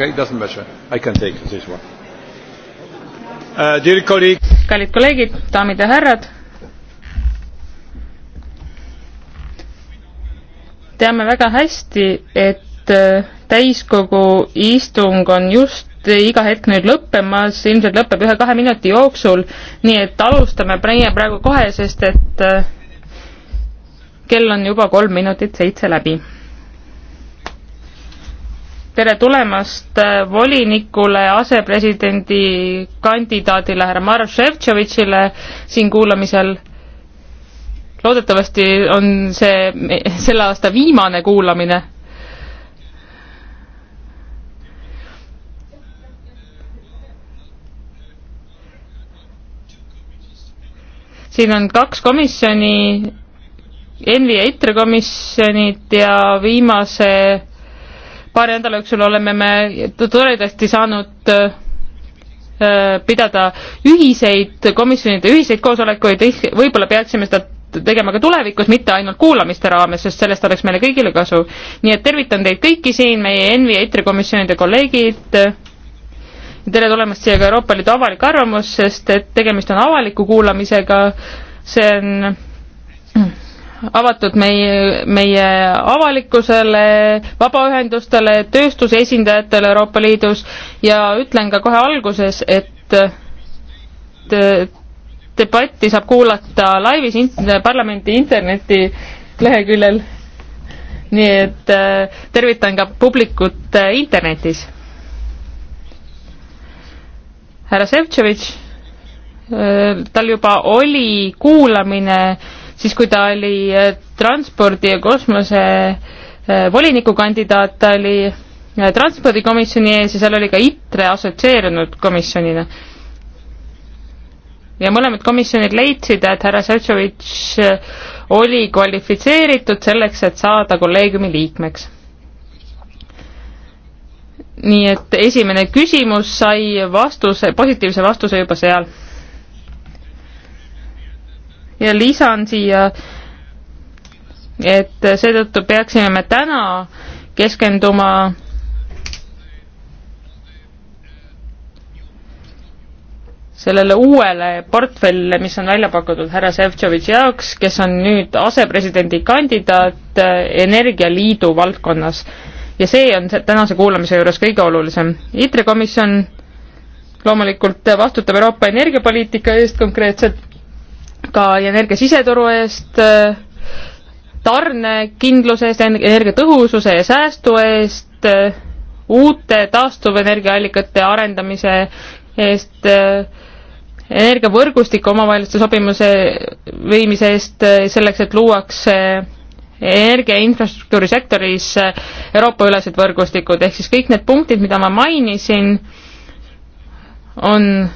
okay, doesn't matter, I can take this one uh,. Dear colleague. kallid kolleegid, daamid ja härrad. teame väga hästi, et äh, täiskogu istung on just iga hetk nüüd lõppemas, ilmselt lõpeb ühe-kahe minuti jooksul, nii et alustame meie praegu kohe, sest et äh, kell on juba kolm minutit seitse läbi tere tulemast äh, volinikule, asepresidendi kandidaadile härra Maroš Šefčovitšile siin kuulamisel. loodetavasti on see selle aasta viimane kuulamine. siin on kaks komisjoni, ENVI ja ITRE komisjonid ja viimase paari nädala jooksul oleme me toredasti saanud äh, pidada ühiseid komisjonide ühiseid koosolekuid, võib-olla peaksime seda tegema ka tulevikus, mitte ainult kuulamiste raames, sest sellest oleks meile kõigile kasu. nii et tervitan teid kõiki siin, meie ENVI ja EITRE komisjonide kolleegid, tere tulemast siia ka Euroopa Liidu avalik arvamus, sest et tegemist on avaliku kuulamisega, see on avatud meie, meie avalikkusele, vabaühendustele, tööstuse esindajatele Euroopa Liidus ja ütlen ka kohe alguses, et debatti saab kuulata laivis int parlamendi internetileheküljel. nii et äh, tervitan ka publikut äh, internetis. härra Ševtševitš, äh, tal juba oli kuulamine siis kui ta oli äh, transpordi ja kosmose äh, volinikukandidaat, ta oli äh, transpordikomisjoni ees ja seal oli ka ITRE assotsieerunud komisjonina. ja mõlemad komisjonid leidsid, et härra Šefčovitš oli kvalifitseeritud selleks, et saada kolleegiumi liikmeks. nii et esimene küsimus sai vastuse, positiivse vastuse juba seal ja lisan siia, et seetõttu peaksime me täna keskenduma sellele uuele portfellile, mis on välja pakutud härra Šefčovitši jaoks, kes on nüüd asepresidendi kandidaat äh, Energialiidu valdkonnas. ja see on see tänase kuulamise juures kõige olulisem. ITRE komisjon loomulikult vastutab Euroopa energiapoliitika eest konkreetselt ka energia siseturu eest, äh, tarnekindluse eest, energiatõhususe ja säästu eest, äh, uute taastuvenergiaallikate arendamise eest, äh, energiavõrgustiku omavaheliste sobimuse viimise eest, selleks et luuakse energia infrastruktuuri sektoris Euroopa-ülesed võrgustikud, ehk siis kõik need punktid, mida ma mainisin, on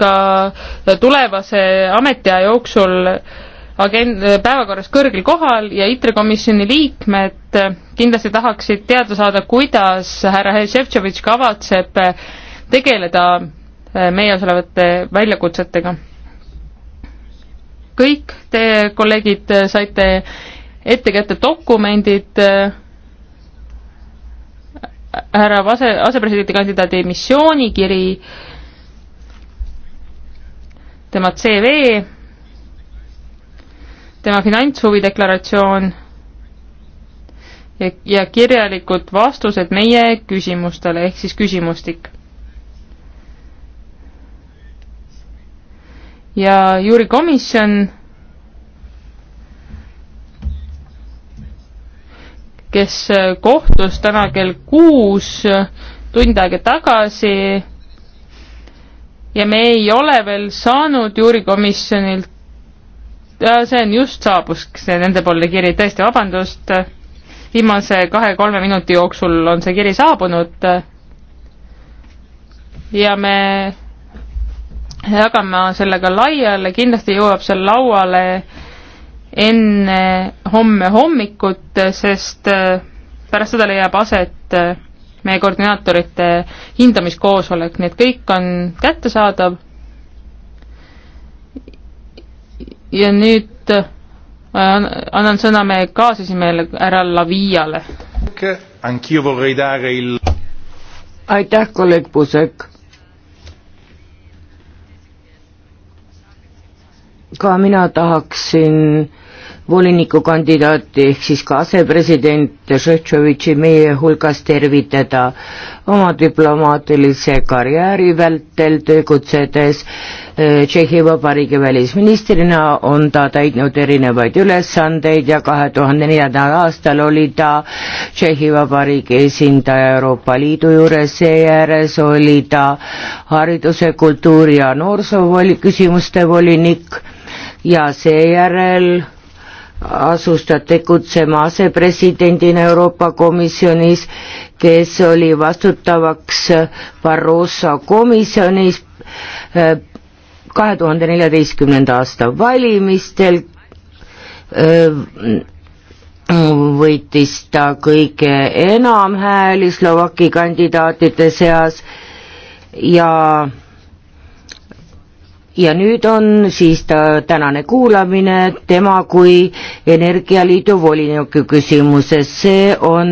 ka tulevase ametiaja jooksul agend-, päevakorras kõrgel kohal ja ITRE komisjoni liikmed kindlasti tahaksid teada saada, kuidas härra Šefčovitš kavatseb tegeleda eh, meie ees olevate väljakutsetega. kõik te, kolleegid, saite ette kätte dokumendid eh, härra ase, asepresidendi kandidaadi missioonikiri äh, tema CV, tema finantshuvi deklaratsioon ja, ja kirjalikud vastused meie küsimustele, ehk siis küsimustik. ja juurikomisjon, kes kohtus täna kell kuus tund aega tagasi ja me ei ole veel saanud juurikomisjonilt, äh, see on just saabus, see nendepoolne kiri, tõesti, vabandust, viimase kahe-kolme minuti jooksul on see kiri saabunud ja me jagame selle ka laiali, kindlasti jõuab see lauale enne homme hommikut, sest äh, pärast seda leiab aset äh, meie koordinaatorite hindamiskoosolek, nii et kõik on kättesaadav. ja nüüd äh, annan sõna meie kaasesimehele härra Laviale. aitäh, kolleeg Pusek. ka mina tahaksin volinikukandidaati ehk siis ka asepresident Šehtšovitši meie hulgas tervitada oma diplomaatilise karjääri vältel tegutsedes eh, Tšehhi Vabariigi välisministrina on ta täitnud erinevaid ülesandeid ja kahe tuhande neljandal aastal oli ta Tšehhi Vabariigi esindaja Euroopa Liidu juures, seejärel oli ta hariduse, kultuuri ja noorsoo küsimuste volinik ja seejärel asus ta tegutsema asepresidendina Euroopa Komisjonis, kes oli vastutavaks Barroso komisjonis eh, kahe tuhande neljateistkümnenda aasta valimistel eh, võitis ta kõige enam hääli Slovaki kandidaatide seas ja ja nüüd on siis ta tänane kuulamine tema kui Energialiidu voliniku küsimuses. see on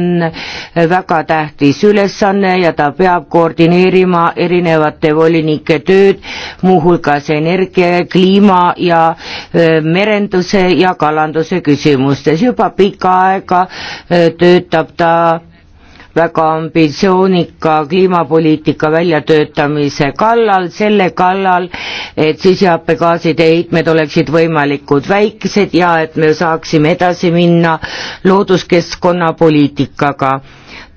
väga tähtis ülesanne ja ta peab koordineerima erinevate volinike tööd, muuhulgas energia, kliima ja merenduse ja kalanduse küsimustes. juba pikka aega töötab ta väga ambitsioonika kliimapoliitika väljatöötamise kallal, selle kallal, et süsihappegaaside heitmed oleksid võimalikult väiksed ja et me saaksime edasi minna looduskeskkonnapoliitikaga.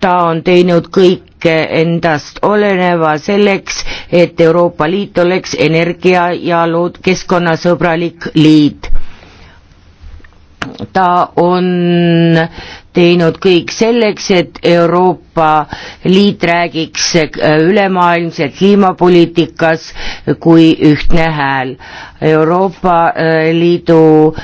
ta on teinud kõike endast oleneva selleks, et Euroopa Liit oleks energia- ja lood-, keskkonnasõbralik liit ta on teinud kõik selleks, et Euroopa Liit räägiks äh, ülemaailmselt kliimapoliitikas kui ühtne hääl. Euroopa äh, Liidu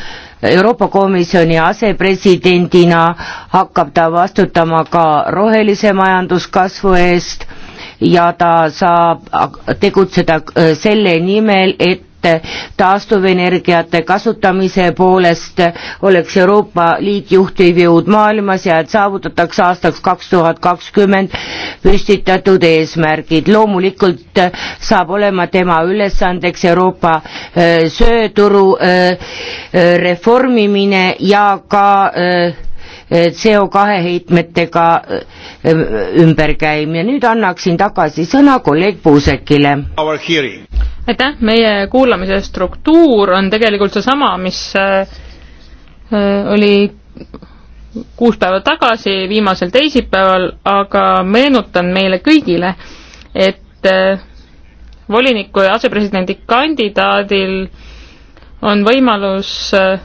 Euroopa Komisjoni asepresidendina hakkab ta vastutama ka rohelise majanduskasvu eest ja ta saab tegutseda äh, selle nimel, et taastuvenergiate kasutamise poolest oleks Euroopa Liit juhtiv jõud maailmas ja et saavutatakse aastaks kaks tuhat kakskümmend püstitatud eesmärgid. loomulikult saab olema tema ülesandeks Euroopa äh, sööturu äh, äh, reformimine ja ka öö, Eh, CO2 heitmetega eh, ümber käima ja nüüd annaksin tagasi sõna kolleeg Puusekile. aitäh, meie kuulamise struktuur on tegelikult seesama, mis eh, oli kuus päeva tagasi, viimasel teisipäeval, aga meenutan meile kõigile, et voliniku ja asepresidendi kandidaadil on võimalus äh,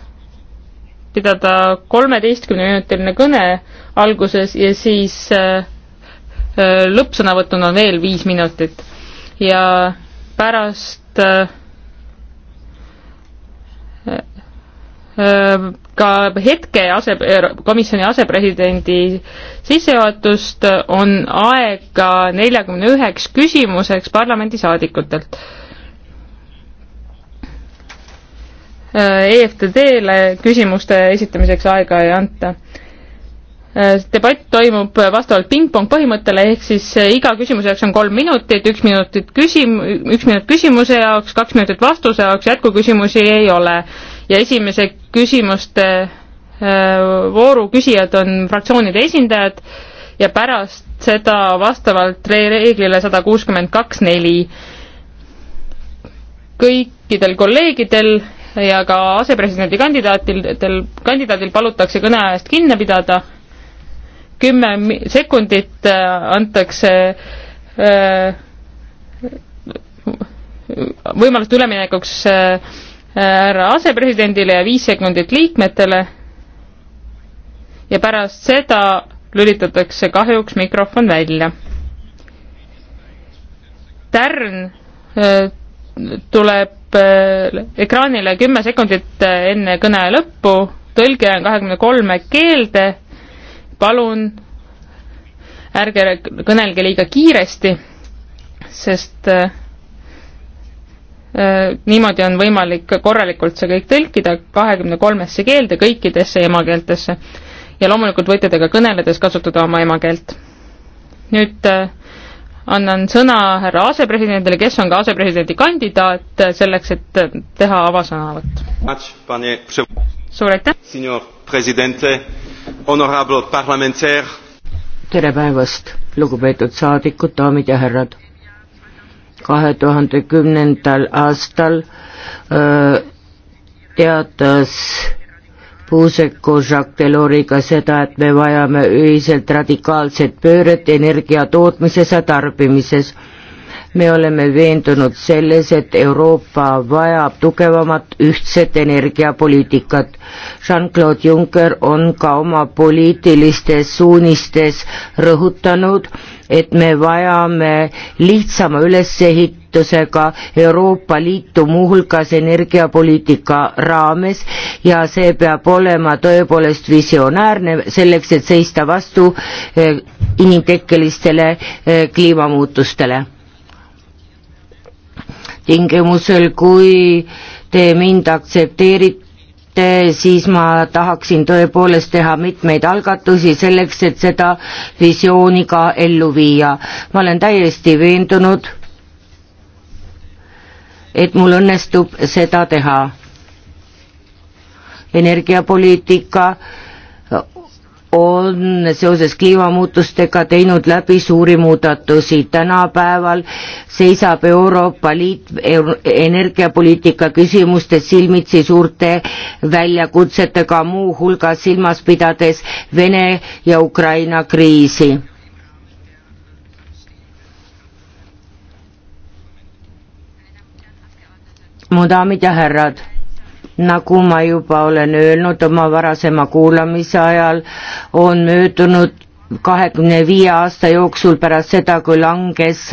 pidada kolmeteistkümneminutiline kõne alguses ja siis äh, äh, lõppsõnavõtuna on veel viis minutit. ja pärast äh, ka hetke ase, komisjoni asepresidendi sissejuhatust on aega neljakümne üheks küsimuseks parlamendisaadikutelt Äh, EFTD-le küsimuste esitamiseks aega ei anta. Äh, debatt toimub vastavalt pingpong põhimõttele, ehk siis äh, iga küsimuse jaoks on kolm minutit, üks minutit küsim-, üks minut küsimuse jaoks, kaks minutit vastuse jaoks, jätkuküsimusi ei ole. ja esimese küsimuste vooru küsijad on fraktsioonide esindajad ja pärast seda vastavalt reeglile sada kuuskümmend kaks neli. kõikidel kolleegidel ja ka asepresidendi kandidaatidel, kandidaadil palutakse kõneajast kinni pidada, kümme sekundit äh, antakse äh, võimalust üleminekuks äh, härra asepresidendile ja viis sekundit liikmetele ja pärast seda lülitatakse kahjuks mikrofon välja. Tärn tuleb äh, ekraanile kümme sekundit äh, enne kõne lõppu, tõlge on kahekümne kolme keelde, palun ärge kõnelge liiga kiiresti, sest äh, äh, niimoodi on võimalik korralikult see kõik tõlkida kahekümne kolmesse keelde, kõikidesse emakeeltesse. ja loomulikult võite te ka kõneledes kasutada oma emakeelt. nüüd äh, annan sõna härra asepresidendile, kes on ka asepresidendi kandidaat, selleks et teha avasõnavõtt. suur aitäh! tere päevast, lugupeetud saadikud, daamid ja härrad! kahe tuhande kümnendal aastal öö, äh, teatas Puusek koos Jacques Deloriga seda, et me vajame ühiselt radikaalset pööret energia tootmises ja tarbimises me oleme veendunud selles, et Euroopa vajab tugevamat ühtset energiapoliitikat. Jean-Claude Juncker on ka oma poliitilistes suunistes rõhutanud, et me vajame lihtsama ülesehitusega Euroopa Liitu muuhulgas energiapoliitika raames ja see peab olema tõepoolest visionäärne selleks, et seista vastu eh, inimtekkelistele eh, kliimamuutustele tingimusel, kui te mind aktsepteerite, siis ma tahaksin tõepoolest teha mitmeid algatusi selleks, et seda visiooni ka ellu viia. ma olen täiesti veendunud, et mul õnnestub seda teha. energiapoliitika on seoses kliimamuutustega teinud läbi suuri muudatusi. tänapäeval seisab Euroopa Liit energiapoliitika küsimustes silmitsi suurte väljakutsetega, muuhulgas silmas pidades Vene ja Ukraina kriisi. mu daamid ja härrad nagu ma juba olen öelnud oma varasema kuulamise ajal, on möödunud kahekümne viie aasta jooksul pärast seda, kui langes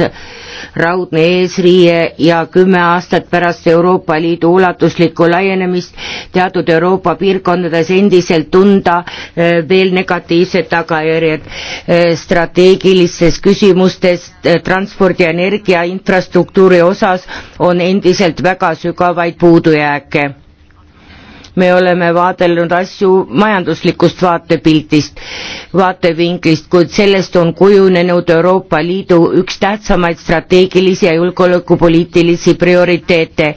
raudne eesriie ja kümme aastat pärast Euroopa Liidu ulatuslikku laienemist teatud Euroopa piirkondades endiselt tunda eh, veel negatiivsed tagajärjed eh, strateegilistes küsimustes eh, transpordi, energia, infrastruktuuri osas on endiselt väga sügavaid puudujääke me oleme vaadelnud asju majanduslikust vaatepiltist, vaatevinklist, kuid sellest on kujunenud Euroopa Liidu üks tähtsamaid strateegilisi ja julgeolekupoliitilisi prioriteete.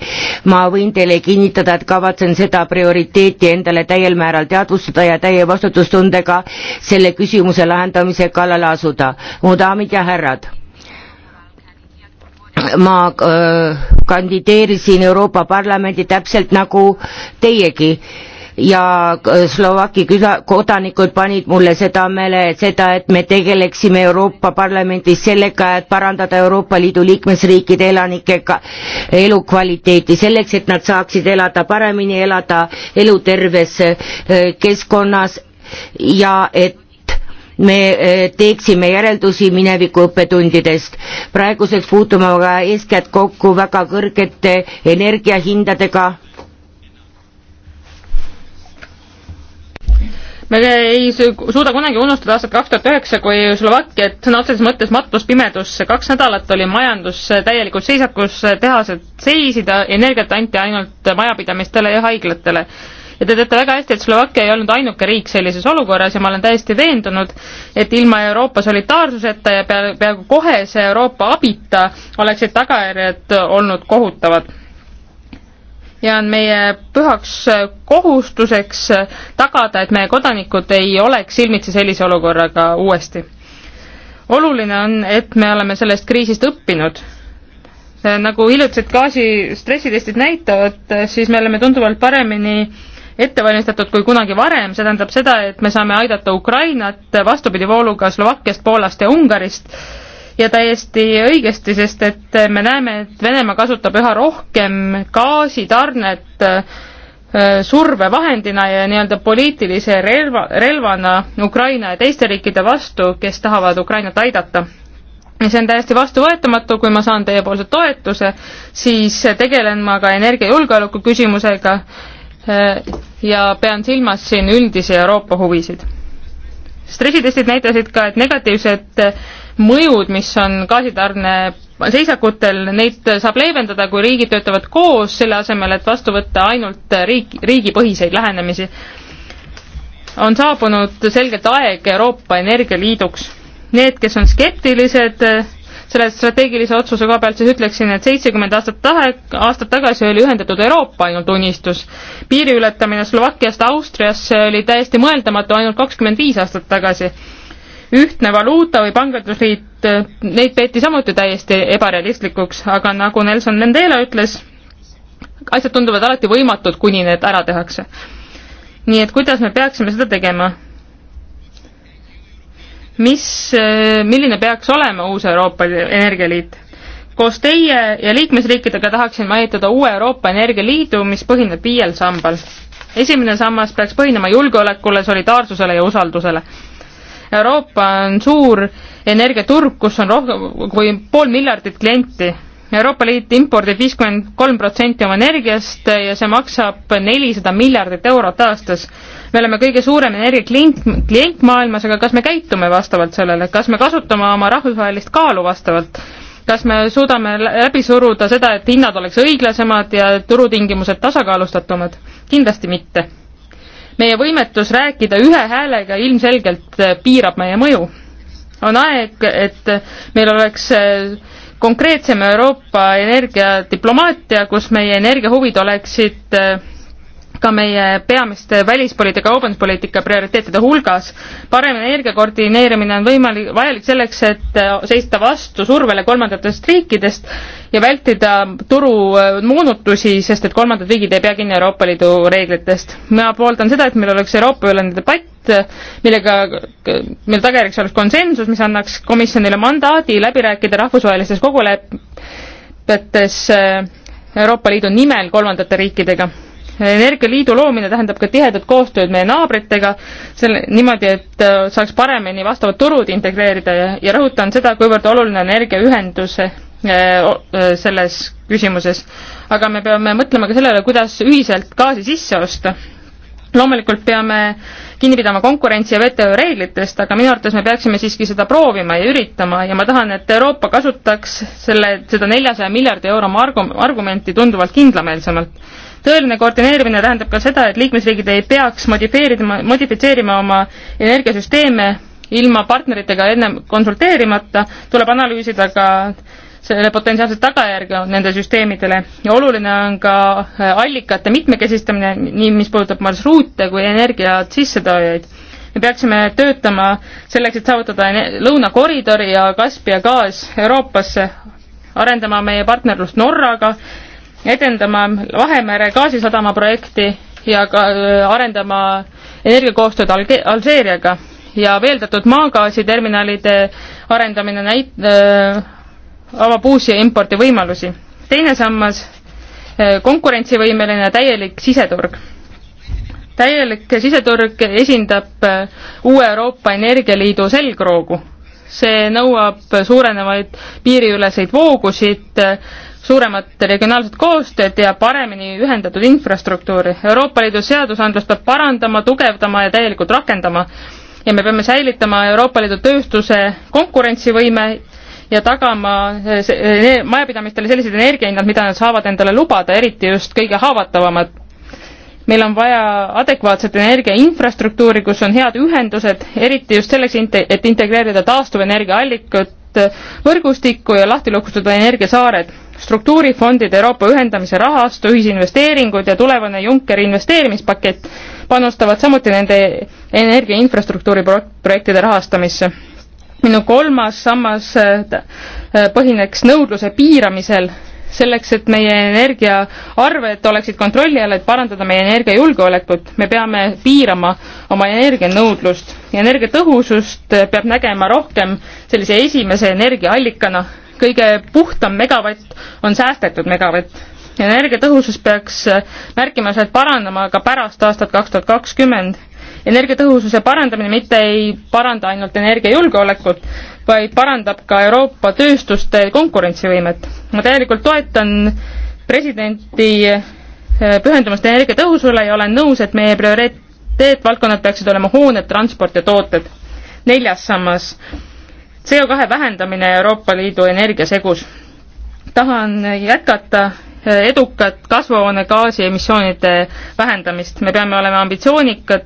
ma võin teile kinnitada, et kavatsen seda prioriteeti endale täiel määral teadvustada ja täie vastutustundega selle küsimuse lahendamise kallale asuda. mu daamid ja härrad ma öö, äh, kandideerisin Euroopa Parlamendi täpselt nagu teiegi ja äh, Slovaki kodanikud panid mulle südamele seda, et me tegeleksime Euroopa Parlamendis sellega, et parandada Euroopa Liidu liikmesriikide elanike elukvaliteeti, selleks et nad saaksid elada paremini, elada eluterves äh, keskkonnas ja et me äh, teeksime järeldusi mineviku õppetundidest. praeguseks puutume aga eeskätt kokku väga kõrgete energiahindadega. me ei suuda kunagi unustada aastat kaks tuhat üheksa, kui Slovakkiat sõna otseses mõttes matus pimedusse. kaks nädalat oli majandus täielikult seisakus, tehased seisid, energiat anti ainult majapidamistele ja haiglatele ja te teate väga hästi, et Slovakkia ei olnud ainuke riik sellises olukorras ja ma olen täiesti veendunud, et ilma Euroopa solidaarsuseta ja pea, peaaegu kohese Euroopa abita oleksid tagajärjed olnud kohutavad ja on meie pühaks kohustuseks tagada, et meie kodanikud ei oleks silmitsi sellise olukorraga uuesti. oluline on, et me oleme sellest kriisist õppinud. nagu hiljutised gaasi stressitestid näitavad, siis me oleme tunduvalt paremini ettevalmistatud kui kunagi varem, see tähendab seda, et me saame aidata Ukrainat vastupidivooluga Slovakkiast, Poolast ja Ungarist ja täiesti õigesti, sest et me näeme, et Venemaa kasutab üha rohkem gaasitarnet äh, survevahendina ja nii-öelda poliitilise relva, relvana Ukraina ja teiste riikide vastu, kes tahavad Ukrainat aidata ja see on täiesti vastuvõetamatu, kui ma saan teiepoolse toetuse, siis tegelen ma ka energiajulgeoleku küsimusega Äh, ja pean silmas siin üldisi Euroopa huvisid. stressitestid näitasid ka, et negatiivsed äh, mõjud, mis on gaasitarne seisakutel, neid saab leevendada, kui riigid töötavad koos, selle asemel, et vastu võtta ainult riik, riigipõhiseid lähenemisi. on saabunud selgelt aeg Euroopa Energialiiduks. Need, kes on skeptilised, selle strateegilise otsuse koha pealt siis ütleksin, et seitsekümmend aastat tahe, aastat tagasi oli ühendatud Euroopa ainult unistus. piiri ületamine Slovakkiast Austriasse oli täiesti mõeldamatu ainult kakskümmend viis aastat tagasi. ühtne valuuta või pangandusliit, eh, neid peeti samuti täiesti ebarealistlikuks, aga nagu Nelson Mandela ütles, asjad tunduvad alati võimatud, kuni need ära tehakse. nii et kuidas me peaksime seda tegema? mis, äh, milline peaks olema uus Euroopa Energialiit. koos teie ja liikmesriikidega tahaksin ma ehitada uue Euroopa Energialiidu, mis põhineb viiel sambal. esimene sammas peaks põhinema julgeolekule, solidaarsusele ja usaldusele. Euroopa on suur energiaturg, kus on rohkem kui pool miljardit klienti. Euroopa Liit impordib viiskümmend kolm protsenti oma energiast ja see maksab nelisada miljardit eurot aastas me oleme kõige suurem energiaklient, klient maailmas, aga kas me käitume vastavalt sellele, kas me kasutame oma rahvusvahelist kaalu vastavalt? kas me suudame läbi suruda seda, et hinnad oleks õiglasemad ja turutingimused tasakaalustatumad? kindlasti mitte. meie võimetus rääkida ühe häälega ilmselgelt eh, piirab meie mõju. on aeg, et meil oleks eh, konkreetsem Euroopa energiadiplomaatia, kus meie energiahuvid oleksid äh, ka meie peamiste välispoliitika, kaubanduspoliitika prioriteetide hulgas. parem energia koordineerimine on võimalik, vajalik selleks, et äh, seista vastu survele kolmandatest riikidest ja vältida turu äh, moonutusi, sest et kolmandad riigid ei pea kinni Euroopa Liidu reeglitest. ma pooldan seda, et meil oleks Euroopa-ülene debatt, äh, millega, mille tagajärjeks oleks konsensus, mis annaks komisjonile mandaadi läbi rääkida rahvusvahelistes kokkulepetes Euroopa Liidu nimel kolmandate riikidega energialiidu loomine tähendab ka tihedat koostööd meie naabritega, selle, niimoodi, et äh, saaks paremini vastavad turud integreerida ja, ja rõhutan seda, kuivõrd oluline on energiaühendus äh, äh, selles küsimuses. aga me peame mõtlema ka sellele, kuidas ühiselt gaasi sisse osta loomulikult peame kinni pidama konkurentsi ja WTO reeglitest, aga minu arvates me peaksime siiski seda proovima ja üritama ja ma tahan, et Euroopa kasutaks selle, seda neljasaja miljardi euro argu-, argumenti tunduvalt kindlameelsemalt. tõeline koordineerimine tähendab ka seda, et liikmesriigid ei peaks modifeerima, modifitseerima oma energiasüsteeme ilma partneritega ennem konsulteerimata, tuleb analüüsida ka äh, selle potentsiaalset tagajärge nende süsteemidele ja oluline on ka äh, allikate mitmekesistamine, nii mis puudutab marsruute kui energiat sissetoojaid. me peaksime töötama selleks, et saavutada lõunakoridori ja Kaspia gaas Euroopasse, arendama meie partnerlust Norraga, edendama Vahemere gaasisadama projekti ja ka äh, arendama energiakoostööd Alge-, Alžeeriaga ja veeldatud maagaasiterminalide arendamine näit-, äh, avab uusi impordivõimalusi. teine sammas, eh, konkurentsivõimeline täielik siseturg. täielik siseturg esindab eh, uue Euroopa Energialiidu selgroogu. see nõuab suurenevaid piiriüleseid voogusid, eh, suuremat regionaalset koostööd ja paremini ühendatud infrastruktuuri. Euroopa Liidu seadusandlust peab parandama, tugevdama ja täielikult rakendama ja me peame säilitama Euroopa Liidu tööstuse konkurentsivõime ja tagama eh, eh, e-, majapidamistele sellised energiahinnad, mida nad saavad endale lubada, eriti just kõige haavatavamad. meil on vaja adekvaatset energiainfrastruktuuri, kus on head ühendused, eriti just selleks, et integreerida taastuvenergiaallikut eh, võrgustikku ja lahti lukustada energiasaared. struktuurifondide Euroopa ühendamise rahastu, ühisinvesteeringud ja tulevane Junckeri investeerimispakett panustavad samuti nende energiainfrastruktuuri pro projektide rahastamisse minu kolmas sammas eh, eh, põhineks nõudluse piiramisel, selleks et meie energiaarved oleksid kontrolli all, et parandada meie energiajulgeolekut, me peame piirama oma energianõudlust. energiatõhusust eh, peab nägema rohkem sellise esimese energiaallikana, kõige puhtam megavatt on säästetud megavatt. energiatõhusus peaks märkimisväärselt parandama ka pärast aastat kaks tuhat kakskümmend energiatõhususe parandamine mitte ei paranda ainult energiajulgeolekut, vaid parandab ka Euroopa tööstuste konkurentsivõimet. ma täielikult toetan presidenti eh, pühendumast energiatõhusule ja olen nõus, et meie prioriteetvaldkonnad peaksid olema hooned, transport ja tooted. neljas sammas, CO2 vähendamine Euroopa Liidu energiasegus. tahan jätkata edukat kasvuhoonegaasi emissioonide vähendamist. me peame olema ambitsioonikad,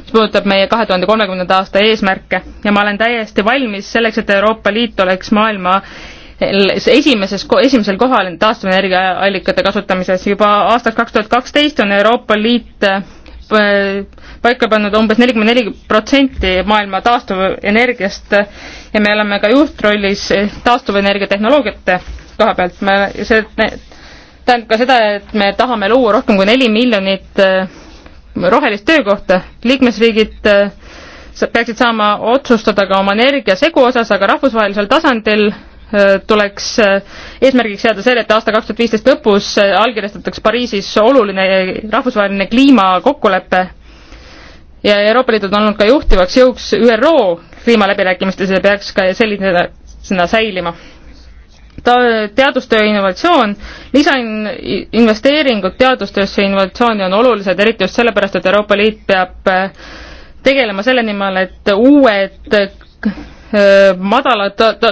mis puudutab meie kahe tuhande kolmekümnenda aasta eesmärke ja ma olen täiesti valmis selleks, et Euroopa Liit oleks maailma esimeses, esimesel kohal taastuvenergiaallikate kasutamises. juba aastaks kaks tuhat kaksteist on Euroopa Liit äh, paika pannud umbes nelikümmend neli protsenti maailma taastuvenergiast ja me oleme ka juhtrollis taastuvenergia tehnoloogiate koha pealt. me, see, need tähendab ka seda, et me tahame luua rohkem kui neli miljonit äh, rohelist töökohta. liikmesriigid äh, peaksid saama otsustada ka oma energiasegu osas, aga rahvusvahelisel tasandil äh, tuleks eesmärgiks seada selle, et aasta kaks tuhat viisteist lõpus allkirjastatakse Pariisis oluline rahvusvaheline kliimakokkulepe ja Euroopa Liidud on olnud ka juhtivaks jõuks ÜRO kliimaläbirääkimistes ja peaks ka sellisena säilima ta-, teadustöö ja innovatsioon, lisainvesteeringud teadustöösse ja innovatsiooni on olulised, eriti just sellepärast, et Euroopa Liit peab äh, tegelema selle nimel, et uued äh, madala ta, ta,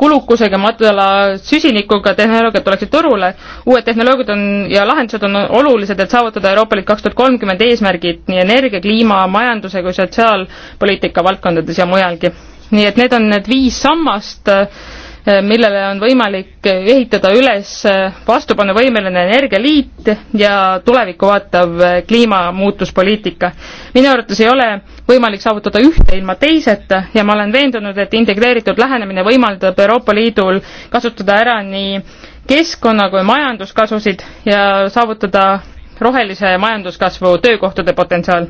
kulukusega, madala süsinikuga tehnoloogiad tuleksid turule, uued tehnoloogiad on ja lahendused on olulised, et saavutada Euroopa Liit kaks tuhat kolmkümmend eesmärgid nii energia, kliima, majanduse kui sotsiaalpoliitika valdkondades ja mujalgi. nii et need on need viis sammast äh, Eh, millele on võimalik ehitada üles vastupanuvõimeline energialiit ja tulevikku vaatav kliimamuutuspoliitika. minu arvates ei ole võimalik saavutada ühte ilma teiseta ja ma olen veendunud, et integreeritud lähenemine võimaldab Euroopa Liidul kasutada ära nii keskkonna kui majanduskasusid ja saavutada rohelise majanduskasvu töökohtade potentsiaal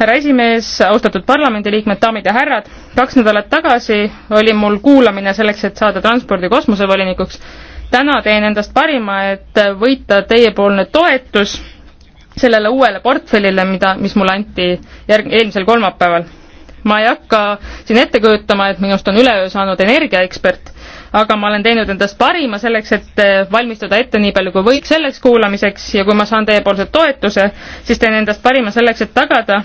härra esimees, austatud parlamendiliikmed, daamid ja härrad, kaks nädalat tagasi oli mul kuulamine selleks, et saada transpordi kosmosevolinikuks. täna teen endast parima, et võita teiepoolne toetus sellele uuele portfellile, mida, mis mulle anti järg-, eelmisel kolmapäeval. ma ei hakka siin ette kujutama, et minust on üleöö saanud energiaekspert, aga ma olen teinud endast parima selleks, et valmistuda ette nii palju kui võiks selleks kuulamiseks ja kui ma saan teiepoolse toetuse, siis teen endast parima selleks, et tagada,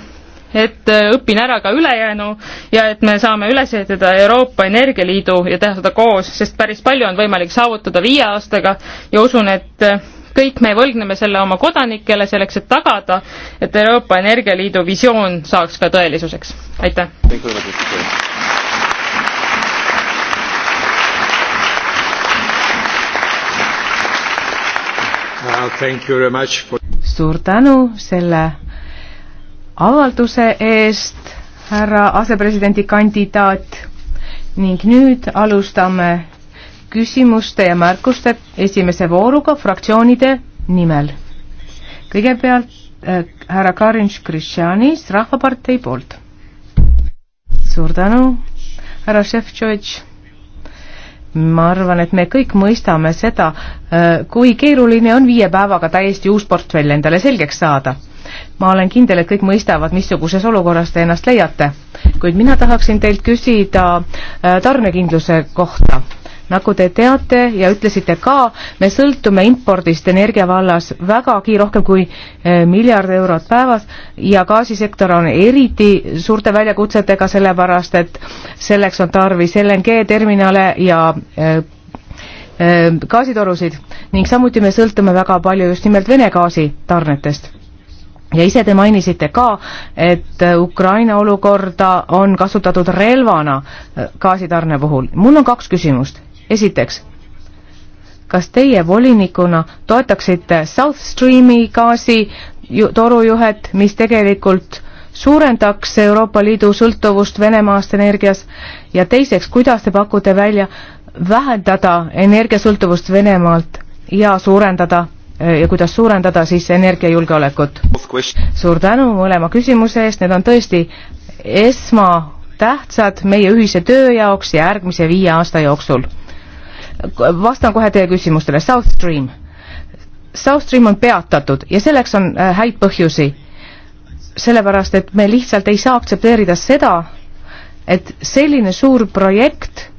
et äh, õpin ära ka ülejäänu ja et me saame üles ehitada Euroopa Energialiidu ja teha seda koos, sest päris palju on võimalik saavutada viie aastaga ja usun, et äh, kõik me võlgneme selle oma kodanikele selleks, et tagada, et Euroopa Energialiidu visioon saaks ka tõelisuseks. aitäh! For... suur tänu selle avalduse eest, härra asepresidendi kandidaat ning nüüd alustame küsimuste ja märkuste esimese vooruga fraktsioonide nimel. kõigepealt äh, härra Karin Škristjanis Rahvapartei poolt. suur tänu, härra Šefčovitš ma arvan, et me kõik mõistame seda, äh, kui keeruline on viie päevaga täiesti uus portfell endale selgeks saada ma olen kindel, et kõik mõistavad, missuguses olukorras te ennast leiate, kuid mina tahaksin teilt küsida äh, tarnekindluse kohta. nagu te teate ja ütlesite ka, me sõltume impordist energia vallas vägagi rohkem kui äh, miljard eurot päevas ja gaasisektor on eriti suurte väljakutsetega, sellepärast et selleks on tarvis LNG terminale ja äh, gaasitorusid ning samuti me sõltume väga palju just nimelt Vene gaasi tarnetest ja ise te mainisite ka, et äh, Ukraina olukorda on kasutatud relvana äh, gaasitarne puhul. mul on kaks küsimust. esiteks, kas teie volinikuna toetaksite South Streami gaasitorujuhet, mis tegelikult suurendaks Euroopa Liidu sõltuvust Venemaast energias ja teiseks, kuidas te pakute välja vähendada energiasõltuvust Venemaalt ja suurendada Äh, ja kuidas suurendada siis energiajulgeolekut. suur tänu mõlema küsimuse eest, need on tõesti esmatähtsad meie ühise töö jaoks järgmise viie aasta jooksul. vastan kohe teie küsimustele, South Stream. South Stream on peatatud ja selleks on äh, häid põhjusi. sellepärast, et me lihtsalt ei saa aktsepteerida seda, et selline suur projekt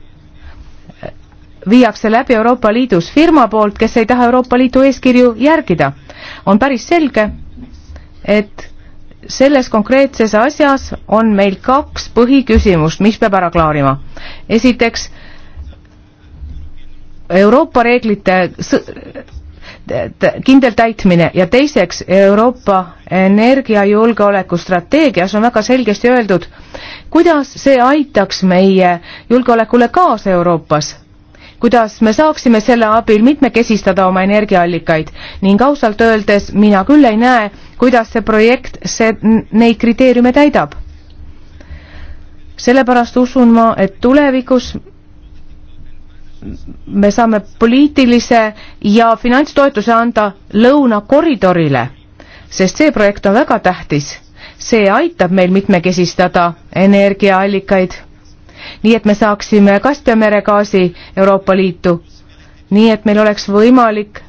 viiakse läbi Euroopa Liidus firma poolt, kes ei taha Euroopa Liidu eeskirju järgida. on päris selge, et selles konkreetses asjas on meil kaks põhiküsimust, mis peab ära klaarima. esiteks, Euroopa reeglite kindel täitmine ja teiseks Euroopa energiajulgeoleku strateegias on väga selgesti öeldud, kuidas see aitaks meie julgeolekule kaasa Euroopas kuidas me saaksime selle abil mitmekesistada oma energiaallikaid ning ausalt öeldes mina küll ei näe, kuidas see projekt see, neid kriteeriume täidab. sellepärast usun ma, et tulevikus me saame poliitilise ja finantstoetuse anda lõunakoridorile, sest see projekt on väga tähtis. see aitab meil mitmekesistada energiaallikaid nii et me saaksime Kaspia-mere gaasi Euroopa Liitu, nii et meil oleks võimalik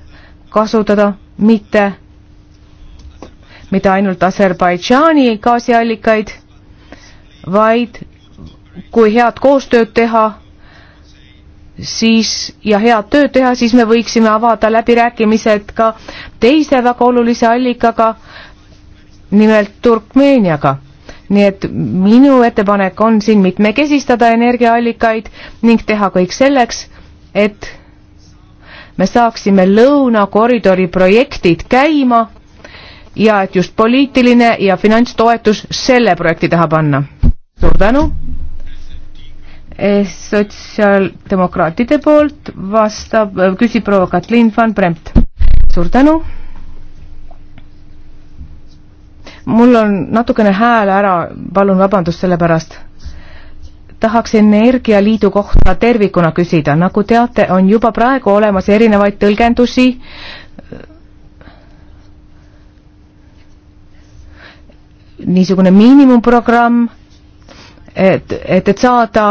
kasutada mitte, mitte ainult Aserbaidžaani gaasiallikaid, vaid kui head koostööd teha, siis ja head tööd teha, siis me võiksime avada läbirääkimised ka teise väga olulise allikaga, nimelt Turkmeeniaga nii et minu ettepanek on siin mitmekesistada energiaallikaid ning teha kõik selleks, et me saaksime lõunakoridori projektid käima ja et just poliitiline ja finantstoetus selle projekti taha panna. suur tänu. Eh, sotsiaaldemokraatide poolt vastab, eh, küsib proua Katlin van Bremt. suur tänu mul on natukene hääl ära, palun vabandust selle pärast. tahaks Energialiidu kohta tervikuna küsida, nagu teate, on juba praegu olemas erinevaid tõlgendusi, niisugune miinimumprogramm, et, et, et saada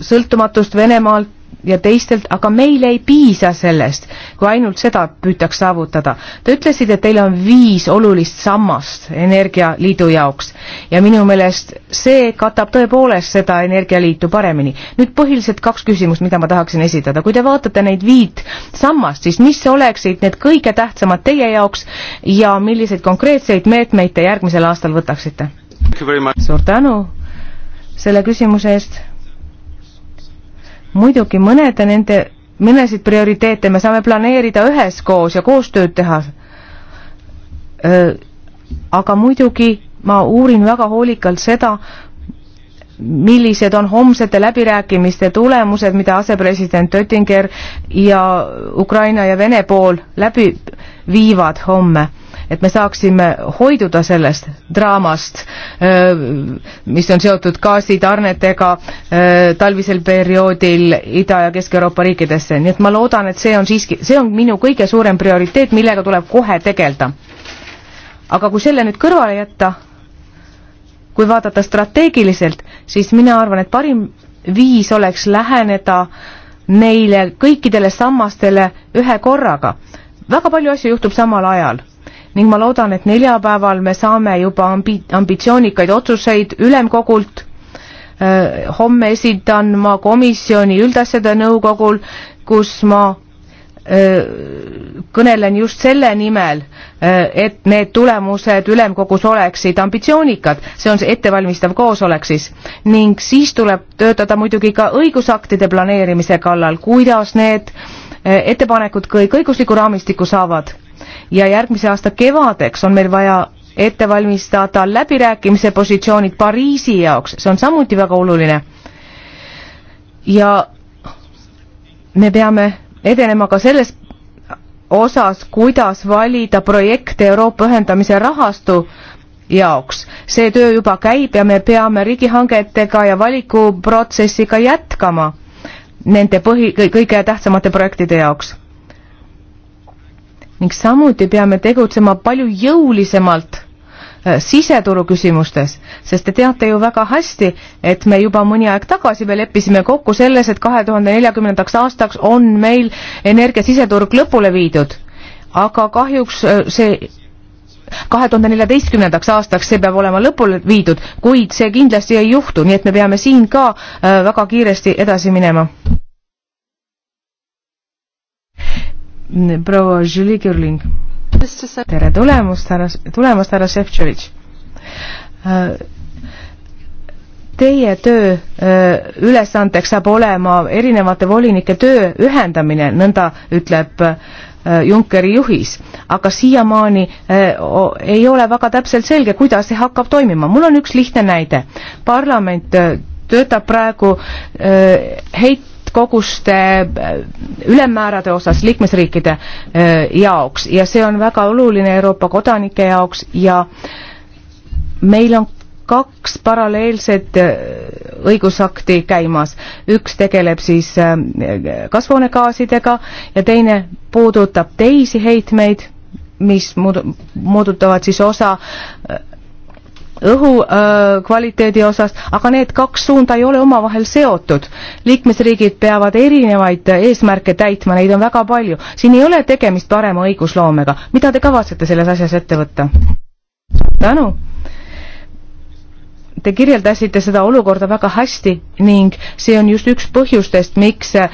sõltumatust Venemaalt ja teistelt, aga meil ei piisa sellest, kui ainult seda püütaks saavutada. Te ütlesite, et teil on viis olulist sammast Energialiidu jaoks ja minu meelest see katab tõepoolest seda Energialiitu paremini. nüüd põhiliselt kaks küsimust, mida ma tahaksin esitada. kui te vaatate neid viit sammast, siis mis oleksid need kõige tähtsamad teie jaoks ja milliseid konkreetseid meetmeid te järgmisel aastal võtaksite? suur tänu selle küsimuse eest muidugi mõnede nende, mõnesid prioriteete me saame planeerida üheskoos ja koostööd teha. aga muidugi ma uurin väga hoolikalt seda, millised on homsete läbirääkimiste tulemused, mida asepresident Oettinger ja Ukraina ja Vene pool läbi viivad homme et me saaksime hoiduda sellest draamast, mis on seotud gaasitarnetega talvisel perioodil Ida- ja Kesk-Euroopa riikidesse, nii et ma loodan, et see on siiski, see on minu kõige suurem prioriteet, millega tuleb kohe tegeleda. aga kui selle nüüd kõrvale jätta, kui vaadata strateegiliselt, siis mina arvan, et parim viis oleks läheneda neile kõikidele sammastele ühe korraga. väga palju asju juhtub samal ajal ning ma loodan, et neljapäeval me saame juba ambi-, ambitsioonikaid otsuseid ülemkogult, homme esitan ma komisjoni üldasjade nõukogul, kus ma kõnelen just selle nimel, et need tulemused ülemkogus oleksid ambitsioonikad, see on see ettevalmistav koosolek siis, ning siis tuleb töötada muidugi ka õigusaktide planeerimise kallal, kuidas need ettepanekud kõik õigusliku raamistiku saavad ja järgmise aasta kevadeks on meil vaja ette valmistada läbirääkimise positsioonid Pariisi jaoks, see on samuti väga oluline. ja me peame edenema ka selles osas, kuidas valida projekte Euroopa ühendamise rahastu jaoks. see töö juba käib ja me peame riigihangetega ja valikuprotsessiga jätkama nende põhi, kõige tähtsamate projektide jaoks ning samuti peame tegutsema palju jõulisemalt äh, siseturu küsimustes, sest te teate ju väga hästi, et me juba mõni aeg tagasi me leppisime kokku selles, et kahe tuhande neljakümnendaks aastaks on meil energia siseturg lõpule viidud. aga kahjuks äh, see kahe tuhande neljateistkümnendaks aastaks see peab olema lõpule viidud, kuid see kindlasti ei juhtu, nii et me peame siin ka äh, väga kiiresti edasi minema proua Julie Kirling. tere tulemast, härra, tulemast, härra Šefčovitš äh, teie töö äh, ülesandeks saab olema erinevate volinike töö ühendamine, nõnda ütleb äh, Junckeri juhis, aga siiamaani ei ole väga täpselt selge, kuidas see hakkab toimima. mul on üks lihtne näide. parlament töötab praegu heit-, koguste äh, ülemmäärade osas liikmesriikide äh, jaoks ja see on väga oluline Euroopa kodanike jaoks ja meil on kaks paralleelset äh, õigusakti käimas. üks tegeleb siis kasvuhoonegaasidega ja teine puudutab teisi heitmeid, mis muudutavad siis osa õhukvaliteedi äh, osas, aga need kaks suunda ei ole omavahel seotud. liikmesriigid peavad erinevaid äh, eesmärke täitma, neid on väga palju. siin ei ole tegemist parema õigusloomega. mida te kavatsete selles asjas ette võtta? tänu! Te kirjeldasite seda olukorda väga hästi ning see on just üks põhjustest, miks äh,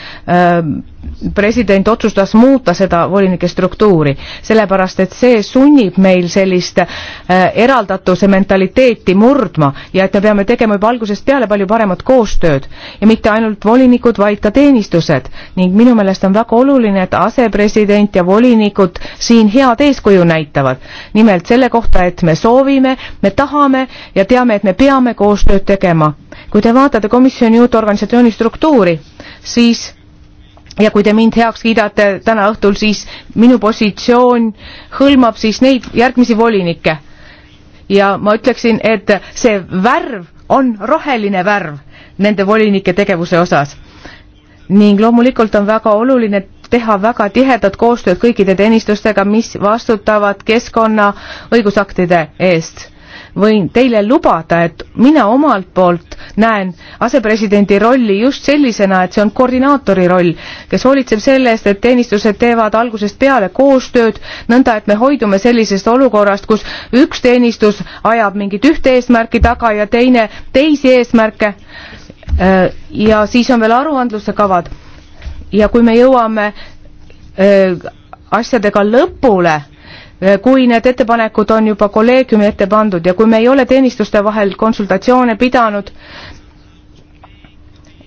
president otsustas muuta seda volinike struktuuri, sellepärast et see sunnib meil sellist äh, eraldatuse mentaliteeti murdma ja et me peame tegema juba algusest peale palju paremat koostööd ja mitte ainult volinikud, vaid ka teenistused ning minu meelest on väga oluline, et asepresident ja volinikud siin head eeskuju näitavad. nimelt selle kohta, et me soovime, me tahame ja teame, et me peame koostööd tegema. kui te vaatate komisjoni uut organisatsiooni struktuuri, siis ja kui te mind heaks kiidate täna õhtul, siis minu positsioon hõlmab siis neid järgmisi volinikke. ja ma ütleksin, et see värv on roheline värv nende volinike tegevuse osas. ning loomulikult on väga oluline teha väga tihedat koostööd kõikide teenistustega, mis vastutavad keskkonna õigusaktide eest võin teile lubada, et mina omalt poolt näen asepresidendi rolli just sellisena, et see on koordinaatori roll, kes hoolitseb selle eest, et teenistused teevad algusest peale koostööd, nõnda et me hoidume sellisest olukorrast, kus üks teenistus ajab mingit ühte eesmärki taga ja teine teisi eesmärke. Äh, ja siis on veel aruandluse kavad. ja kui me jõuame äh, asjadega lõpule Eh, kui need ettepanekud on juba kolleegiumi ette pandud ja kui me ei ole teenistuste vahel konsultatsioone pidanud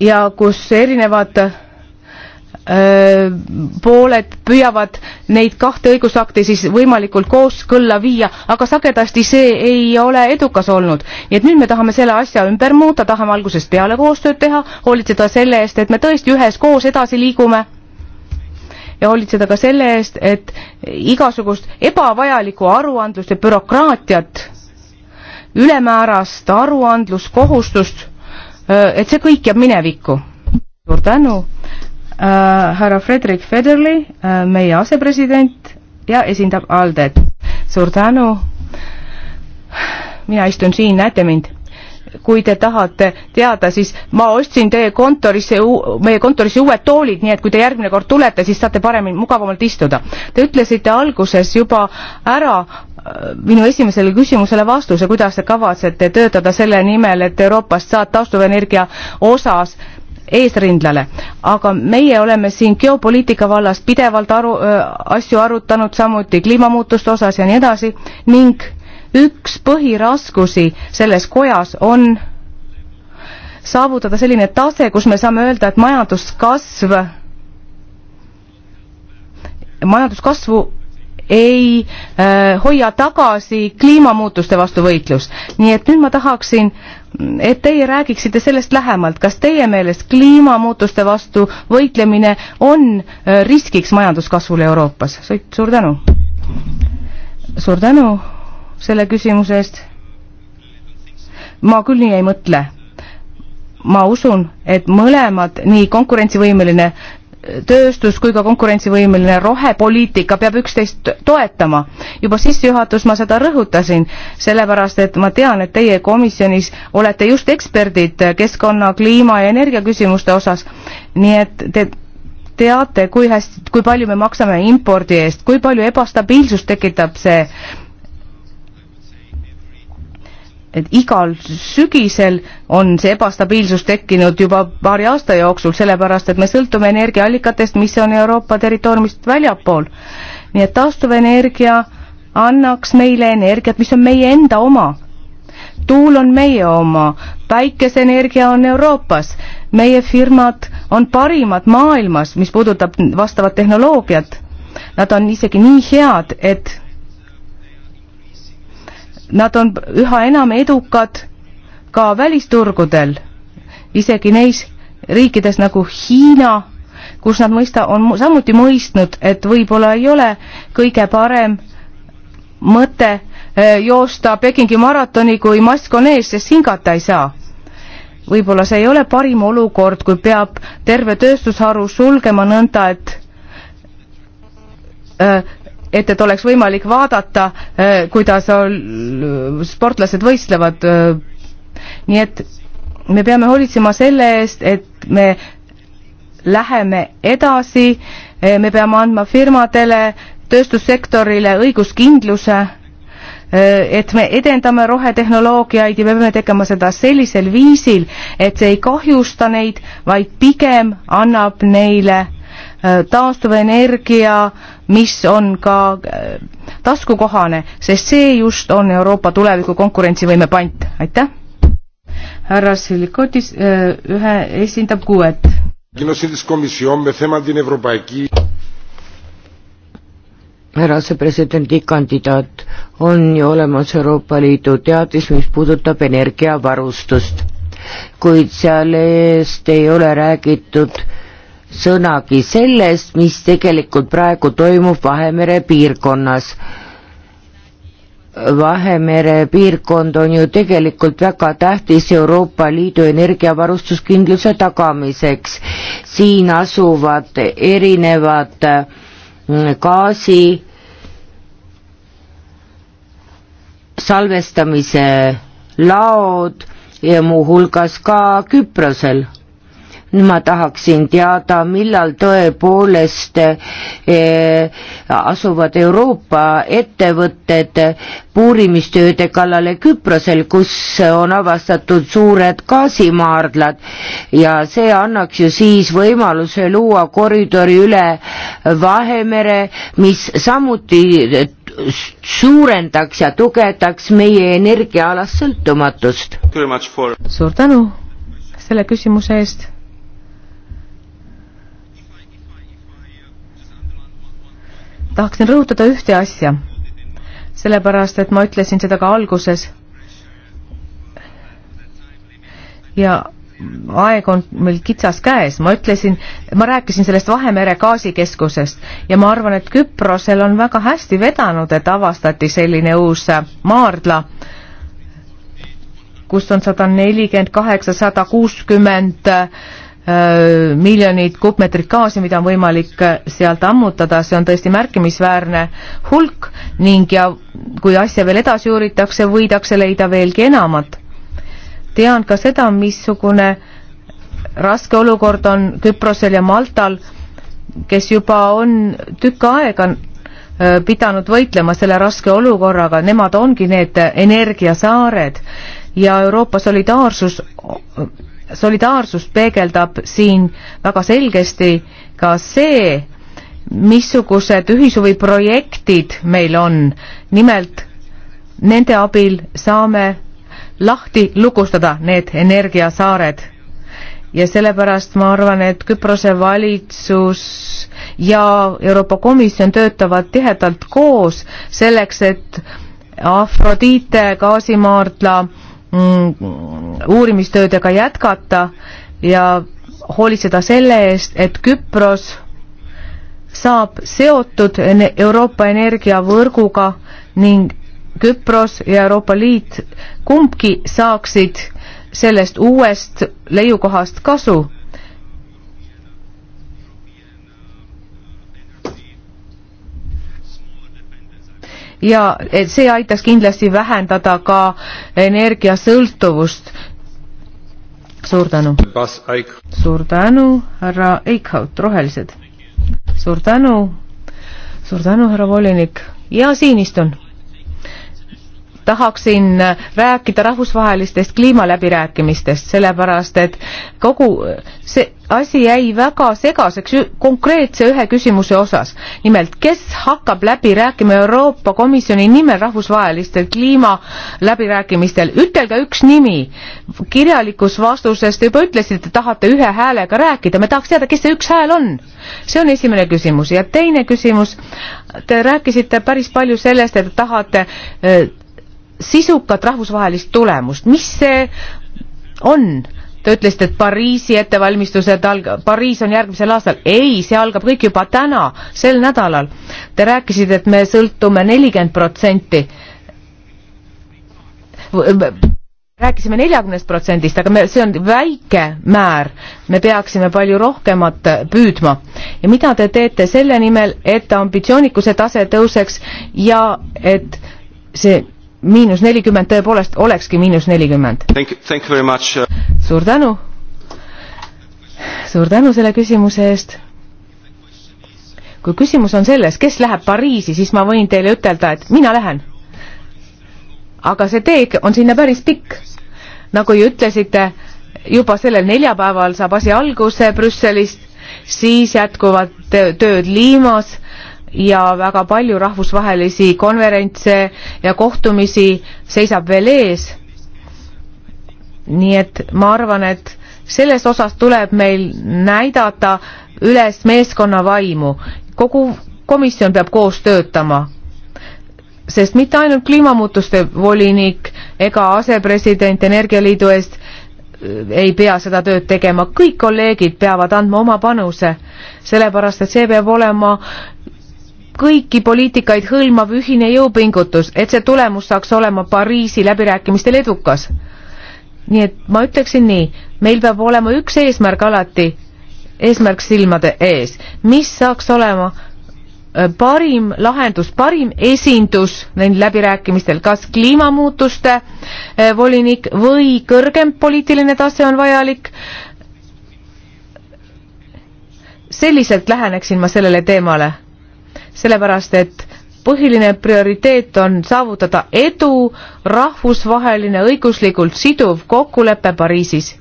ja kus erinevad öö, eh, pooled püüavad neid kahte õigusakti siis võimalikult kooskõlla viia, aga sagedasti see ei ole edukas olnud. nii et nüüd me tahame selle asja ümber muuta, tahame algusest peale koostööd teha, hoolitseda selle eest, et me tõesti üheskoos edasi liigume ja hoolitseda ka selle eest, et igasugust ebavajalikku aruandlust ja bürokraatiat, ülemäärast aruandluskohustust, äh, et see kõik jääb minevikku. suur tänu äh,, härra Frederick Federley äh,, meie asepresident ja esindab ALDE-t. suur tänu, mina istun siin, näete mind kui te tahate teada, siis ma ostsin teie kontorisse, meie kontorisse uued toolid, nii et kui te järgmine kord tulete, siis saate paremini, mugavamalt istuda. Te ütlesite alguses juba ära äh, minu esimesele küsimusele vastuse, kuidas te kavatsete töötada selle nimel, et Euroopast saab taastuvenergia osas eesrindlale, aga meie oleme siin geopoliitika vallas pidevalt aru äh,, asju arutanud, samuti kliimamuutuste osas ja nii edasi ning üks põhiraskusi selles kojas on saavutada selline tase, kus me saame öelda, et majanduskasv, majanduskasvu ei äh, hoia tagasi kliimamuutuste vastu võitlus. nii et nüüd ma tahaksin, et teie räägiksite sellest lähemalt, kas teie meelest kliimamuutuste vastu võitlemine on äh, riskiks majanduskasvule Euroopas? suur tänu! suur tänu! selle küsimuse eest. ma küll nii ei mõtle. ma usun, et mõlemad, nii konkurentsivõimeline tööstus kui ka konkurentsivõimeline rohepoliitika peab üksteist toetama. juba sissejuhatus ma seda rõhutasin, sellepärast et ma tean, et teie komisjonis olete just eksperdid keskkonna, kliima ja energiaküsimuste osas, nii et te teate, kui hästi, kui palju me maksame impordi eest, kui palju ebastabiilsust tekitab see et igal sügisel on see ebastabiilsus tekkinud juba paari aasta jooksul, sellepärast et me sõltume energiaallikatest, mis on Euroopa territooriumist väljapool. nii et taastuvenergia annaks meile energiat, mis on meie enda oma. tuul on meie oma, päikeseenergia on Euroopas, meie firmad on parimad maailmas, mis puudutab vastavat tehnoloogiat. Nad on isegi nii head, et nad on üha enam edukad ka välisturgudel, isegi neis riikides nagu Hiina, kus nad mõista, on samuti mõistnud, et võib-olla ei ole kõige parem mõte eh, joosta Pekingi maratoni, kui mask on ees, sest hingata ei saa. võib-olla see ei ole parim olukord, kui peab terve tööstusharu sulgema nõnda, et eh, et, et oleks võimalik vaadata, eh, kuidas sportlased võistlevad. Eh. nii et me peame hoolitsema selle eest, et me läheme edasi, eh, me peame andma firmadele, tööstussektorile õiguskindluse, et me edendame rohetehnoloogiaid ja me peame tegema seda sellisel viisil, et see ei kahjusta neid, vaid pigem annab neile taastuvenergia äh, mis on ka äh, taskukohane, sest see just on Euroopa tuleviku konkurentsivõime pant, aitäh. härra Silikotis äh, ühe esindab kuuet. härra asepresidendi kandidaat, on ju olemas Euroopa Liidu teadis, mis puudutab energiavarustust, kuid seal eest ei ole räägitud sõnagi sellest, mis tegelikult praegu toimub Vahemere piirkonnas. Vahemere piirkond on ju tegelikult väga tähtis Euroopa Liidu energiavarustuskindluse tagamiseks. siin asuvad erinevad mm, gaasi salvestamise laod ja muuhulgas ka Küprosel ma tahaksin teada, millal tõepoolest eh, asuvad Euroopa ettevõtted puurimistööde kallale Küprosel, kus on avastatud suured gaasimaardlad ja see annaks ju siis võimaluse luua koridori üle Vahemere, mis samuti suurendaks ja tugevdaks meie energiaalast sõltumatust. suur tänu selle küsimuse eest tahaksin rõhutada ühte asja, sellepärast et ma ütlesin seda ka alguses ja aeg on meil kitsas käes, ma ütlesin, ma rääkisin sellest Vahemere gaasikeskusest ja ma arvan, et Küprosel on väga hästi vedanud, et avastati selline uus maardla, kust on sada nelikümmend kaheksa, sada kuuskümmend Äh, miljonit kuupmeetrit gaasi, mida on võimalik äh, sealt ammutada, see on tõesti märkimisväärne hulk ning ja kui asja veel edasi uuritakse, võidakse leida veelgi enamat. tean ka seda, missugune raske olukord on Küprosel ja Maltal, kes juba on tükk aega äh, pidanud võitlema selle raske olukorraga, nemad ongi need energiasaared ja Euroopa solidaarsus solidaarsust peegeldab siin väga selgesti ka see, missugused ühishuviprojektid meil on. nimelt nende abil saame lahti lukustada need energiasaared. ja sellepärast ma arvan, et Küprose valitsus ja Euroopa Komisjon töötavad tihedalt koos selleks, et Afrodite gaasimaardla äh, Mm. uurimistöödega jätkata ja hoolitseda selle eest, et Küpros saab seotud Euroopa energiavõrguga ning Küpros ja Euroopa Liit kumbki saaksid sellest uuest leiukohast kasu ja et see aitaks kindlasti vähendada ka energiasõltuvust. suur tänu. suur tänu, härra Eichhaut, Rohelised. suur tänu, suur tänu, härra volinik ja siin istun tahaksin rääkida rahvusvahelistest kliimaläbirääkimistest, sellepärast et kogu see asi jäi väga segaseks konkreetse ühe küsimuse osas. nimelt, kes hakkab läbi rääkima Euroopa Komisjoni nimel rahvusvahelistel kliimaläbirääkimistel, ütelge üks nimi. kirjalikus vastuses te juba ütlesite, tahate ühe häälega rääkida, me tahaks teada, kes see üks hääl on. see on esimene küsimus ja teine küsimus, te rääkisite päris palju sellest, et tahate äh, sisukat rahvusvahelist tulemust, mis see on? Te ütlesite, et Pariisi ettevalmistused alg-, Pariis on järgmisel aastal. ei, see algab kõik juba täna, sel nädalal. Te rääkisite, et me sõltume nelikümmend protsenti rääkisime neljakümnest protsendist, aga me, see on väike määr, me peaksime palju rohkemat püüdma. ja mida te teete selle nimel, et ambitsioonikuse tase tõuseks ja et see miinus nelikümmend tõepoolest olekski miinus nelikümmend. Uh, suur tänu. suur tänu selle küsimuse eest. kui küsimus on selles, kes läheb Pariisi, siis ma võin teile ütelda, et mina lähen. aga see tee on sinna päris pikk. nagu ütlesite, juba sellel neljapäeval saab asi alguse Brüsselist, siis jätkuvad tööd Liimas ja väga palju rahvusvahelisi konverentse ja kohtumisi seisab veel ees. nii et ma arvan, et selles osas tuleb meil näidata üles meeskonna vaimu. kogu komisjon peab koos töötama, sest mitte ainult kliimamuutuste volinik ega asepresident Energialiidu eest äh, ei pea seda tööd tegema, kõik kolleegid peavad andma oma panuse, sellepärast et see peab olema kõiki poliitikaid hõlmav ühine jõupingutus, et see tulemus saaks olema Pariisi läbirääkimistel edukas. nii et ma ütleksin nii, meil peab olema üks eesmärk alati, eesmärk silmade ees, mis saaks olema äh, parim lahendus, parim esindus neil läbirääkimistel, kas kliimamuutuste eh, volinik või kõrgem poliitiline tase on vajalik. selliselt läheneksin ma sellele teemale sellepärast et põhiline prioriteet on saavutada edu rahvusvaheline õiguslikult siduv kokkulepe Pariisis,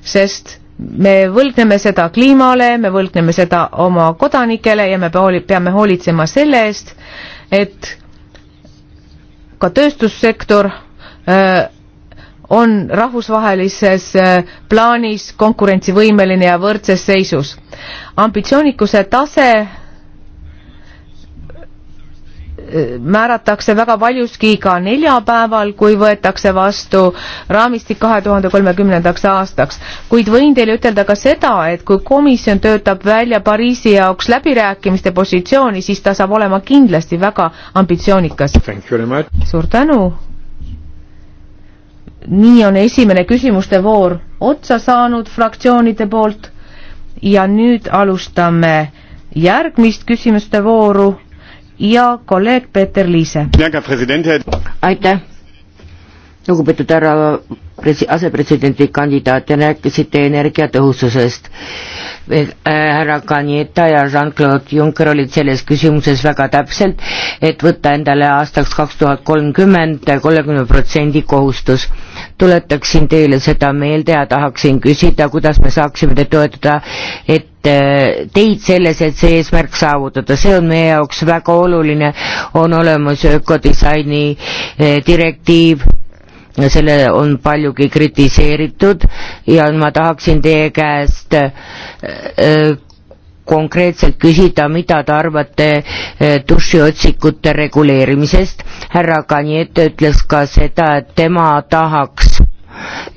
sest me võlgneme seda kliimale, me võlgneme seda oma kodanikele ja me peame hoolitsema selle eest, et ka tööstussektor öö, äh, on rahvusvahelises äh, plaanis konkurentsivõimeline ja võrdses seisus. ambitsioonikuse tase määratakse väga paljuski iga neljapäeval, kui võetakse vastu raamistik kahe tuhande kolmekümnendaks aastaks. kuid võin teile ütelda ka seda, et kui komisjon töötab välja Pariisi jaoks läbirääkimiste positsiooni, siis ta saab olema kindlasti väga ambitsioonikas. suur tänu. nii on esimene küsimuste voor otsa saanud fraktsioonide poolt ja nüüd alustame järgmist küsimuste vooru ja kolleeg Peeter Liise. aitäh! lugupeetud härra presi-, asepresidendi kandidaat, te rääkisite energiatõhususest. Äh, härra Kanieta ja Jean-Claude Juncker olid selles küsimuses väga täpselt, et võtta endale aastaks kaks tuhat kolmkümmend kolmekümne protsendi kohustus. tuletaksin teile seda meelde ja tahaksin küsida, kuidas me saaksime te toetada, et äh, teid selles, et see eesmärk saavutada, see on meie jaoks väga oluline, on olemas ökodisaini äh, direktiiv selle on paljugi kritiseeritud ja ma tahaksin teie käest äh, konkreetselt küsida, mida te arvate äh, dušiotsikute reguleerimisest. härra Kaniete ütles ka seda, et tema tahaks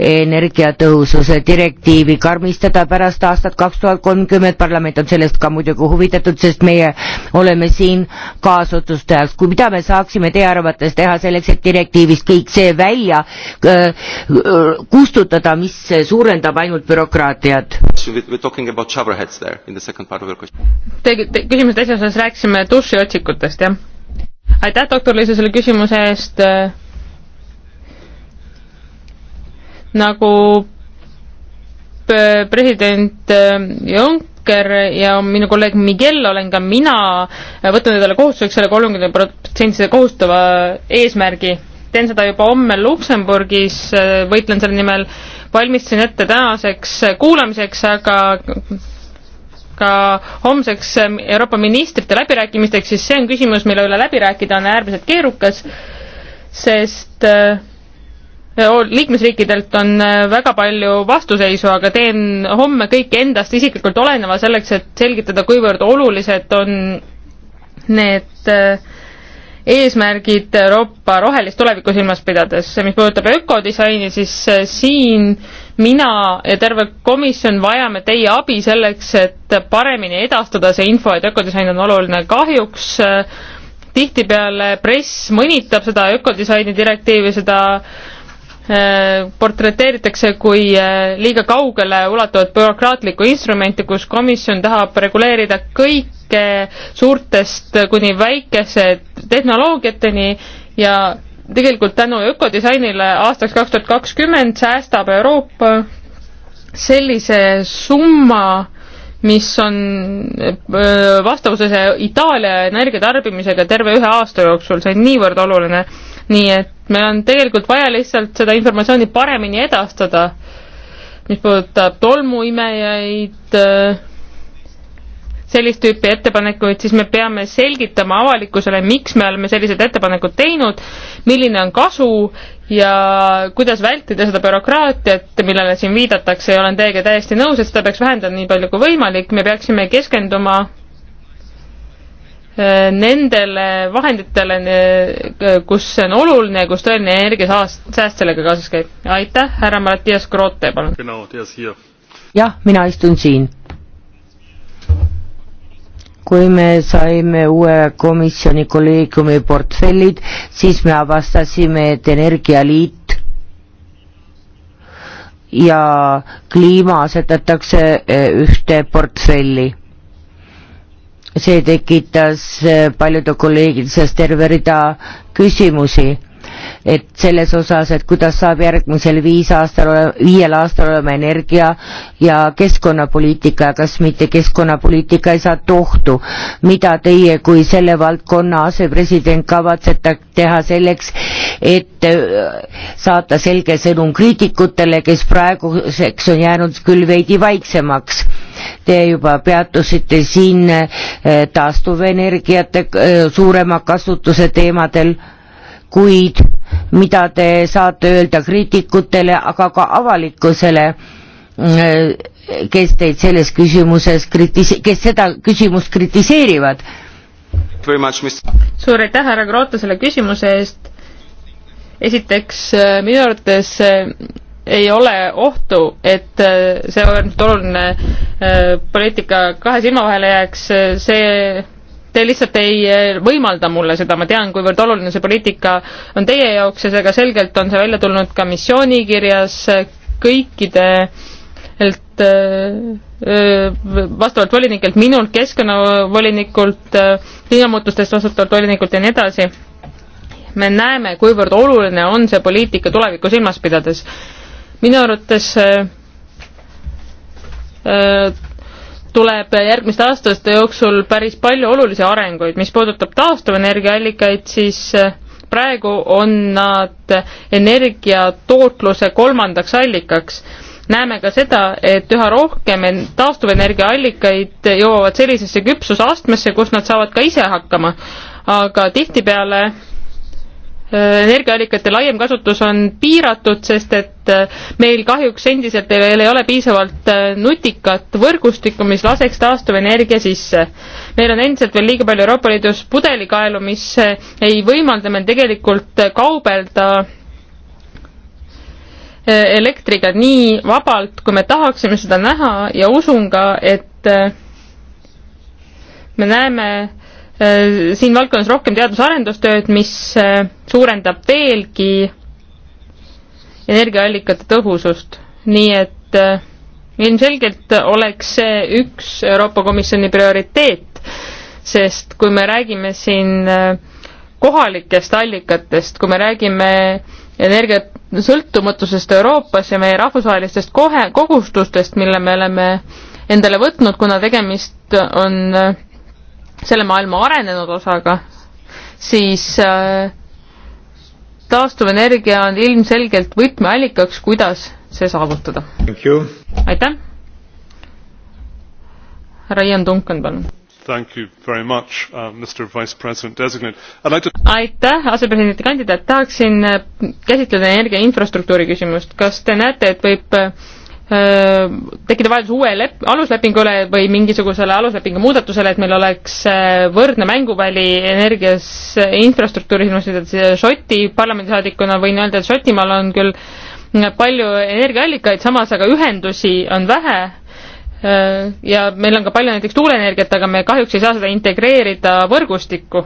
energiatõhususe direktiivi karmistada pärast aastat kaks tuhat kolmkümmend, parlament on sellest ka muidugi huvitatud, sest meie oleme siin kaasotsustajaks. kui mida me saaksime teie arvates teha selleks, et direktiivist kõik see välja äh, äh, kustutada, mis suurendab ainult bürokraatiat? Te, te küsimuse teises osas rääkisime dušiotsikutest, jah? aitäh doktor Liisa selle küsimuse eest äh,. nagu president äh, Juncker ja minu kolleeg Miguel olen ka mina äh, võtnud endale kohustuseks selle kolmekümne protsendise kohustava eesmärgi. teen seda juba homme Luksemburgis, äh, võitlen selle nimel, valmistasin ette tänaseks kuulamiseks, aga ka homseks ähm, Euroopa ministrite läbirääkimisteks, siis see on küsimus, mille üle läbi rääkida on äärmiselt keerukas, sest äh, Äh, liikmesriikidelt on äh, väga palju vastuseisu, aga teen homme kõik endast isiklikult oleneva selleks, et selgitada, kuivõrd olulised on need äh, eesmärgid Euroopa rohelist tulevikku silmas pidades. mis puudutab ökodisaini, siis siin mina ja terve komisjon vajame teie abi selleks, et paremini edastada see info, et ökodisain on oluline. kahjuks tihtipeale press mõnitab seda ökodisaini direktiivi, seda äh, Äh, portreteeritakse kui äh, liiga kaugele ulatuvat bürokraatlikku instrumenti, kus komisjon tahab reguleerida kõike suurtest kuni väikese tehnoloogiateni ja tegelikult tänu ökodisainile aastaks kaks tuhat kakskümmend säästab Euroopa sellise summa, mis on äh, vastavuses Itaalia energiatarbimisega terve ühe aasta jooksul, see on niivõrd oluline nii et meil on tegelikult vaja lihtsalt seda informatsiooni paremini edastada, mis puudutab tolmuimejaid, äh, sellist tüüpi ettepanekuid, siis me peame selgitama avalikkusele, miks me oleme sellised ettepanekud teinud, milline on kasu ja kuidas vältida seda bürokraatiat, millele siin viidatakse ja olen teiega täiesti nõus, et seda peaks vähendama nii palju kui võimalik, me peaksime keskenduma nendele vahenditele, kus see on oluline, kus tõeline energiasääst sellega kaasas käib. aitäh, härra Mattias Grote, palun. jah, mina istun siin. kui me saime uue komisjoni kolleegiumi portfellid, siis me avastasime, et Energialiit ja kliima asetatakse eh, ühte portfelli see tekitas eh, paljude kolleegide seas terve rida küsimusi et selles osas, et kuidas saab järgmisel viis aastal, viiel aastal olema energia ja keskkonnapoliitika ja kas mitte keskkonnapoliitika ei satu ohtu. mida teie kui selle valdkonna asepresident kavatsete teha selleks, et äh, saata selge sõnum kriitikutele, kes praeguseks on jäänud küll veidi vaiksemaks? Te juba peatusite siin äh, taastuvenergiate äh, suurema kasutuse teemadel kuid mida te saate öelda kriitikutele, aga ka avalikkusele, eh, kes teid selles küsimuses kritis-, kes seda küsimust kritiseerivad? suur aitäh, härra Grote, selle küsimuse eest. esiteks, eh, minu arvates eh, ei ole ohtu, et see äärmiselt oluline poliitika kahe silma vahele jääks, see te lihtsalt ei eh, võimalda mulle seda, ma tean, kuivõrd oluline see poliitika on teie jaoks ja seega selgelt on see välja tulnud ka missioonikirjas eh, kõikidelt eh, vastavalt volinikelt, minult, keskkonnavolinikult, kliimamuutustest vastutavalt volinikult ja nii edasi. me näeme, kuivõrd oluline on see poliitika tulevikku silmas pidades. minu arvates tuleb järgmiste aastate jooksul päris palju olulisi arenguid, mis puudutab taastuvenergiaallikaid, siis eh, praegu on nad energiatootluse kolmandaks allikaks. näeme ka seda, et üha rohkem taastuvenergiaallikaid jõuavad sellisesse küpsusastmesse, kus nad saavad ka ise hakkama, aga tihtipeale energiaallikate laiem kasutus on piiratud, sest et äh, meil kahjuks endiselt veel ei ole piisavalt äh, nutikat võrgustikku, mis laseks taastuvenergia sisse. meil on endiselt veel liiga palju Euroopa Liidus pudelikaelu, mis äh, ei võimalda meil tegelikult kaubelda elektriga nii vabalt, kui me tahaksime seda näha ja usun ka, et me näeme Äh, siin valdkonnas rohkem teadus-arendustööd, mis äh, suurendab veelgi energiaallikate tõhusust, nii et äh, ilmselgelt oleks see üks Euroopa Komisjoni prioriteet, sest kui me räägime siin kohalikest allikatest, kui me räägime energia sõltumatusest Euroopas ja meie rahvusvahelistest kohe, kogustustest, mille me oleme endale võtnud, kuna tegemist on selle maailma arenenud osaga, siis äh, taastuvenergia on ilmselgelt võtmeallikaks, kuidas see saavutada. aitäh! härra Ian Duncan, palun! Uh, aitäh, asepresidendi kandidaat, tahaksin äh, käsitleda energia infrastruktuuri küsimust. kas te näete, et võib äh, tekkida vajadus uue lep-, aluslepingu üle või mingisugusele aluslepingu muudatusele, et meil oleks võrdne mänguväli energias infrastruktuuris, ma ütlen, et Šoti parlamendisaadikuna võin öelda, et Šotimaal on küll palju energiaallikaid, samas aga ühendusi on vähe ja meil on ka palju näiteks tuuleenergiat, aga me kahjuks ei saa seda integreerida võrgustikku.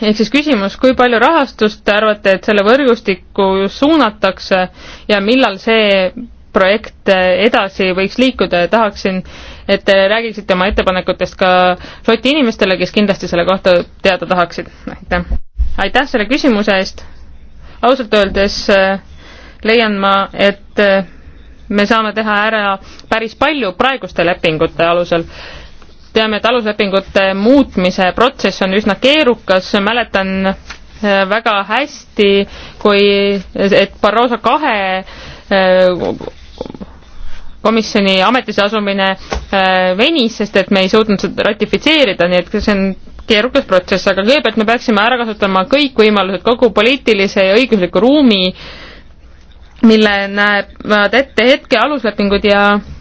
ehk siis küsimus, kui palju rahastust te arvate, et selle võrgustikku suunatakse ja millal see projekt äh, edasi võiks liikuda ja tahaksin, et te räägiksite oma ettepanekutest ka Šoti inimestele, kes kindlasti selle kohta teada tahaksid. aitäh. aitäh selle küsimuse eest. ausalt öeldes äh, leian ma, et äh, me saame teha ära päris palju praeguste lepingute alusel teame, et aluslepingute muutmise protsess on üsna keerukas, mäletan väga hästi, kui, et Barroso kahe komisjoni ametisse asumine äh, venis, sest et me ei suutnud seda ratifitseerida, nii et see on keerukas protsess, aga kõigepealt me peaksime ära kasutama kõik võimalused, kogu poliitilise ja õigusliku ruumi, mille näevad ette hetke aluslepingud ja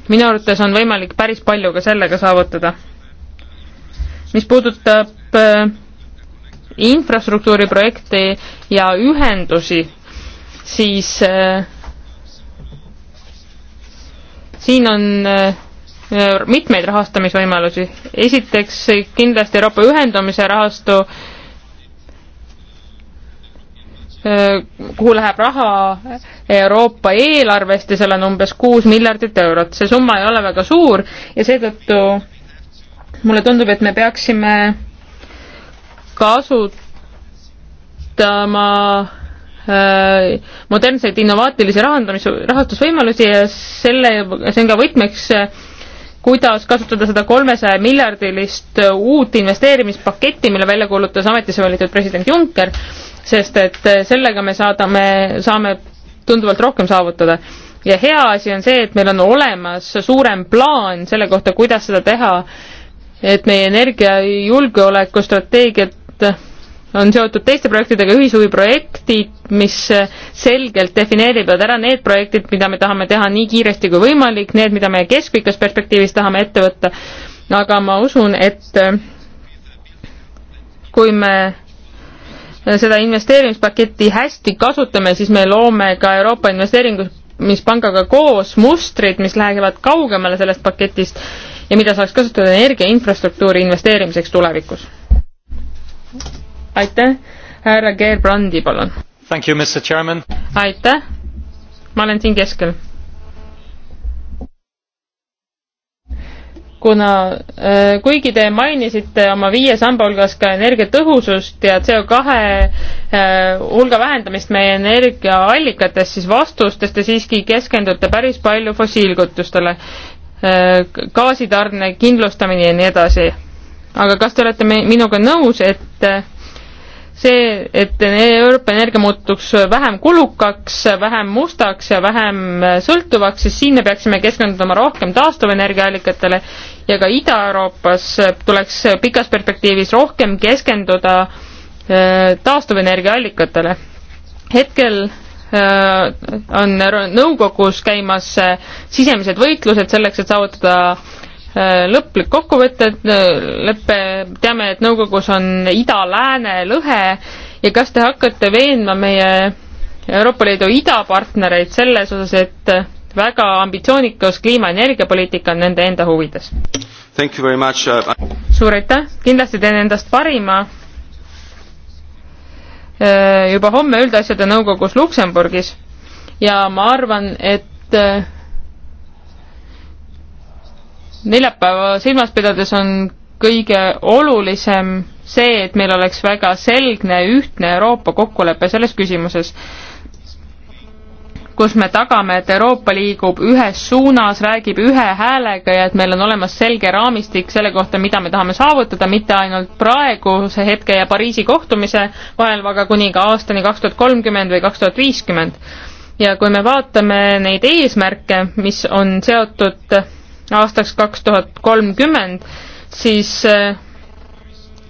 minu arvates on võimalik päris palju ka sellega saavutada. mis puudutab äh, infrastruktuuriprojekti ja ühendusi, siis äh, siin on äh, äh, mitmeid rahastamisvõimalusi. esiteks kindlasti Euroopa ühendamise rahastu, äh, kuhu läheb raha Euroopa eelarvest ja seal on umbes kuus miljardit eurot. see summa ei ole väga suur ja seetõttu mulle tundub, et me peaksime kasutama Äh, modernseid innovaatilisi rahandamis, rahastusvõimalusi ja selle, see on ka võtmeks, kuidas kasutada seda kolmesaja miljardilist uut investeerimispaketti, mille välja kuulutas ametisse valitud president Juncker, sest et sellega me saadame, saame tunduvalt rohkem saavutada. ja hea asi on see, et meil on olemas suurem plaan selle kohta, kuidas seda teha, et meie energiajulgeoleku strateegiat on seotud teiste projektidega, ühishuviprojektid, mis eh, selgelt defineerivad ära need projektid, mida me tahame teha nii kiiresti kui võimalik, need, mida me keskpikas perspektiivis tahame ette võtta. aga ma usun, et eh, kui me eh, seda investeerimispaketti hästi kasutame, siis me loome ka Euroopa Investeerimispangaga koos mustrid, mis lähevad kaugemale sellest paketist ja mida saaks kasutada energia infrastruktuuri investeerimiseks tulevikus aitäh, härra Gerbrandi, palun. aitäh, ma olen siin keskel. kuna äh,, kuigi te mainisite oma viie samba hulgas ka energiatõhusust ja CO2 äh, hulga vähendamist meie energiaallikates, siis vastustes te siiski keskendute päris palju fossiilkütustele äh,, gaasitarne kindlustamine ja nii edasi aga kas te olete minuga nõus, et äh, see, et Euroopa energia muutuks vähem kulukaks, vähem mustaks ja vähem sõltuvaks, siis siin me peaksime keskenduma rohkem taastuvenergiaallikatele ja ka Ida-Euroopas tuleks pikas perspektiivis rohkem keskenduda äh, taastuvenergiaallikatele. hetkel äh, on nõukogus käimas äh, sisemised võitlused selleks, et saavutada Äh, lõplik kokkuvõte, äh, leppe, teame, et nõukogus on ida-lääne lõhe ja kas te hakkate veenma meie Euroopa Liidu idapartnereid selles osas, et väga ambitsioonikas kliima- ja energiapoliitika on nende enda huvides? Uh, suur aitäh, kindlasti teen endast parima. Äh, juba homme üldasjade nõukogus Luksemburgis ja ma arvan, et neljapäeva silmas pidades on kõige olulisem see, et meil oleks väga selgne ühtne Euroopa kokkulepe selles küsimuses, kus me tagame, et Euroopa liigub ühes suunas, räägib ühe häälega ja et meil on olemas selge raamistik selle kohta, mida me tahame saavutada, mitte ainult praeguse hetke ja Pariisi kohtumise vahel, aga kuni ka aastani kaks tuhat kolmkümmend või kaks tuhat viiskümmend. ja kui me vaatame neid eesmärke, mis on seotud aastaks kaks tuhat kolmkümmend, siis äh,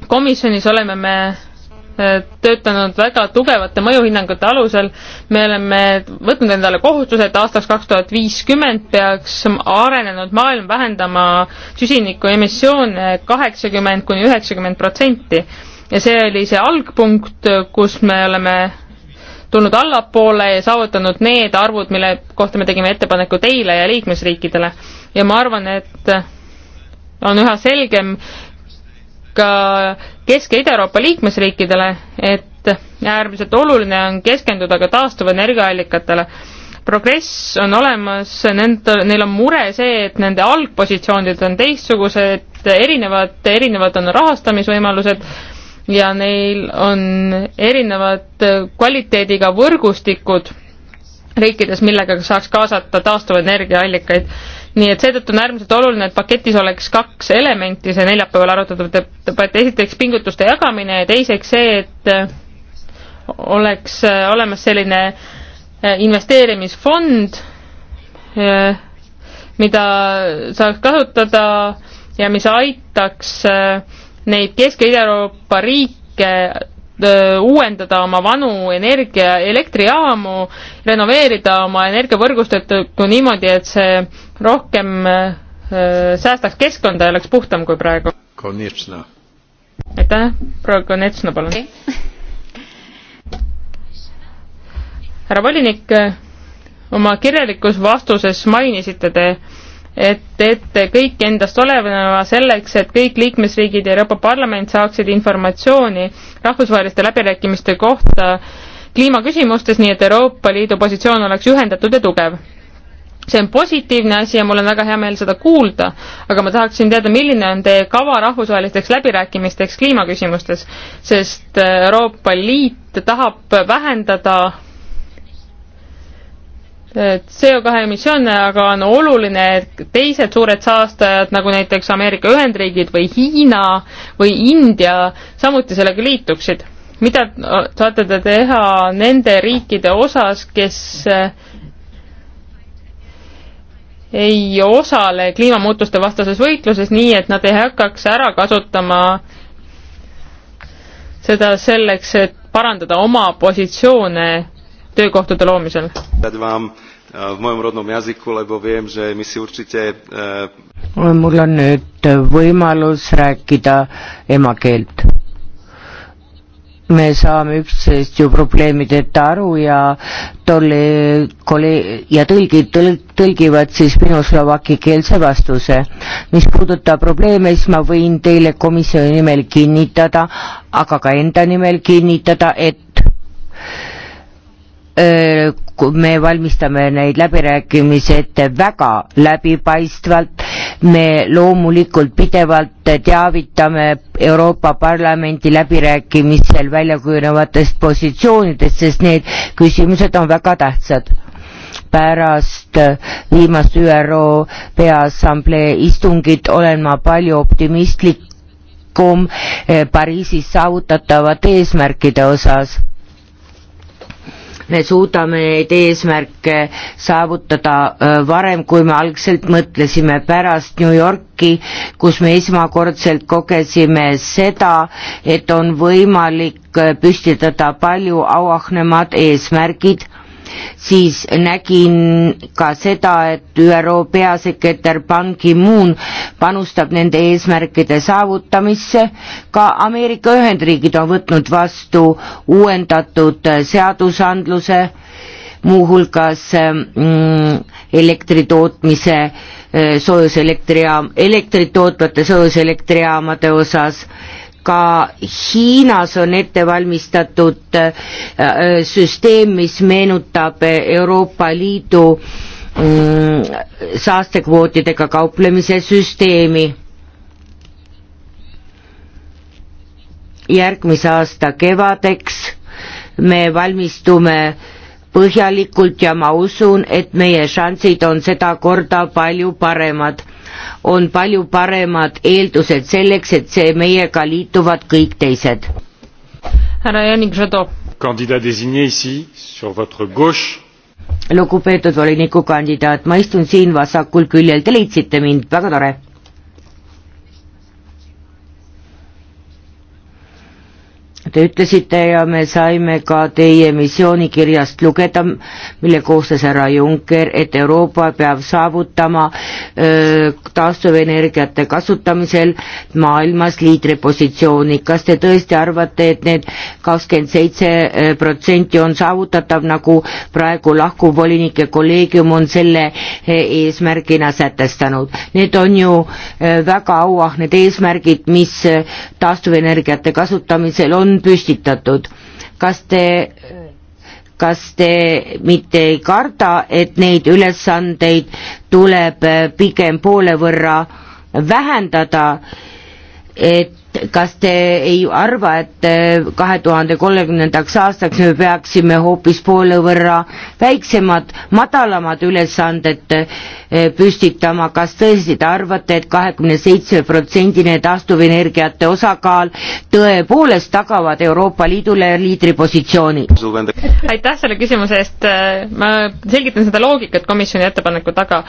komisjonis oleme me äh, töötanud väga tugevate mõjuhinnangute alusel. me oleme võtnud endale kohustuse, et aastaks kaks tuhat viiskümmend peaks arenenud maailm vähendama süsiniku emissioone kaheksakümmend kuni üheksakümmend protsenti. ja see oli see algpunkt, kus me oleme tulnud allapoole ja saavutanud need arvud, mille kohta me tegime ettepaneku teile ja liikmesriikidele. ja ma arvan, et on üha selgem ka Kesk- ja Ida-Euroopa liikmesriikidele, et äärmiselt oluline on keskenduda ka taastuvenergiaallikatele. progress on olemas, nend-, neil on mure see, et nende algpositsioonid on teistsugused, erinevad, erinevad on rahastamisvõimalused ja neil on erinevad kvaliteediga võrgustikud riikides, millega saaks kaasata taastuvenergiaallikaid. nii et seetõttu on äärmiselt oluline, et paketis oleks kaks elementi, see neljapäeval arutatav debatt, esiteks pingutuste jagamine ja teiseks see, et oleks olemas selline eh, investeerimisfond, eh, mida saaks kasutada ja mis aitaks äh, neid Kesk- ja Ida-Euroopa riike uuendada oma vanu energia, elektrijaamu, renoveerida oma energiavõrgustikku niimoodi, et see rohkem säästaks keskkonda ja oleks puhtam kui praegu. aitäh, proua Konetsna, palun. härra volinik, oma kirjalikus vastuses mainisite te, et teete kõik endast oleneva selleks, et kõik liikmesriigid ja Euroopa Parlament saaksid informatsiooni rahvusvaheliste läbirääkimiste kohta kliimaküsimustes, nii et Euroopa Liidu positsioon oleks ühendatud ja tugev. see on positiivne asi ja mul on väga hea meel seda kuulda, aga ma tahaksin teada, milline on teie kava rahvusvahelisteks läbirääkimisteks kliimaküsimustes, sest Euroopa Liit tahab vähendada CO2 emissioone, aga on oluline, et teised suured saastajad, nagu näiteks Ameerika Ühendriigid või Hiina või India, samuti sellega liituksid. mida saate te teha nende riikide osas, kes eh, ei osale kliimamuutuste vastases võitluses nii, et nad ei hakkaks ära kasutama seda selleks, et parandada oma positsioone töökohtade loomisel? Eh, v mojom rodnom jazyku, lebo viem, že my si určite eh, mul on nüüd võimalus rääkida emakeelt. me saame üksteist ju probleemideta aru ja tolle kole- ja tõlgid tõl-, tõlgivad siis minu slovakikeelse vastuse. mis puudutab probleeme, siis ma võin teile komisjoni nimel kinnitada, aga ka enda nimel kinnitada, et me valmistame neid läbirääkimisi ette väga läbipaistvalt, me loomulikult pidevalt teavitame Euroopa Parlamendi läbirääkimistel välja kujunevatest positsioonidest, sest need küsimused on väga tähtsad. pärast viimast ÜRO Peaassamblee istungit olen ma palju optimistlikum eh, Pariisis saavutatavate eesmärkide osas me suudame neid eesmärke saavutada äh, varem, kui me algselt mõtlesime, pärast New Yorki, kus me esmakordselt kogesime seda, et on võimalik äh, püstitada palju auahnemad eesmärgid siis nägin ka seda, et ÜRO peasekretär Ban Ki-moon panustab nende eesmärkide saavutamisse, ka Ameerika Ühendriigid on võtnud vastu uuendatud seadusandluse, muuhulgas mm, elektri tootmise, eh, soojuselektri, elektrit tootvate soojuselektrijaamade osas ka Hiinas on ette valmistatud äh, äh, süsteem, mis meenutab Euroopa Liidu mm, saastekvootidega kauplemise süsteemi. järgmise aasta kevadeks me valmistume põhjalikult ja ma usun, et meie šansid on sedakorda palju paremad on palju paremad eeldused selleks, et see meiega liituvad kõik teised. härra Janik Žado. kandidaat designé ici sur votre gauche. lugupeetud volinikukandidaat, ma istun siin vasakul küljel, te leidsite mind, väga tore Te ütlesite ja me saime ka teie missioonikirjast lugeda, mille koostas härra Juncker, et Euroopa peab saavutama taastuvenergiate kasutamisel maailmas liidripositsiooni. kas te tõesti arvate, et need kakskümmend seitse protsenti on saavutatav, nagu praegu lahkuv volinike kolleegium on selle e, eesmärgina sätestanud? Need on ju väga auahned eesmärgid, mis taastuvenergiate kasutamisel on on püstitatud. kas te, kas te mitte ei karda, et neid ülesandeid tuleb pigem poole võrra vähendada, et kas te ei arva, et eh, kahe tuhande kolmekümnendaks aastaks me peaksime hoopis poole võrra väiksemad, madalamad ülesanded eh, püstitama, kas tõesti te arvate et, et kahekümne seitsme protsendine taastuvenergiate osakaal tõepoolest tagavad Euroopa Liidule liidripositsiooni? aitäh selle küsimuse eest, ma selgitan seda loogikat komisjoni ettepaneku taga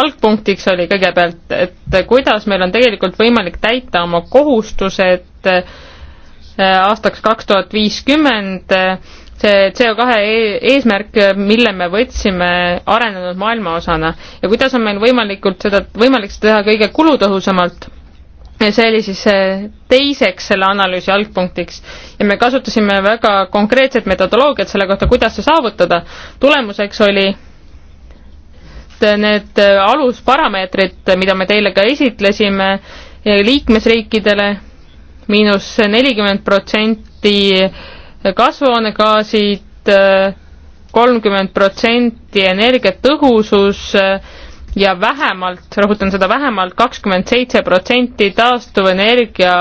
algpunktiks oli kõigepealt, et kuidas meil on tegelikult võimalik täita oma kohustused äh, aastaks kaks tuhat viiskümmend, see CO2 e-, eesmärk, mille me võtsime arenenud maailma osana ja kuidas on meil võimalikult seda, võimalik seda teha kõige kulutõhusamalt ja see oli siis äh, teiseks selle analüüsi algpunktiks. ja me kasutasime väga konkreetset metodoloogiat selle kohta, kuidas see saavutada. tulemuseks oli et need alusparameetrid, mida me teile ka esitlesime eh, liikmesriikidele, miinus nelikümmend protsenti kasvuhoonegaasid, kolmkümmend protsenti energiatõhusus eh, ja vähemalt, rõhutan seda vähemalt, kakskümmend seitse protsenti taastuvenergia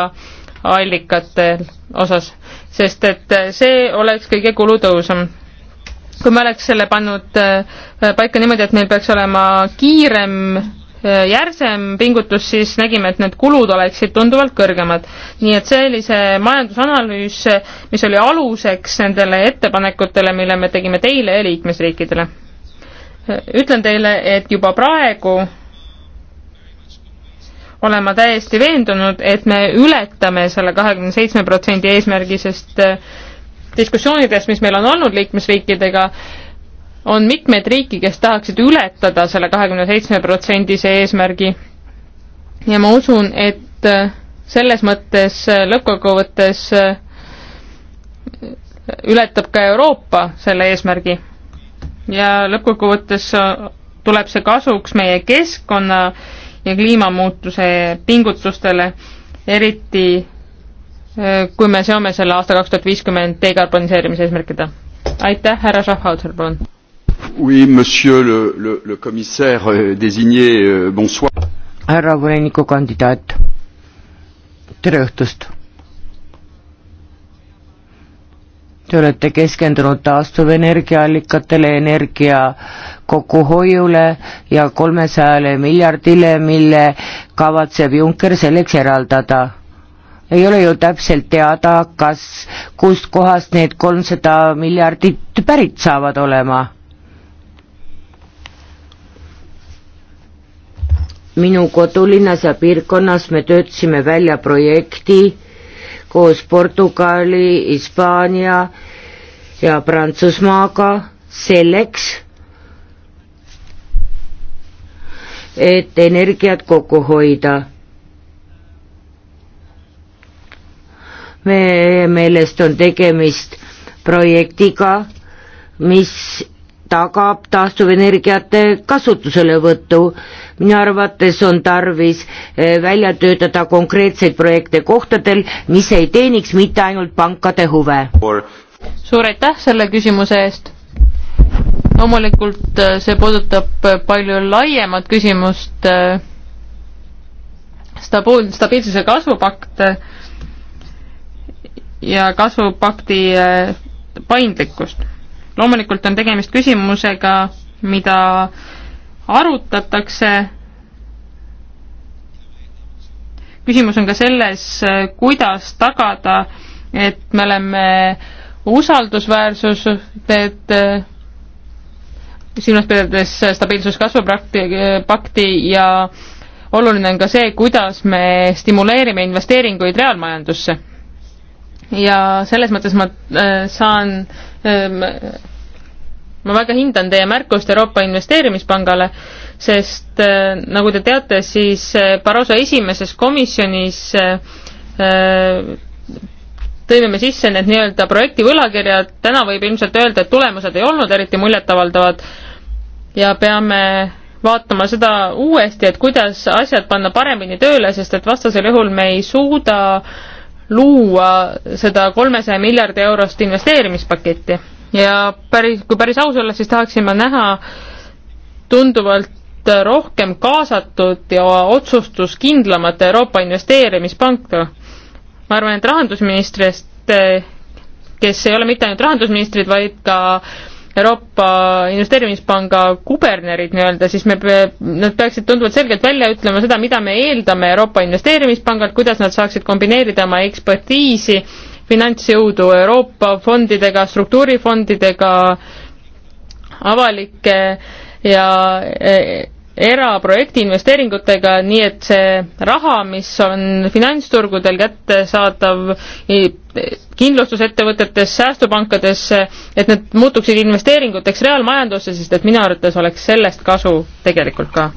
allikate osas, sest et eh, see oleks kõige kulutõhusam kui me oleks selle pannud äh, paika niimoodi, et meil peaks olema kiirem äh, järsem pingutus, siis nägime, et need kulud oleksid tunduvalt kõrgemad. nii et see oli see majandusanalüüs, mis oli aluseks nendele ettepanekutele, mille me tegime teile ja liikmesriikidele. Äh, ütlen teile, et juba praegu olen ma täiesti veendunud, et me ületame selle kahekümne seitsme protsendi eesmärgi, sest äh, diskussioonides, mis meil on olnud liikmesriikidega, on mitmeid riiki, kes tahaksid ületada selle kahekümne seitsme protsendise eesmärgi. ja ma usun, et äh, selles mõttes äh, lõppkokkuvõttes äh, ületab ka Euroopa selle eesmärgi. ja lõppkokkuvõttes tuleb see kasuks meie keskkonna ja kliimamuutuse pingutustele, eriti kui me seome selle aasta kaks tuhat viiskümmend dekarboniseerimise eesmärkida. aitäh, härra Schaffhauser, palun. Oui, monsieur le, le, le commissaire euh, désigné, euh, bonsoir. härra volinikukandidaat, tere õhtust. Te olete keskendunud taastuvenergiaallikatele, energia kokkuhoiule ja kolmesajale miljardile, mille kavatseb Juncker selleks eraldada ei ole ju täpselt teada, kas, kustkohast need kolmsada miljardit pärit saavad olema. minu kodulinnas ja piirkonnas me töötasime välja projekti koos Portugali, Hispaania ja Prantsusmaaga selleks, et energiat kokku hoida meie meelest on tegemist projektiga, mis tagab taastuvenergiate kasutuselevõttu. minu arvates on tarvis eh, välja töötada konkreetseid projekte kohtadel, mis ei teeniks mitte ainult pankade huve. suur aitäh selle küsimuse eest. loomulikult eh, see puudutab palju laiemat küsimust, eh, stabiilsuse kasvupakt ja kasvupakti äh, paindlikkust. loomulikult on tegemist küsimusega, mida arutatakse, küsimus on ka selles, äh, kuidas tagada, et me oleme usaldusväärsus, et äh, silmas pidades stabiilsuskasvu pakti ja oluline on ka see, kuidas me stimuleerime investeeringuid reaalmajandusse ja selles mõttes ma äh, saan, ähm, ma väga hindan teie märkust Euroopa Investeerimispangale, sest äh, nagu te teate, siis äh, Barroso esimeses komisjonis tõime me sisse need nii-öelda projekti võlakirjad, täna võib ilmselt öelda, et tulemused ei olnud eriti muljetavaldavad ja peame vaatama seda uuesti, et kuidas asjad panna paremini tööle, sest et vastasel juhul me ei suuda äh, luua seda kolmesaja miljardi eurost investeerimispaketti. ja päris, kui päris aus olla, siis tahaksin ma näha tunduvalt rohkem kaasatud ja otsustuskindlamat Euroopa Investeerimispanka. ma arvan, et rahandusministrist, kes ei ole mitte ainult rahandusministrid, vaid ka äh, Euroopa Investeerimispanga kubernerid nii-öelda, siis me, nad peaksid tunduvalt selgelt välja ütlema seda, mida me eeldame Euroopa Investeerimispangalt, kuidas nad saaksid kombineerida oma ekspertiisi, finantsjõudu Euroopa fondidega, struktuurifondidega, avalike ja e-, eraprojekti investeeringutega, nii et see raha, mis on finantsturgudel kättesaadav kindlustusettevõtetes, säästupankadesse, et need muutuksid investeeringuteks reaalmajandusse, sest et minu arvates oleks sellest kasu tegelikult ka.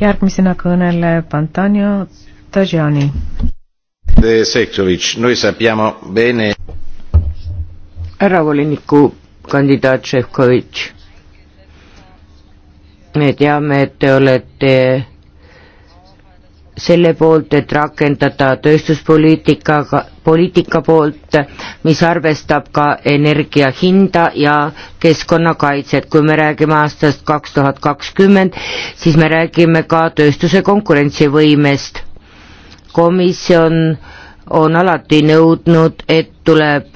järgmisena kõneleb Antonio Tajani. härra voliniku kandidaat Šefkovitš me teame, et te olete selle poolt, et rakendada tööstuspoliitikaga, poliitika poolt, mis arvestab ka energia hinda ja keskkonnakaitset. kui me räägime aastast kaks tuhat kakskümmend, siis me räägime ka tööstuse konkurentsivõimest. komisjon on alati nõudnud, et tuleb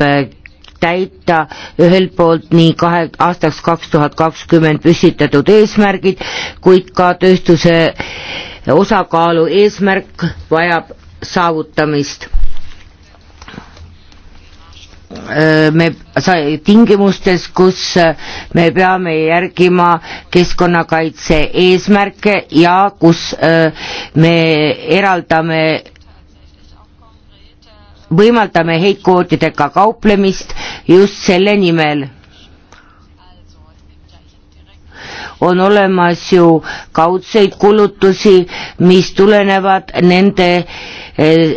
täita ühelt poolt nii kahe, aastaks kaks tuhat kakskümmend püstitatud eesmärgid, kuid ka tööstuse osakaalu eesmärk vajab saavutamist. me sai tingimustes, kus me peame järgima keskkonnakaitse eesmärke ja kus me eraldame võimaldame heitkootidega kauplemist just selle nimel on olemas ju kaudseid kulutusi, mis tulenevad nende eh,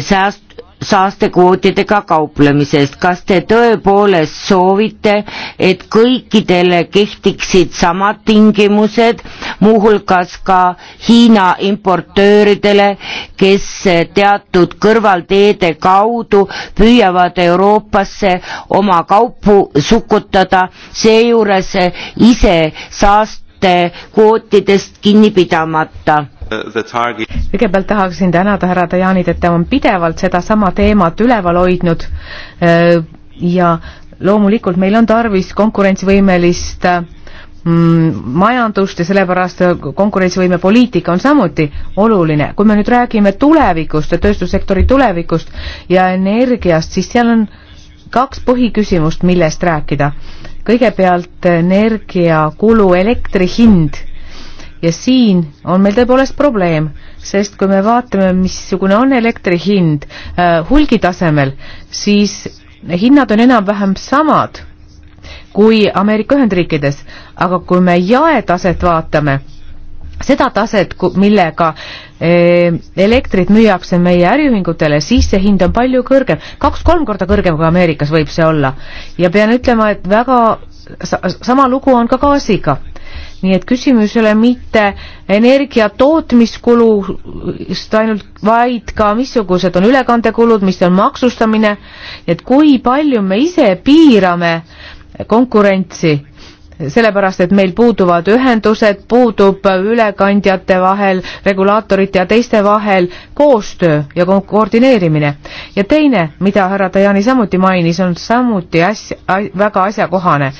sääst-, saastekvootidega kauplemisest. kas te tõepoolest soovite, et kõikidele kehtiksid samad tingimused, muuhulgas ka Hiina importööridele, kes teatud kõrvalteede kaudu püüavad Euroopasse oma kaupu sukutada, seejuures ise saastekvootidest kinni pidamata? kõigepealt tahaksin tänada härra Dajanit, et ta on pidevalt sedasama teemat üleval hoidnud äh, ja loomulikult meil on tarvis konkurentsivõimelist mm, majandust ja sellepärast konkurentsivõime poliitika on samuti oluline. kui me nüüd räägime tulevikust ja tööstussektori tulevikust ja energiast, siis seal on kaks põhiküsimust, millest rääkida. kõigepealt energiakulu, elektri hind ja siin on meil tõepoolest probleem, sest kui me vaatame, missugune on elektri hind äh, hulgi tasemel, siis hinnad on enam-vähem samad kui Ameerika Ühendriikides, aga kui me jaetaset vaatame, seda taset, millega äh, elektrit müüakse meie äriühingutele, siis see hind on palju kõrgem, kaks-kolm korda kõrgem kui Ameerikas võib see olla. ja pean ütlema, et väga sa sama lugu on ka gaasiga nii et küsimus ei ole mitte energia tootmiskulust ainult, vaid ka missugused on ülekandekulud, mis on maksustamine, et kui palju me ise piirame konkurentsi, sellepärast et meil puuduvad ühendused, puudub ülekandjate vahel, regulaatorite ja teiste vahel koostöö ja koordineerimine. ja teine, mida härra Tajani samuti mainis, on samuti asja, väga asjakohane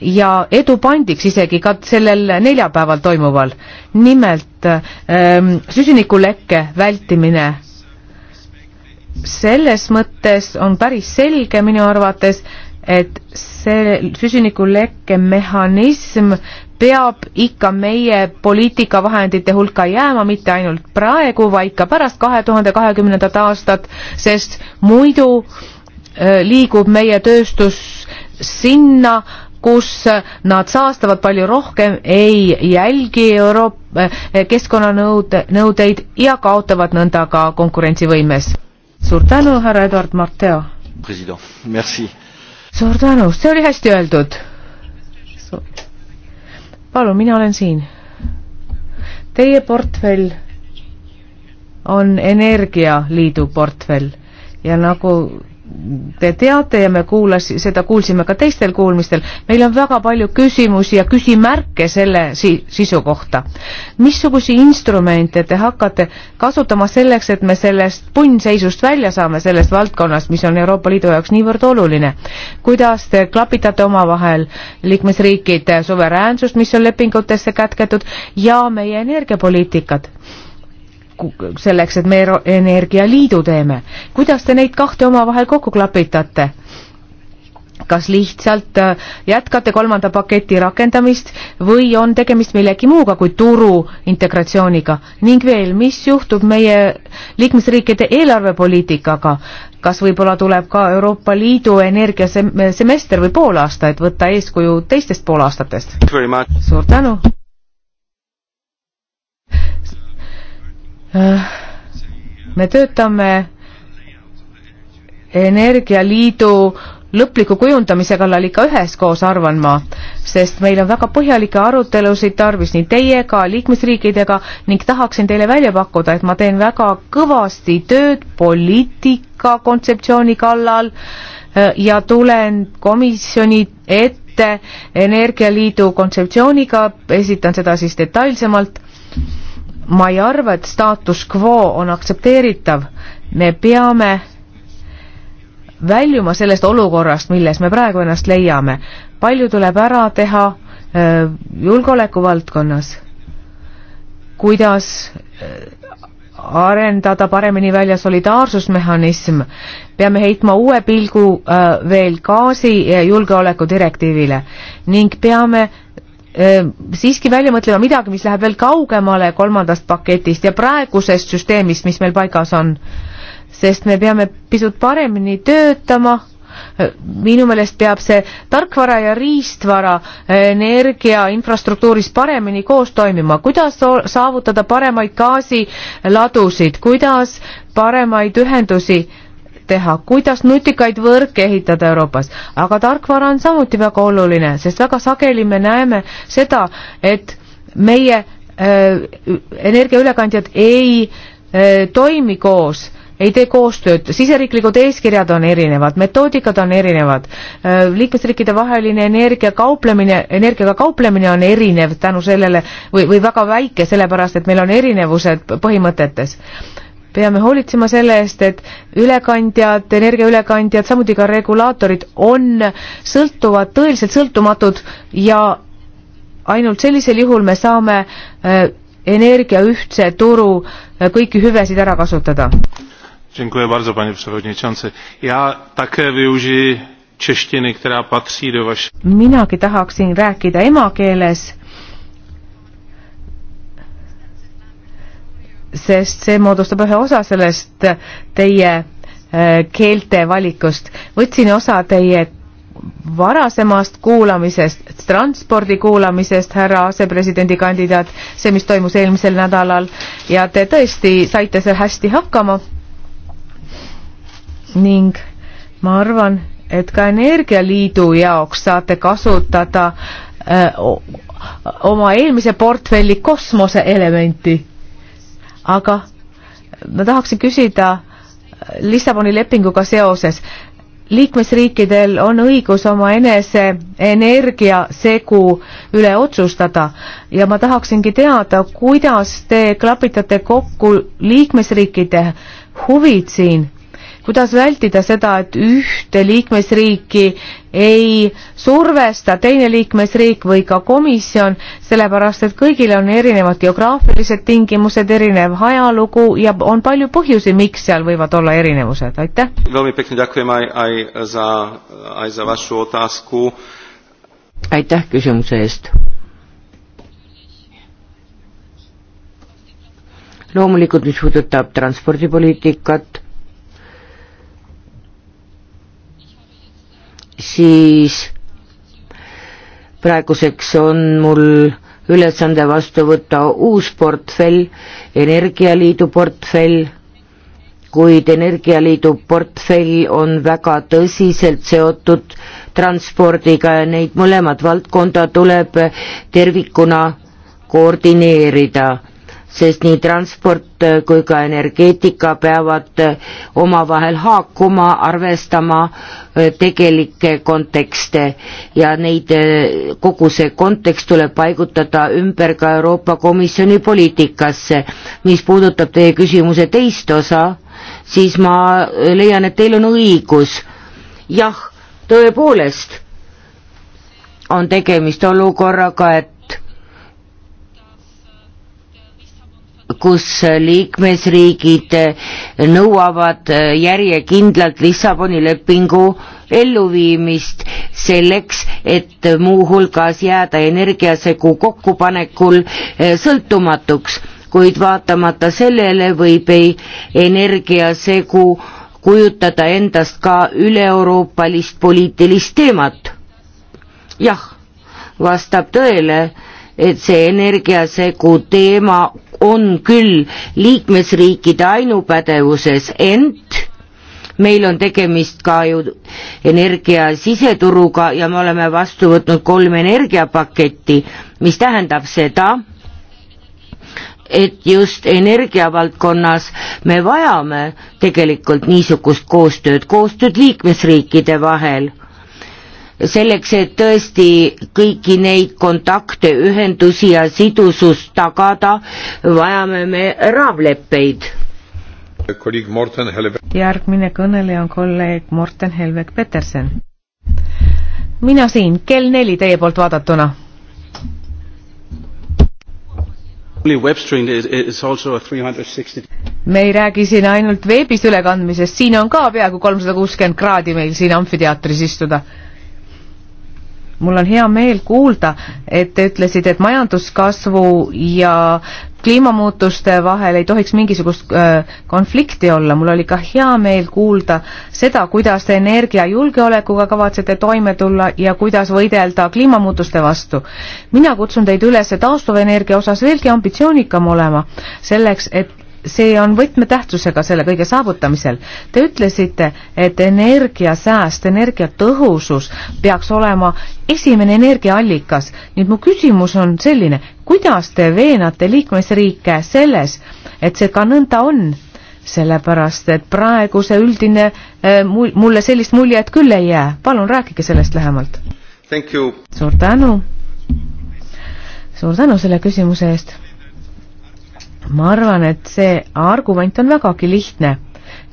ja edu pandiks isegi ka sellel neljapäeval toimuval. nimelt ähm, süsinikulekke vältimine. selles mõttes on päris selge minu arvates, et see süsinikulekke mehhanism peab ikka meie poliitikavahendite hulka jääma mitte ainult praegu, vaid ka pärast kahe tuhande kahekümnendat aastat, sest muidu äh, liigub meie tööstus sinna, kus nad saastavad palju rohkem, ei jälgi Euroopa eh, keskkonnanõudeid ja kaotavad nõnda ka konkurentsivõimes. suur tänu, härra Eduard Marteo. president, merci. suur tänu, see oli hästi öeldud. palun, mina olen siin. Teie portfell on Energialiidu portfell ja nagu te teate ja me kuulas, seda kuulsime ka teistel kuulmistel, meil on väga palju küsimusi ja küsimärke selle si sisu kohta. missugusi instrumente te hakkate kasutama selleks, et me sellest punnseisust välja saame, sellest valdkonnast, mis on Euroopa Liidu jaoks niivõrd oluline? kuidas te klapitate omavahel liikmesriikide suveräänsust, mis on lepingutesse kätketud, ja meie energiapoliitikat? selleks, et me energialiidu teeme. kuidas te neid kahte omavahel kokku klapitate? kas lihtsalt äh, jätkate kolmanda paketi rakendamist või on tegemist millegi muuga kui turu integratsiooniga ning veel, mis juhtub meie liikmesriikide eelarvepoliitikaga, kas võib-olla tuleb ka Euroopa Liidu energiasemester või poolaasta, et võtta eeskuju teistest poolaastatest? suur tänu! Äh, me töötame energialiidu lõpliku kujundamise kallal ikka üheskoos, arvan ma, sest meil on väga põhjalikke arutelusid tarvis nii teiega, liikmesriikidega ning tahaksin teile välja pakkuda, et ma teen väga kõvasti tööd poliitika kontseptsiooni kallal äh, ja tulen komisjoni ette Energialiidu kontseptsiooniga, esitan seda siis detailsemalt ma ei arva, et staatus quo on aktsepteeritav, me peame väljuma sellest olukorrast, milles me praegu ennast leiame. palju tuleb ära teha äh, julgeoleku valdkonnas, kuidas äh, arendada paremini välja solidaarsusmehhanism, peame heitma uue pilgu äh, veel gaasi ja julgeoleku direktiivile ning peame Ehm, siiski välja mõtlema midagi, mis läheb veel kaugemale kolmandast paketist ja praegusest süsteemist, mis meil paigas on. sest me peame pisut paremini töötama, ehm, minu meelest peab see tarkvara ja riistvara energia infrastruktuuris paremini koos toimima, kuidas saavutada paremaid gaasiladusid, kuidas paremaid ühendusi äh, teha, kuidas nutikaid võrke ehitada Euroopas, aga tarkvara on samuti väga oluline, sest väga sageli me näeme seda, et meie äh, energiaülekandjad ei äh, toimi koos ei tee koostööd, siseriiklikud eeskirjad on erinevad, metoodikad on erinevad, äh, liikmesriikide vaheline energia kauplemine, energiaga kauplemine on erinev tänu sellele või, või väga väike, sellepärast et meil on erinevused põhimõtetes peame hoolitsema selle eest, et ülekandjad, energiaülekandjad, samuti ka regulaatorid on, sõltuvad, tõeliselt sõltumatud ja ainult sellisel juhul me saame äh, energia ühtse turu äh, kõiki hüvesid ära kasutada. Dziękuję bardzo panie przewodniczący. Ja také využiji češtiny, která patří do vaše... Minagi tahaksin rääkida emakeeles sest see moodustab ühe osa sellest teie äh, keelte valikust. võtsin osa teie varasemast kuulamisest, transpordi kuulamisest, härra asepresidendi kandidaat, see, mis toimus eelmisel nädalal ja te tõesti saite seal hästi hakkama. ning ma arvan, et ka Energialiidu jaoks saate kasutada öö, äh, oma eelmise portfelli kosmoseelementi aga ma tahaksin küsida Lissaboni lepinguga seoses. liikmesriikidel on õigus omaenese energiasegu üle otsustada ja ma tahaksingi teada, kuidas te klapitate kokku liikmesriikide huvid siin kuidas vältida seda, et ühte liikmesriiki ei survesta teine liikmesriik või ka komisjon, sellepärast et kõigil on erinevad geograafilised tingimused, erinev ajalugu ja on palju põhjusi, miks seal võivad olla erinevused, aitäh. aitäh küsimuse eest. loomulikult, mis puudutab transpordipoliitikat siis praeguseks on mul ülesande vastu võtta uus portfell, Energialiidu portfell, kuid Energialiidu portfell on väga tõsiselt seotud transpordiga ja neid mõlemad valdkonda tuleb tervikuna koordineerida sest nii transport äh, kui ka energeetika peavad äh, omavahel haakuma, arvestama äh, tegelikke kontekste ja neid, kogu see kontekst tuleb paigutada ümber ka Euroopa Komisjoni poliitikasse. mis puudutab teie küsimuse teist osa, siis ma leian, et teil on õigus. jah, tõepoolest on tegemist olukorraga, et kus liikmesriigid nõuavad järjekindlalt Lissaboni lepingu elluviimist selleks, et muuhulgas jääda energiasegu kokkupanekul sõltumatuks, kuid vaatamata sellele võib ei energiasegu kujutada endast ka üle-euroopalist poliitilist teemat. jah, vastab tõele, et see energiasegu teema on küll liikmesriikide ainupädevuses, ent meil on tegemist ka ju energia siseturuga ja me oleme vastu võtnud kolm energiapaketti, mis tähendab seda, et just energiavaldkonnas me vajame tegelikult niisugust koostööd, koostööd liikmesriikide vahel selleks, et tõesti kõiki neid kontakte, ühendusi ja sidusust tagada, vajame me raamleppeid. järgmine kõneleja on kolleeg Morten Helvek Peterson. mina siin, kell neli teie poolt vaadatuna. me ei räägi siin ainult veebis ülekandmisest, siin on ka peaaegu kolmsada kuuskümmend kraadi meil siin amfiteatris istuda mul on hea meel kuulda, et te ütlesite, et majanduskasvu ja kliimamuutuste vahel ei tohiks mingisugust öö, konflikti olla, mul oli ka hea meel kuulda seda, kuidas te energiajulgeolekuga kavatsete toime tulla ja kuidas võidelda kliimamuutuste vastu. mina kutsun teid üles taastuvenergia osas veelgi ambitsioonikam olema, selleks et see on võtmetähtsusega selle kõige saavutamisel. Te ütlesite, et energiasääst, energiatõhusus peaks olema esimene energiaallikas. nüüd mu küsimus on selline, kuidas te veenate liikmesriike selles, et see ka nõnda on? sellepärast, et praegu see üldine, eh, mulle sellist muljet küll ei jää. palun rääkige sellest lähemalt. suur tänu. suur tänu selle küsimuse eest ma arvan, et see argument on vägagi lihtne.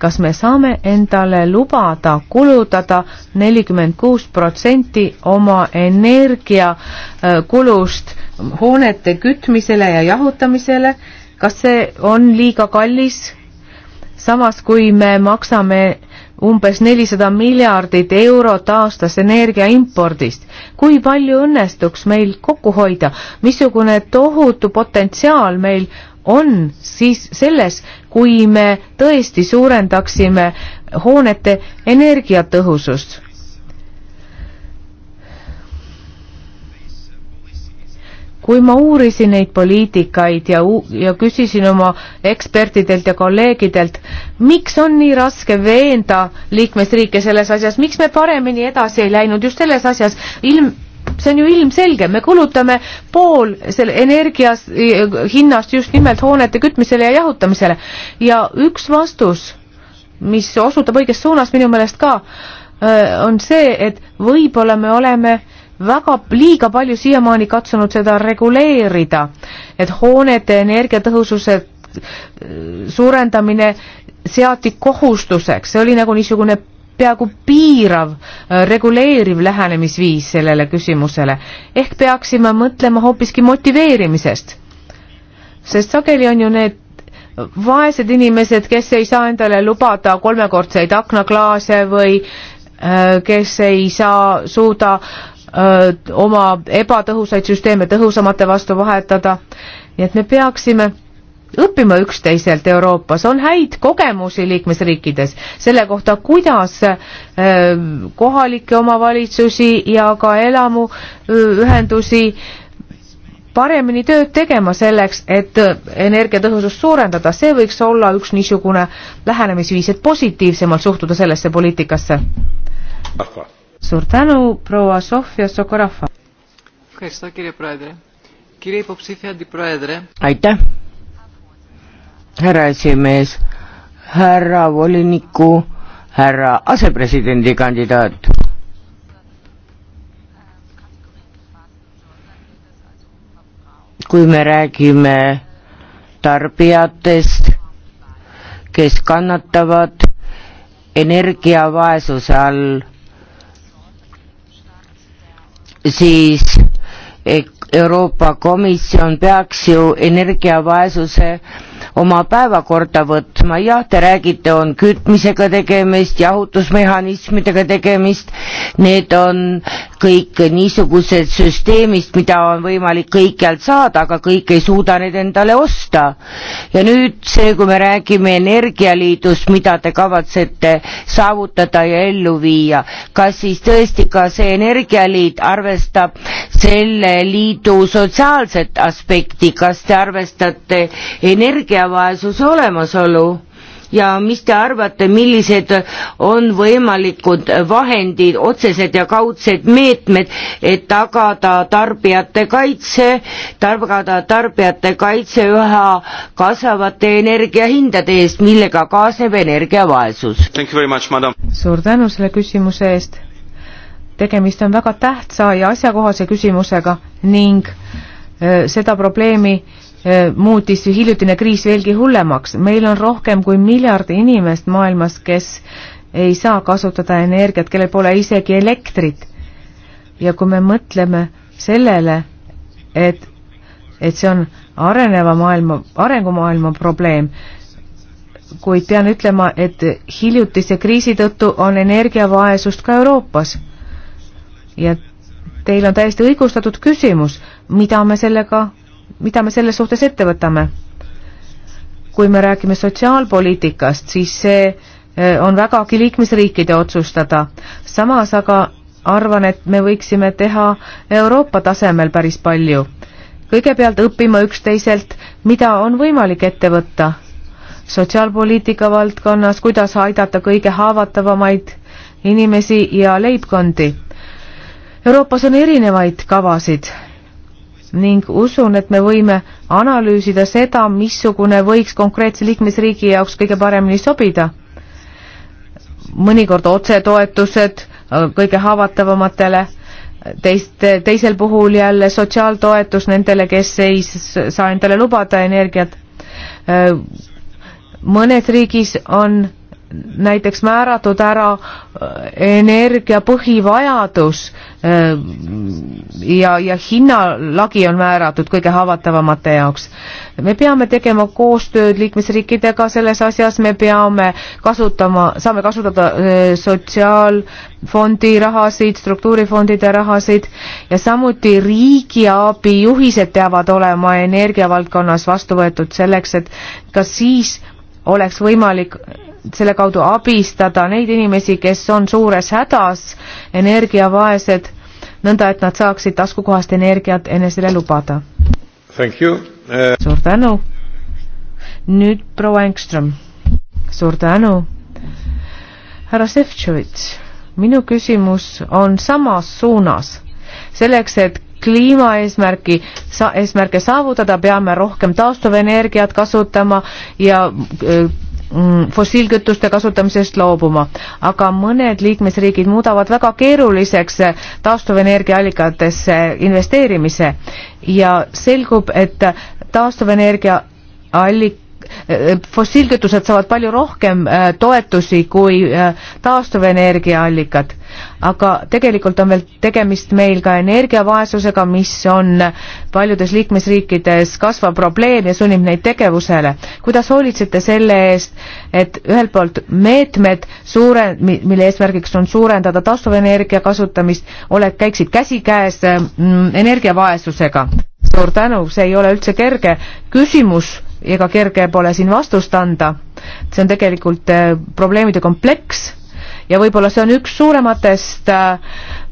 kas me saame endale lubada kulutada nelikümmend kuus protsenti oma energiakulust äh, hoonete kütmisele ja jahutamisele, kas see on liiga kallis? samas, kui me maksame umbes nelisada miljardit eurot aastas energia impordist. kui palju õnnestuks meil kokku hoida, missugune tohutu potentsiaal meil on siis selles, kui me tõesti suurendaksime hoonete energiatõhusust. kui ma uurisin neid poliitikaid ja, ja küsisin oma ekspertidelt ja kolleegidelt, miks on nii raske veenda liikmesriike selles asjas, miks me paremini edasi ei läinud just selles asjas, ilm, see on ju ilmselge, me kulutame pool selle energias hinnast just nimelt hoonete kütmisele ja jahutamisele ja üks vastus, mis osutab õiges suunas minu meelest ka, äh, on see, et võib-olla me oleme väga liiga palju siiamaani katsunud seda reguleerida, et hoonete energiatõhususe äh, suurendamine seati kohustuseks, see oli nagu niisugune peaaegu piirav äh, reguleeriv lähenemisviis sellele küsimusele. ehk peaksime mõtlema hoopiski motiveerimisest. sest sageli on ju need vaesed inimesed, kes ei saa endale lubada kolmekordseid aknaklaase või äh, kes ei saa, suuda öö, äh, oma ebatõhusaid süsteeme tõhusamate vastu vahetada. nii et me peaksime õppima üksteiselt Euroopas, on häid kogemusi liikmesriikides selle kohta, kuidas äh, kohalikke omavalitsusi ja ka elamuühendusi äh, paremini tööd tegema selleks, et äh, energiatõhusust suurendada, see võiks olla üks niisugune lähenemisviis, et positiivsemalt suhtuda sellesse poliitikasse. suur tänu, proua Sofia Sokorafa. aitäh härra esimees, härra voliniku, härra asepresidendi kandidaat. kui me räägime tarbijatest, kes kannatavad energiavaesuse all, siis Euroopa Komisjon peaks ju energiavaesuse oma päevakorda võtma, jah, te räägite, on kütmisega tegemist, jahutusmehhanismidega tegemist, need on kõik niisugused süsteemist, mida on võimalik kõikjalt saada, aga kõik ei suuda neid endale osta. ja nüüd see, kui me räägime Energialiidust, mida te kavatsete saavutada ja ellu viia, kas siis tõesti ka see Energialiit arvestab selle liidu sotsiaalset aspekti, kas te arvestate energia väljavaesuse olemasolu ja mis te arvate, millised on võimalikud vahendid, otsesed ja kaudsed meetmed, et tagada tarbijate kaitse, tagada tarbijate kaitse üha kasvavate energiahindade eest, millega kaasneb energiavaesus? suur tänu selle küsimuse eest. tegemist on väga tähtsa ja asjakohase küsimusega ning äh, seda probleemi äh, muutis ju hiljutine kriis veelgi hullemaks. meil on rohkem kui miljard inimest maailmas, kes ei saa kasutada energiat, kellel pole isegi elektrit. ja kui me mõtleme sellele, et, et see on areneva maailma, arengumaailma probleem, kuid pean ütlema, et hiljutise kriisi tõttu on energiavaesust ka Euroopas. ja teil on täiesti õigustatud küsimus, mida me sellega mida me selles suhtes ette võtame? kui me räägime sotsiaalpoliitikast, siis see e, on vägagi liikmesriikide otsustada. samas aga arvan, et me võiksime teha Euroopa tasemel päris palju. kõigepealt õppima üksteiselt, mida on võimalik ette võtta sotsiaalpoliitika valdkonnas, kuidas aidata kõige haavatavamaid inimesi ja leibkondi. Euroopas on erinevaid kavasid ning usun, et me võime analüüsida seda, missugune võiks konkreetse liikmesriigi jaoks kõige paremini sobida. mõnikord otsetoetused äh, kõige haavatavamatele, teist, teisel puhul jälle sotsiaaltoetus nendele, kes ei saa endale lubada energiat. Äh, mõnes riigis on näiteks määratud ära äh, energia põhivajadus äh, ja, ja hinnalagi on määratud kõige haavatavamate jaoks. me peame tegema koostööd liikmesriikidega selles asjas, me peame kasutama, saame kasutada äh, sotsiaalfondi rahasid, struktuurifondide rahasid ja samuti riigiabi juhised peavad olema energiavaldkonnas vastu võetud selleks, et ka siis oleks võimalik selle kaudu abistada neid inimesi, kes on suures hädas, energiavaesed, nõnda et nad saaksid taskukohast energiat enesele lubada. Uh... suur tänu. nüüd proua Engström. suur tänu. härra Šefčovitš, minu küsimus on samas suunas. selleks, et kliimaeesmärki sa,, eesmärke saavutada, peame rohkem taastuvenergiat kasutama ja öö, eh, Mm, fossiilkütuste kasutamisest loobuma, aga mõned liikmesriigid muudavad väga keeruliseks taastuvenergiaallikatesse investeerimise ja selgub, et taastuvenergia allik-, fossiilkütused saavad palju rohkem äh, toetusi kui äh, taastuvenergiaallikad, aga tegelikult on veel tegemist meil ka energiavaesusega, mis on paljudes liikmesriikides kasvav probleem ja sunnib neid tegevusele. kuidas hoolitsete selle eest, et ühelt poolt meetmed suure, mille eesmärgiks on suurendada taastuvenergia kasutamist, oled, käiksid käsikäes mm, energiavaesusega? suur tänu, see ei ole üldse kerge küsimus ega kerge pole siin vastust anda. see on tegelikult äh, probleemide kompleks ja võib-olla see on üks suurematest äh,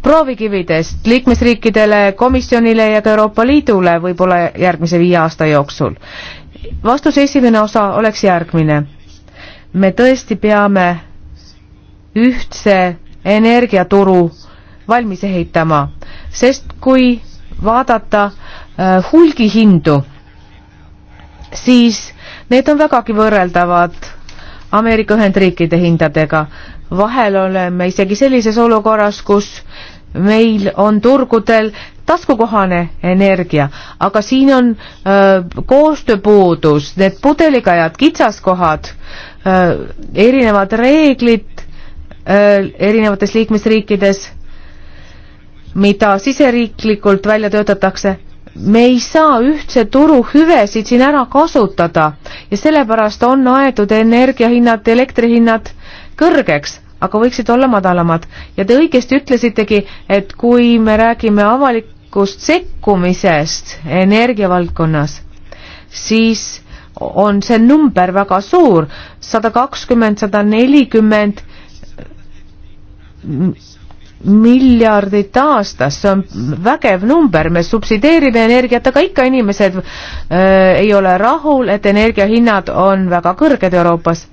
proovikividest liikmesriikidele, komisjonile ja ka Euroopa Liidule võib-olla järgmise viie aasta jooksul. vastuse esimene osa oleks järgmine. me tõesti peame ühtse energiaturu valmis ehitama, sest kui vaadata äh, hulgihindu äh,, siis need on vägagi võrreldavad Ameerika Ühendriikide hindadega. vahel oleme isegi sellises olukorras, kus meil on turgudel taskukohane energia, aga siin on öö, koostööpuudus, need pudelikajad, kitsaskohad, erinevad reeglid öö, erinevates liikmesriikides, mida siseriiklikult välja töötatakse me ei saa ühtse turu hüvesid siin ära kasutada ja sellepärast on aetud energiahinnad, elektrihinnad kõrgeks, aga võiksid olla madalamad. ja te õigesti ütlesitegi, et kui me räägime avalikust sekkumisest energiavaldkonnas, siis on see number väga suur, sada kakskümmend, sada nelikümmend miljardit aastas, see on vägev number, me subsideerime energiat, aga ikka inimesed öö, äh, ei ole rahul, et energiahinnad on väga kõrged Euroopas.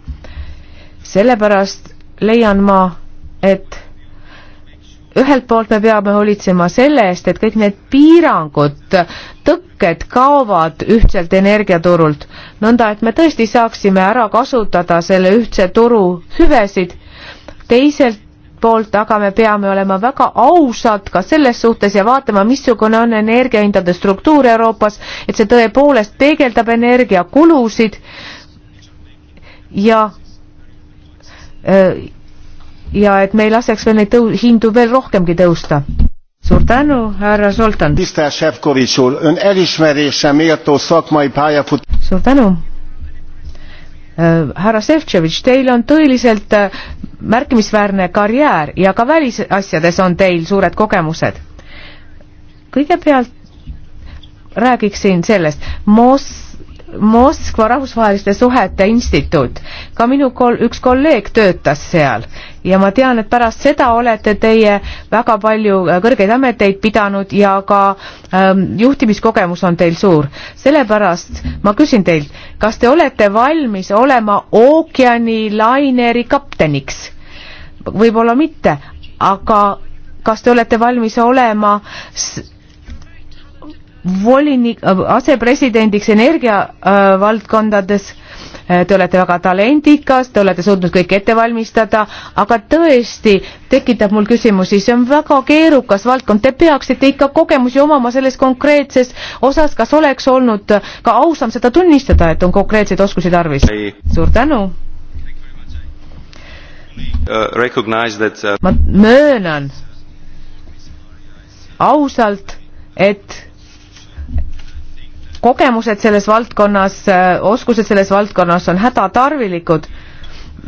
sellepärast leian ma, et ühelt poolt me peame hoolitsema selle eest, et kõik need piirangud, tõkked kaovad ühtselt energiaturult, nõnda et me tõesti saaksime ära kasutada selle ühtse turu hüvesid, teiselt poolt, aga me peame olema väga ausad ka selles suhtes ja vaatama, missugune on energiahindade struktuur Euroopas, et see tõepoolest peegeldab energiakulusid ja äh, ja et me ei laseks veel neid tõu-, hindu veel rohkemgi tõusta. suur tänu, härra Zoltan. suur tänu. Äh, härra Šefčovitš, teil on tõeliselt äh, märkimisväärne karjäär ja ka välisasjades on teil suured kogemused. kõigepealt räägiksin sellest, Moss Moskva rahvusvaheliste suhete instituut, ka minu kol-, üks kolleeg töötas seal ja ma tean, et pärast seda olete teie väga palju äh, kõrgeid ameteid pidanud ja ka ähm, juhtimiskogemus on teil suur. sellepärast ma küsin teilt, kas te olete valmis olema ookeanilaineri kapteniks? võib-olla mitte, aga kas te olete valmis olema volinik, äh, asepresidendiks energiavaldkondades äh, äh,. Te olete väga talendikas, te olete suutnud kõik ette valmistada, aga tõesti tekitab mul küsimusi, see on väga keerukas valdkond, te peaksite ikka kogemusi omama selles konkreetses osas, kas oleks olnud ka ausam seda tunnistada, et on konkreetseid oskusi tarvis? suur tänu! Uh, uh, ma möönan ausalt, et kogemused selles valdkonnas, äh, oskused selles valdkonnas on hädatarvilikud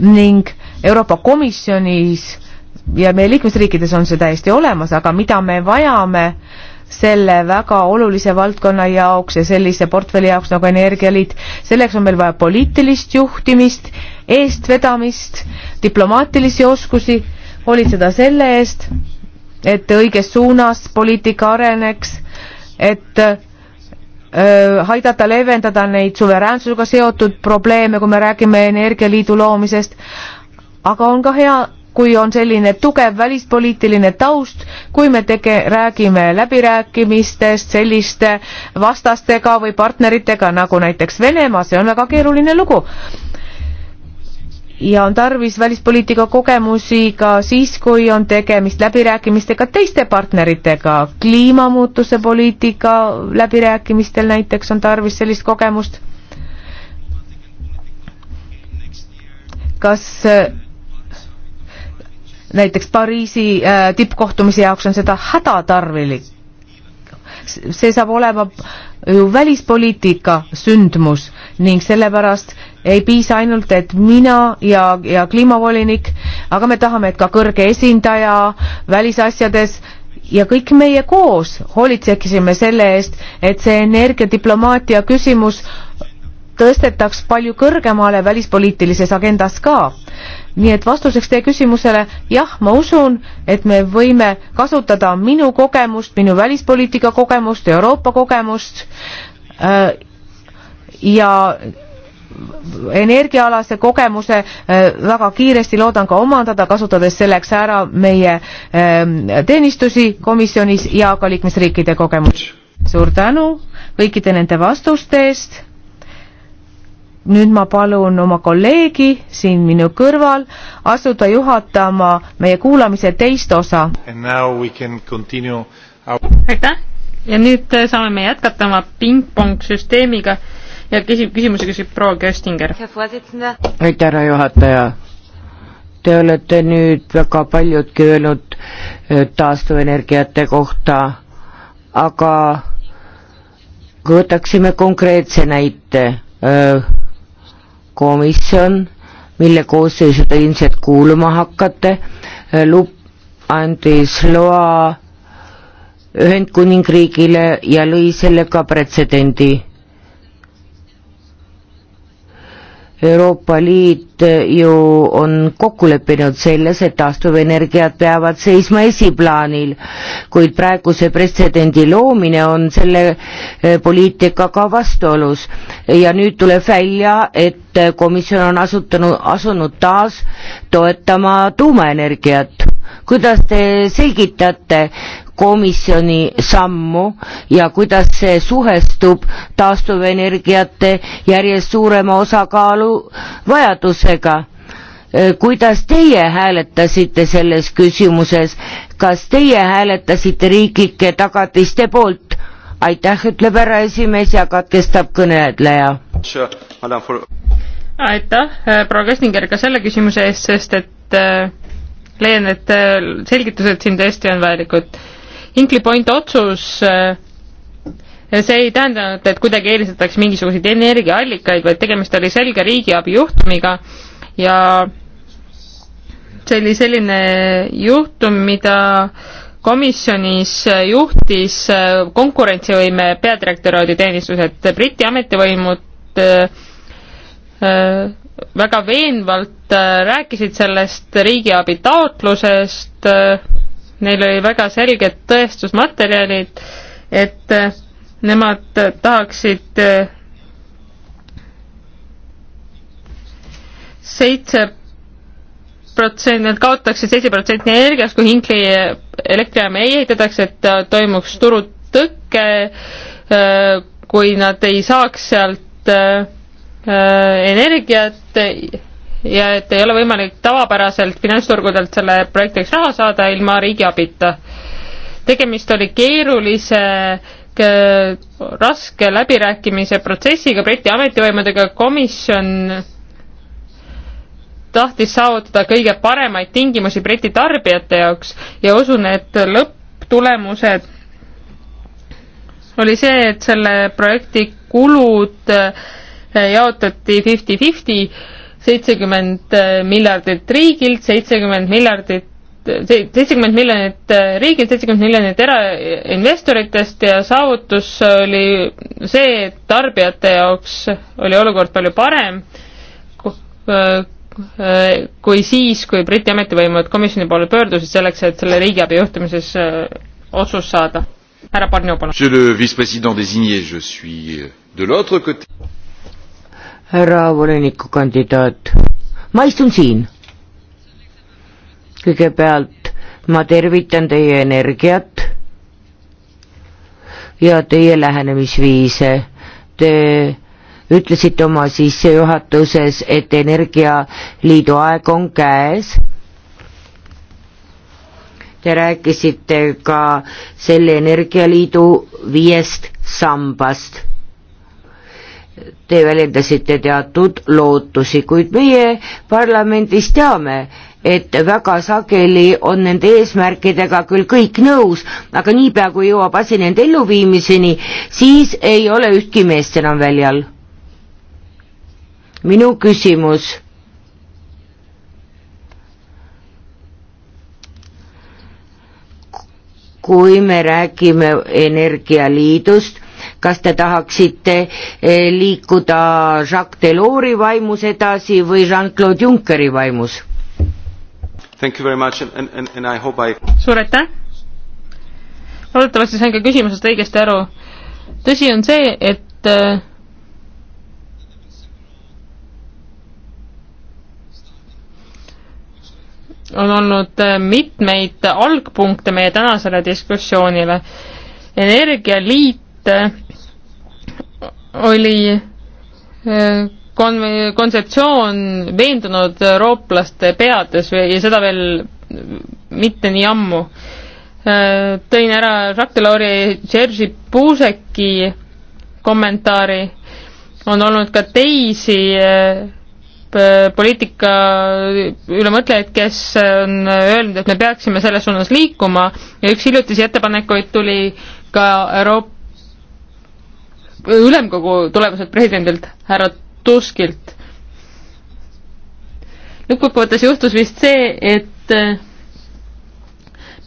ning Euroopa Komisjonis ja meie liikmesriikides on see täiesti olemas, aga mida me vajame selle väga olulise valdkonna jaoks ja sellise portfelli jaoks nagu Energialiit, selleks on meil vaja poliitilist juhtimist, eestvedamist, diplomaatilisi oskusi, hoolitseda selle eest, et õiges suunas poliitika areneks, et aidata leevendada neid suveräänsusega seotud probleeme, kui me räägime energialiidu loomisest, aga on ka hea, kui on selline tugev välispoliitiline taust, kui me tege-, räägime läbirääkimistest selliste vastastega või partneritega nagu näiteks Venemaa, see on väga keeruline lugu ja on tarvis välispoliitika kogemusi ka siis, kui on tegemist läbirääkimistega teiste partneritega. kliimamuutuse poliitika läbirääkimistel näiteks on tarvis sellist kogemust. kas äh, näiteks Pariisi äh, tippkohtumise jaoks on seda hädatarvilik? see saab olema ju välispoliitika sündmus ning sellepärast ei piisa ainult, et mina ja, ja kliimavolinik, aga me tahame, et ka kõrge esindaja välisasjades ja kõik meie koos hoolitseksime selle eest, et see energiadiplomaatia küsimus tõstetaks palju kõrgemale välispoliitilises agendas ka. nii et vastuseks teie küsimusele, jah, ma usun, et me võime kasutada minu kogemust, minu välispoliitika kogemust, Euroopa kogemust äh, ja energiaalase kogemuse äh, väga kiiresti loodan ka omandada, kasutades selleks ära meie äh, teenistusi komisjonis ja ka liikmesriikide kogemust. suur tänu kõikide nende vastuste eest nüüd ma palun oma kolleegi siin minu kõrval asuda juhatama meie kuulamise teist osa. aitäh ja nüüd äh, saame me jätkata oma pingpong süsteemiga ja küsib küsimuse küsib proua Köstinger. aitäh, härra juhataja. Te olete nüüd väga paljudki öelnud äh, taastuvenergiate kohta, aga kui võtaksime konkreetse näite öö, äh, komisjon, mille koosseisu te ilmselt kuuluma hakkate, äh, lub-, andis loa Ühendkuningriigile ja lõi sellega pretsedendi Euroopa Liit ju on kokku leppinud selles, et taastuvenergiad peavad seisma esiplaanil, kuid praeguse pretsedendi loomine on selle eh, poliitikaga vastuolus ja nüüd tuleb välja, et komisjon on asutanud, asunud taas toetama tuumaenergiat kuidas te selgitate komisjoni sammu ja kuidas see suhestub taastuvenergiate järjest suurema osakaalu vajadusega. Äh, kuidas teie hääletasite selles küsimuses, kas teie hääletasite riiklike tagatiste poolt? aitäh, ütleb härra esimees ja katkestab kõneleja. aitäh, äh, proua Köstinger, ka selle küsimuse eest, sest et äh, leian, et selgitused siin tõesti on vajalikud Inkli Point otsus, äh, see ei tähendanud, et kuidagi eelistataks mingisuguseid energiaallikaid, vaid tegemist oli selge riigiabi juhtumiga ja see oli selline juhtum, mida komisjonis juhtis äh, konkurentsivõime peadirektoraadi teenistused, Briti ametivõimud äh, väga veenvalt rääkisid sellest riigiabi taotlusest, Neil oli väga selged tõestusmaterjalid, et äh, nemad tahaksid äh, seitse protsenti, nad kaotaksid seitse protsenti energiast, kui Hinkli äh, elektrijaama ei ehitataks, et toimuks turutõkke, kui nad ei saaks sealt energiat ja et ei ole võimalik tavapäraselt finantsturgudelt selle projektiks raha saada ilma riigiabita. tegemist oli keerulise raske läbirääkimise protsessiga Briti ametivõimudega, komisjon tahtis saavutada kõige paremaid tingimusi Briti tarbijate jaoks ja usun, et lõpptulemused oli see, et selle projekti kulud eh, jaotati fifty-fifty seitsekümmend äh, miljardit riigilt, seitsekümmend miljardit seitsekümmend miljonit äh, riigilt, seitsekümmend miljonit erainvestoritest ja saavutus oli see, et tarbijate jaoks oli olukord palju parem äh, kui siis, kui Briti ametivõimud komisjoni poole pöördusid selleks, et selle riigiabi juhtimises otsus saada. härra Parnio, palun härra volinikukandidaat, ma istun siin. kõigepealt ma tervitan teie energiat ja teie lähenemisviise. Te ütlesite oma sissejuhatuses, et Energialiidu aeg on käes. Te rääkisite ka selle Energialiidu viiest sambast Te väljendasite teatud lootusi, kuid meie parlamendis teame, et väga sageli on nende eesmärkidega küll kõik nõus, aga niipea, kui jõuab asi nende elluviimiseni, siis ei ole ühtki meest enam väljal. minu küsimus. kui me räägime Energialiidust, kas te tahaksite eh, liikuda Jacques Delors'i vaimus edasi või Jean-Claude Junckeri vaimus? suur aitäh! loodetavasti sain ka küsimusest õigesti aru. tõsi on see, et äh, on olnud äh, mitmeid algpunkte meie tänasele diskussioonile. energialiit Äh, oli äh, kon-, kontseptsioon veendunud eurooplaste peades ja seda veel mitte nii ammu. Äh, tõin ära Jacques Delors'i, Jerzy Buzeki kommentaari, on olnud ka teisi poliitika ülemõtlejaid, kes on öelnud, et me peaksime selles suunas liikuma ja üks hiljutisi ettepanekuid tuli ka Euroopa ülemkogu tulemused presidendilt, härra Tuskilt. lõppkokkuvõttes juhtus vist see, et äh,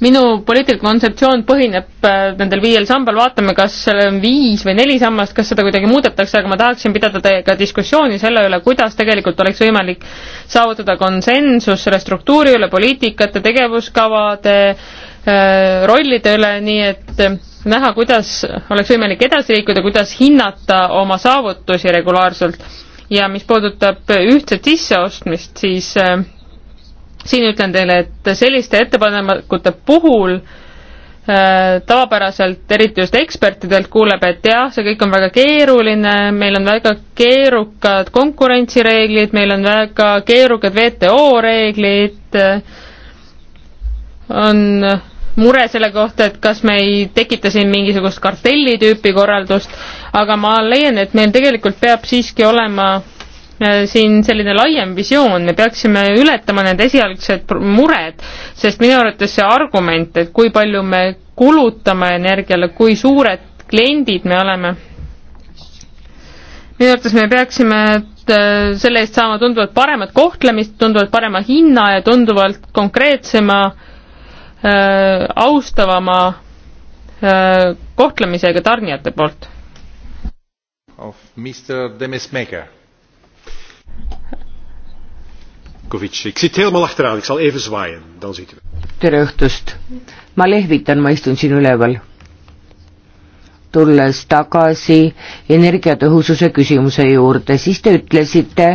minu poliitiline kontseptsioon põhineb äh, nendel viiel sambal, vaatame, kas seal on viis või neli sammast, kas seda kuidagi muudetakse, aga ma tahaksin pidada teiega diskussiooni selle üle, kuidas tegelikult oleks võimalik saavutada konsensus selle struktuuri üle, poliitikate, tegevuskavade äh,, Äh, rollide üle, nii et äh, näha, kuidas oleks võimalik edasi liikuda, kuidas hinnata oma saavutusi regulaarselt. ja mis puudutab ühtset sisseostmist, siis äh, siin ütlen teile, et selliste ettepanekute puhul äh, tavapäraselt, eriti just ekspertidelt, kuuleb, et jah, see kõik on väga keeruline, meil on väga keerukad konkurentsireeglid, meil on väga keerukad WTO reeglid, äh, on mure selle kohta, et kas me ei tekita siin mingisugust kartelli tüüpi korraldust, aga ma leian, et meil tegelikult peab siiski olema äh, siin selline laiem visioon, me peaksime ületama need esialgsed mured, sest minu arvates see argument, et kui palju me kulutame energiale, kui suured kliendid me oleme, minu arvates me peaksime äh, selle eest saama tunduvalt paremat kohtlemist, tunduvalt parema hinna ja tunduvalt konkreetsema äh, Äh, austavama äh, kohtlemisega tarnijate poolt. Ik zit helemaal achteraan, ik zal even zwaaien, dan ziet u. tere õhtust, ma lehvitan, ma istun siin üleval. tulles tagasi energiatõhususe küsimuse juurde, siis te ütlesite,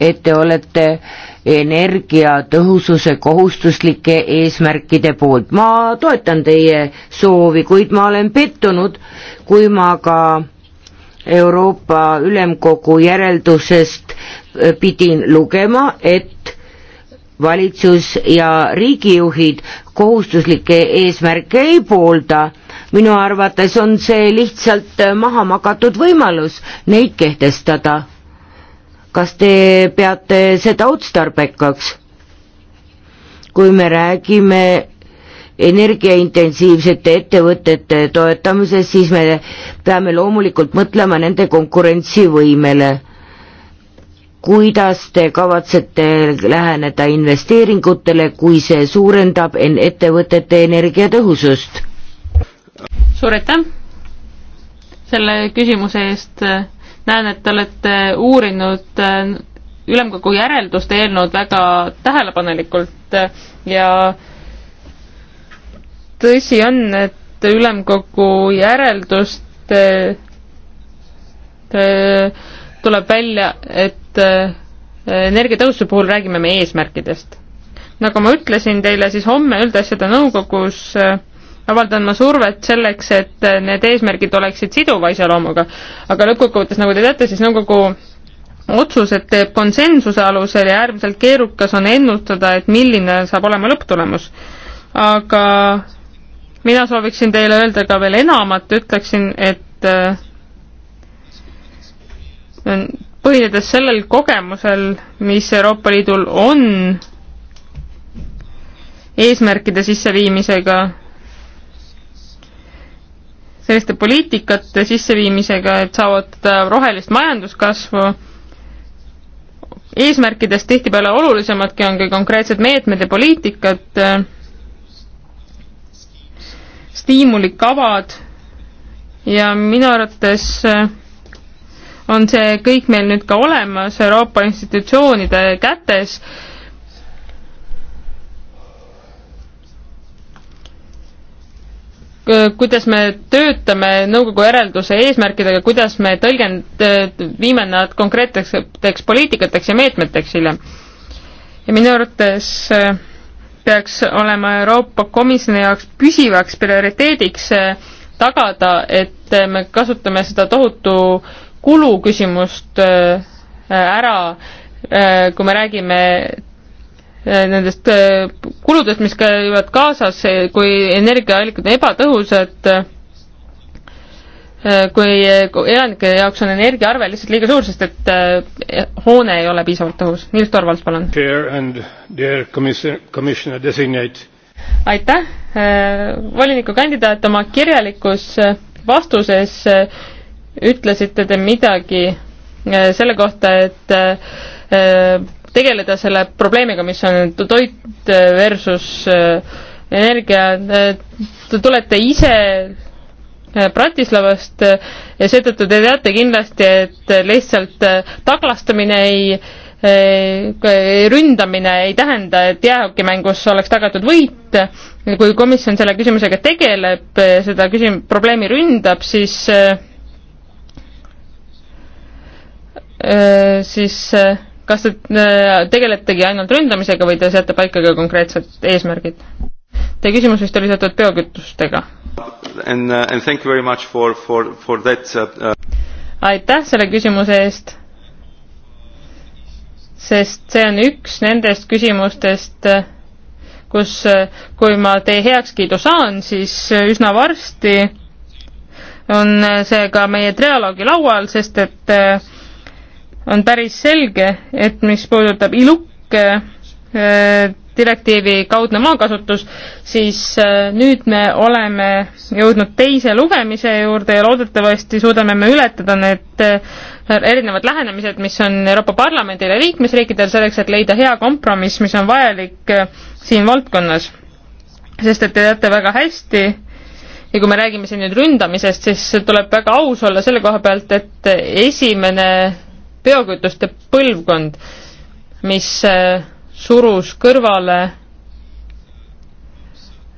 et te olete energiatõhususe kohustuslike eesmärkide poolt. ma toetan teie soovi, kuid ma olen pettunud, kui ma ka Euroopa Ülemkogu järeldusest äh, pidin lugema, et valitsus ja riigijuhid kohustuslikke eesmärke ei poolda. minu arvates on see lihtsalt äh, maha magatud võimalus neid kehtestada kas te peate seda otstarbekaks? kui me räägime energiaintensiivsete ettevõtete toetamisest, siis me peame loomulikult mõtlema nende konkurentsivõimele. kuidas te kavatsete läheneda investeeringutele, kui see suurendab en ettevõtete energiatõhusust? suur aitäh selle küsimuse eest näen, et te olete uurinud äh, ülemkogu järelduste eelnõud väga tähelepanelikult äh, ja tõsi on, et ülemkogu järeldust äh, tuleb välja, et energiatõusu puhul räägime me eesmärkidest. nagu ma ütlesin teile, siis homme üldasjade nõukogus äh, avaldan ma survet selleks, et need eesmärgid oleksid siduva iseloomuga. aga lõppkokkuvõttes, nagu te teate, siis nõukogu otsused teeb konsensuse alusel ja äärmiselt keerukas on ennustada, et milline saab olema lõpptulemus. aga mina sooviksin teile öelda ka veel enamat, ütleksin, et äh, põhinedes sellel kogemusel, mis Euroopa Liidul on eesmärkide sisseviimisega selliste poliitikate sisseviimisega, et saavad rohelist majanduskasvu, eesmärkidest tihtipeale olulisemadki on ka konkreetsed meetmed ja poliitikad, stiimulikavad ja minu arvates on see kõik meil nüüd ka olemas Euroopa institutsioonide kätes kuidas me töötame nõukogu järelduse eesmärkidega, kuidas me tõlgend-, viime nad konkreetseteks poliitikateks ja meetmeteks hiljem. ja minu arvates äh, peaks olema Euroopa Komisjoni jaoks püsivaks prioriteediks äh, tagada, et äh, me kasutame seda tohutu kuluküsimust ära, kui me räägime Äh, nendest äh, kuludest, mis käivad kaasas, kui energiaallikad on ebatõhusad, äh, kui elanike jaoks on energiaarve lihtsalt liiga suur, sest et hoone ei ole piisavalt tõhus. Nils Torvalds, palun. aitäh, volinikukandidaat, oma kirjalikus vastuses ütlesite te midagi selle kohta, et tegeleda selle probleemiga, mis on toit versus äh, energia. Te tulete ise äh, Bratislavast äh, ja seetõttu te teate kindlasti, et lihtsalt taglastamine ei ründamine ei tähenda, et jäähokimängus oleks tagatud võit. kui komisjon selle küsimusega tegeleb, seda küsim-, probleemi ründab, siis siis kas te äh, tegeletegi ainult ründamisega või te seate paika ka konkreetsed eesmärgid? Teie küsimus vist oli seotud biokütustega. Uh, uh, uh, aitäh selle küsimuse eest, sest see on üks nendest küsimustest, kus, kui ma teie heakskiidu saan, siis üsna varsti on see ka meie trialoogi laual, sest et äh, on päris selge, et mis puudutab iluk äh, direktiivi kaudne maakasutus, siis äh, nüüd me oleme jõudnud teise lugemise juurde ja loodetavasti suudame me ületada need äh, erinevad lähenemised, mis on Euroopa Parlamendil ja liikmesriikidel selleks, et leida hea kompromiss, mis on vajalik siin valdkonnas. sest et te teate väga hästi, ja kui me räägime siin nüüd ründamisest, siis tuleb väga aus olla selle koha pealt, et esimene biokütuste põlvkond, mis äh, surus kõrvale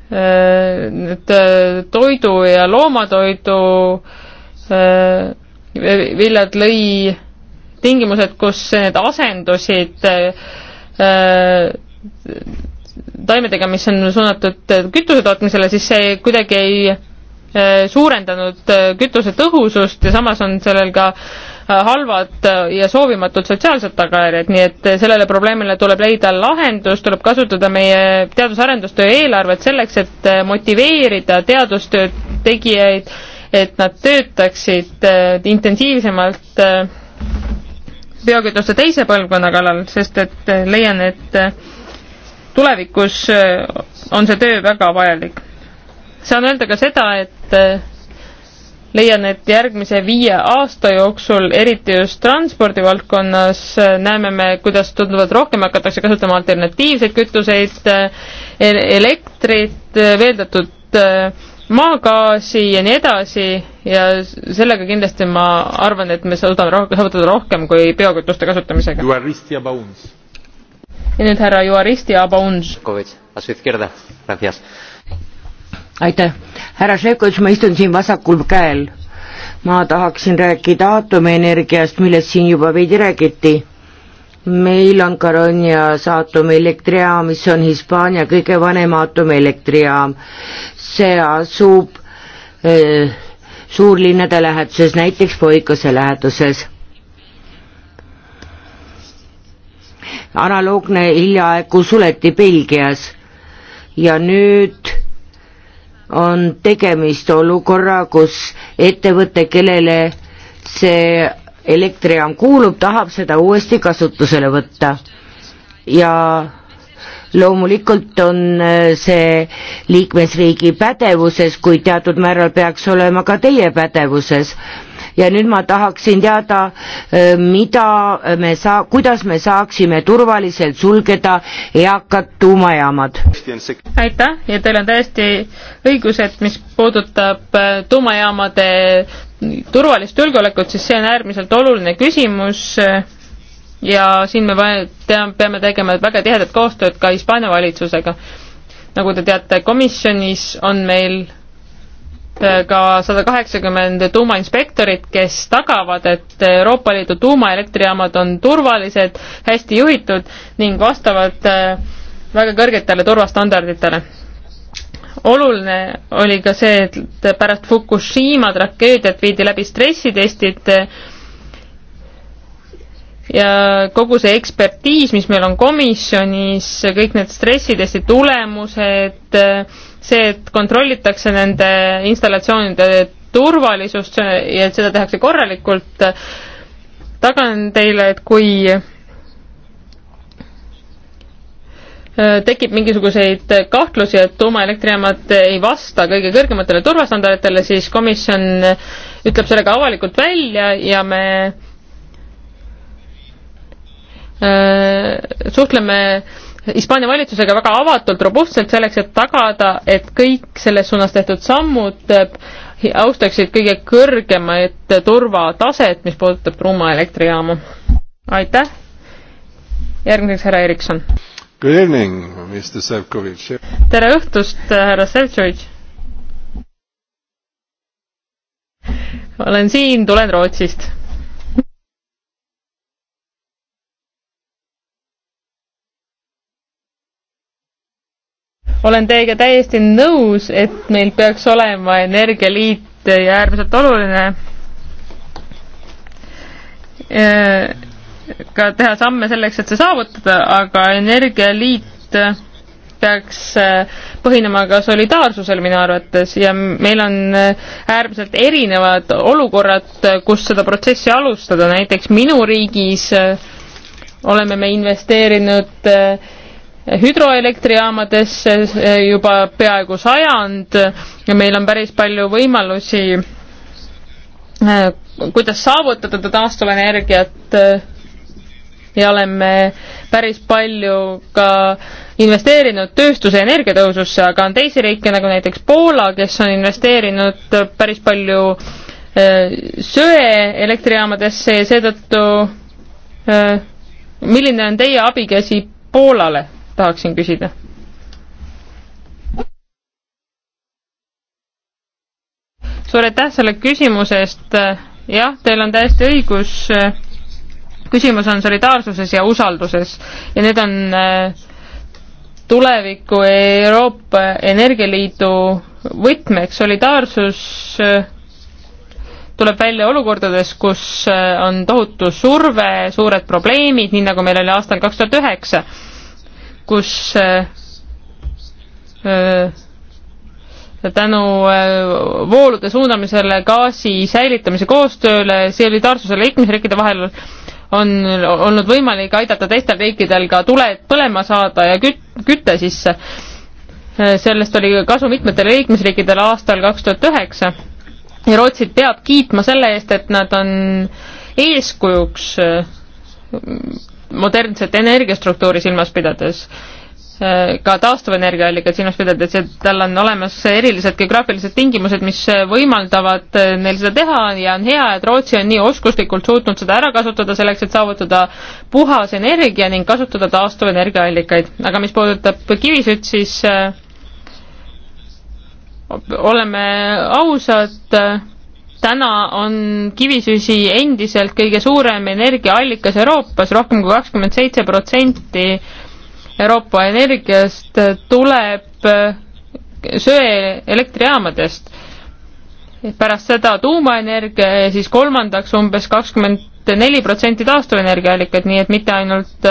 need äh, äh, toidu ja loomatoidu viljad lõi tingimused, kus need asendusid taimedega, mis on suunatud kütuse tootmisele, siis see kuidagi ei suurendanud kütuse tõhusust ja samas on sellel ka äh, halvad ja soovimatud sotsiaalsed tagajärjed, nii et sellele probleemile tuleb leida lahendus, tuleb kasutada meie teadus-arendustöö eelarvet selleks, et motiveerida teadustöö tegijaid, et nad töötaksid äh, intensiivsemalt äh, biokütuste teise põlvkonna kallal, sest et äh, leian, et tulevikus on see töö väga vajalik. saan öelda ka seda, et leian, et järgmise viie aasta jooksul, eriti just transpordivaldkonnas, näeme me, kuidas tunduvalt rohkem hakatakse kasutama alternatiivseid kütuseid, elektrit, veeldatud äh, maagaasi ja nii edasi ja sellega kindlasti ma arvan, et me suudame roh saavutada rohkem kui biokütuste kasutamisega. ja nüüd härra Juaristi Abauns. a su izquierda, gracias aitäh, härra Šefkovitš, ma istun siin vasakul käel. ma tahaksin rääkida aatomienergiast, millest siin juba veidi räägiti. meil on Caronias aatomielektrijaam, mis on Hispaania kõige vanem aatomielektrijaam. see asub öö, eh, suurlinnade läheduses, näiteks Poikase läheduses analoogne hiljaaegu suleti Belgias ja nüüd on tegemist olukorra, kus ettevõte, kellele see elektrijaam kuulub, tahab seda uuesti kasutusele võtta. ja loomulikult on äh, see liikmesriigi pädevuses, kuid teatud määral peaks olema ka teie pädevuses ja nüüd ma tahaksin teada, äh, mida me saa-, kuidas me saaksime turvaliselt sulgeda eakad tuumajaamad. aitäh ja teil on täiesti õigus, et mis puudutab äh, tuumajaamade turvalist julgeolekut, siis see on äärmiselt oluline küsimus äh, ja siin me peame tegema väga tihedat koostööd ka Hispaania valitsusega. nagu te teate, komisjonis on meil ka sada kaheksakümmend tuumainspektorit, kes tagavad, et Euroopa Liidu tuumaelektrijaamad on turvalised, hästi juhitud ning vastavad äh, väga kõrgetele turvastandarditele. oluline oli ka see, et pärast Fukushima tragöödiat viidi läbi stressitestid äh, ja kogu see ekspertiis, mis meil on komisjonis, kõik need stressitesti tulemused, äh, see, et kontrollitakse nende installatsioonide turvalisust ja et seda tehakse korralikult, tagan teile, et kui äh, tekib mingisuguseid kahtlusi, et tuumaelektrijaamad ei vasta kõige kõrgematele turvastandarditele, siis komisjon ütleb selle ka avalikult välja ja me äh, suhtleme Hispaania valitsusega väga avatult, robustselt selleks, et tagada, et kõik selles suunas tehtud sammud äh, austaksid kõige kõrgemat turvataset, mis puudutab tuumaelektrijaamu. aitäh. järgmiseks härra Erikson. Good evening, Mr Sevkovitš. tere õhtust, härra Sevkovitš. olen siin, tulen Rootsist olen teiega täiesti nõus, et meil peaks olema energialiit ja äärmiselt oluline e, ka teha samme selleks, et see saavutada, aga energialiit peaks e, põhinema ka solidaarsusel minu arvates ja meil on e, äärmiselt erinevad olukorrad, kus seda protsessi alustada, näiteks minu riigis oleme me investeerinud äh, hüdroelektrijaamadesse eh, juba peaaegu sajand ja meil on päris palju võimalusi, eh, kuidas saavutada taastuvenergiat eh, ja oleme päris palju ka investeerinud tööstuse energiatõususse, aga on teisi riike nagu näiteks Poola, kes on investeerinud päris palju söeelektrijaamadesse ja seetõttu milline on teie abikäsi Poolale? tahaksin küsida. suur aitäh selle küsimuse eest, jah, teil on täiesti õigus, küsimus on solidaarsuses ja usalduses ja need on eh, tuleviku Euroopa Energialiidu võtmeks, solidaarsus eh, tuleb välja olukordades, kus eh, on tohutu surve, suured probleemid, nii nagu meil oli aastal kaks tuhat üheksa kus äh, äh, tänu äh, voolude suunamisele gaasi säilitamise koostööle, solidaarsusele liikmesriikide vahel on olnud võimalik aidata teistel riikidel ka tuled põlema saada ja küt-, küte sisse. sellest oli kasu mitmetele liikmesriikidele aastal kaks tuhat üheksa ja Rootsit peab kiitma selle eest, et nad on eeskujuks modernset energiastruktuuri silmas pidades, äh, ka taastuvenergiaallikad silmas pidades, et tal on olemas erilised geograafilised tingimused, mis äh, võimaldavad äh, neil seda teha ja on hea, et Rootsi on nii oskuslikult suutnud seda ära kasutada selleks, et saavutada puhas energia ning kasutada taastuvenergiaallikaid. aga mis puudutab kivisütt, siis oleme ausad, täna on kivisüsi endiselt kõige suurem energiaallikas Euroopas, rohkem kui kakskümmend seitse protsenti Euroopa energiast tuleb söeelektrijaamadest. pärast seda tuumaenergia ja siis kolmandaks umbes kakskümmend neli protsenti taastuvenergiaallikad, nii et mitte ainult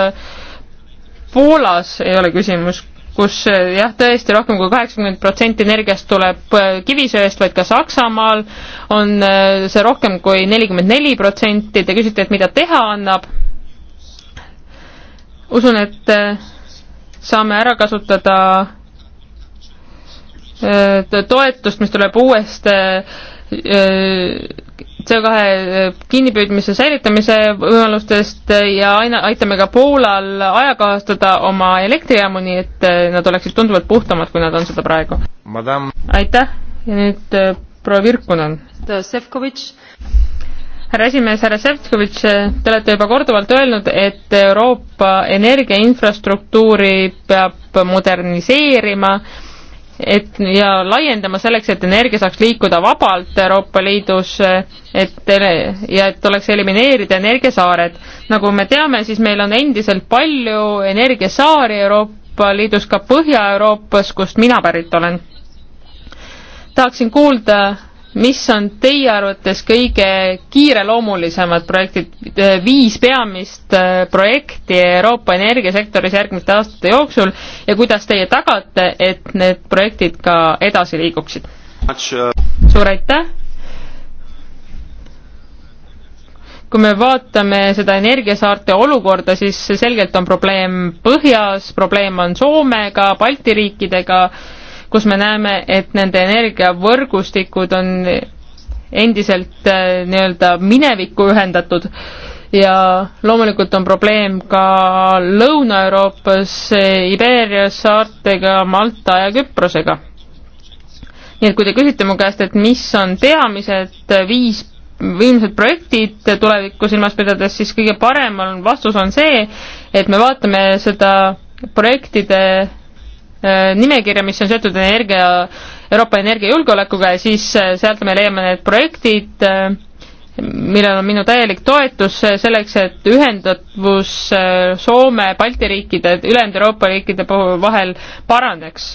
Poolas ei ole küsimus kus eh, jah, tõesti rohkem kui kaheksakümmend protsenti energiast tuleb eh, kivisöest, vaid ka Saksamaal on eh, see rohkem kui nelikümmend neli protsenti. Te küsite, et mida teha annab. usun, et saame ära kasutada toetust, mis tuleb uuest CO2 äh, kinnipüüdmise säilitamise võimalustest ja aina aitame ka Poolal ajakohastada oma elektrijaamu, nii et äh, nad oleksid tunduvalt puhtamad, kui nad on seda praegu. aitäh ja nüüd äh, proua Virkunen. härra esimees, härra Šefčkovitš, te olete juba korduvalt öelnud, et Euroopa energiainfrastruktuuri peab moderniseerima et ja laiendama selleks, et energia saaks liikuda vabalt Euroopa Liidus, et ja et oleks elimineerida energiasaared. nagu me teame, siis meil on endiselt palju energiasaari Euroopa Liidus, ka Põhja-Euroopas, kust mina pärit olen. tahaksin kuulda mis on teie arvates kõige kiireloomulisemad projektid, eh, viis peamist eh, projekti Euroopa energiasektoris järgmiste aastate jooksul ja kuidas teie tagate, et need projektid ka edasi liiguksid? suur aitäh! kui me vaatame seda energiasaarte olukorda, siis selgelt on probleem põhjas, probleem on Soomega, Balti riikidega äh,, kus me näeme, et nende energiavõrgustikud on endiselt äh, nii-öelda minevikku ühendatud ja loomulikult on probleem ka Lõuna-Euroopas, Iberias, saartega, Malta ja Küprosega. nii et kui te küsite mu käest, et mis on teamised viis viimsed projektid tulevikku silmas pidades, siis kõige parem on, vastus on see, et me vaatame seda projektide Äh, nimekirja, mis on seotud energia, Euroopa energiajulgeolekuga ja siis äh, sealt me leiame need projektid, äh, millel on minu täielik toetus selleks, et ühendatus Soome, Balti riikide, ülejäänud Euroopa riikide vahel paraneks.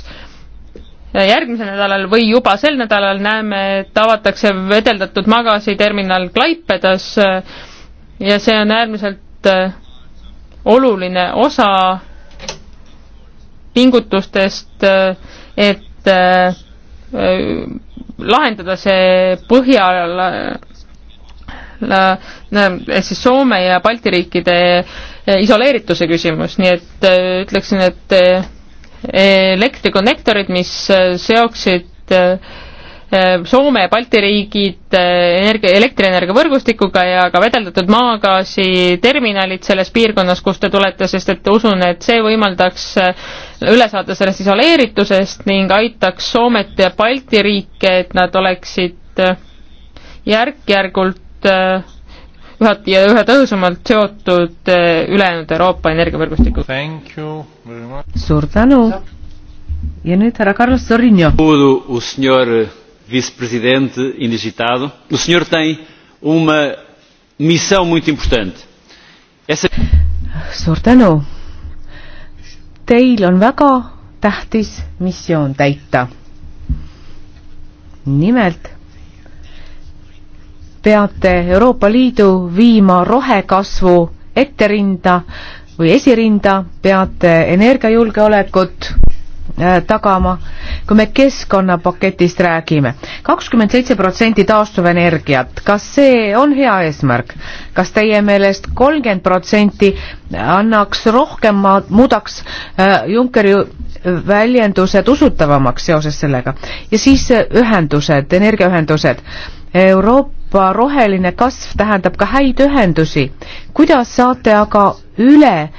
järgmisel nädalal või juba sel nädalal näeme, et avatakse vedeldatud magasiterminal Klaipedas ja see on äärmiselt oluline osa pingutustest, äh, et äh, äh, lahendada see Põhjala ehk siis Soome ja Balti riikide isoleerituse küsimus, nii et ütleksin, et elektrikonnektorid, mis seoksid Ehm, Soome ja Balti riigid eh, energia, elektrienergia võrgustikuga ja ka vedeldatud maagaasi terminalid selles piirkonnas, kust te tulete, sest et usun, et see võimaldaks eh, üle saada sellest isoleeritusest ning aitaks Soomet ja Balti riike, et nad oleksid eh, järk-järgult üha, ja üha tõhusamalt seotud ülejäänud Euroopa energiavõrgustikuga. suur tänu! ja nüüd härra Carlos Sorinio vice-presidente indigitado. O senhor tem uma missão muito importante. Essa... Suur tänu. Teil on väga tähtis missioon täita. Nimelt peate Euroopa Liidu viima rohekasvu etterinda või esirinda, peate energiajulgeolekut Äh, tagama, kui me keskkonnapaketist räägime. kakskümmend seitse protsenti taastuvenergiat, kas see on hea eesmärk? kas teie meelest kolmkümmend protsenti annaks rohkem, muudaks äh, Junckeri väljendused usutavamaks seoses sellega? ja siis äh, ühendused, energiaühendused. Euroopa roheline kasv tähendab ka häid ühendusi. kuidas saate aga üle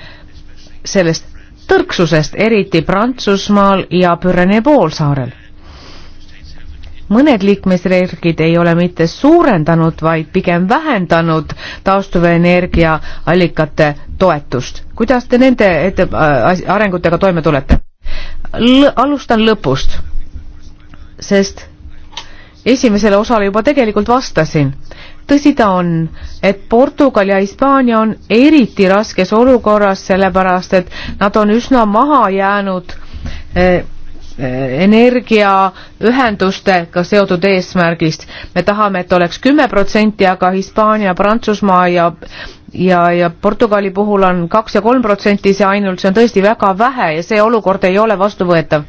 sellest tõrksusest, eriti Prantsusmaal ja Pürenee poolsaarel. mõned liikmesriigid ei ole mitte suurendanud, vaid pigem vähendanud taastuvenergia allikate toetust. kuidas te nende ette, äh, arengutega toime tulete? alustan lõpust, sest esimesele osale juba tegelikult vastasin tõsi ta on, et Portugal ja Hispaania on eriti raskes olukorras, sellepärast et nad on üsna maha jäänud eh, eh, energiaühendustega seotud eesmärgist. me tahame, et oleks kümme protsenti, aga Hispaania, Prantsusmaa ja ja, ja Portugali puhul on kaks ja kolm protsenti see ainult, see on tõesti väga vähe ja see olukord ei ole vastuvõetav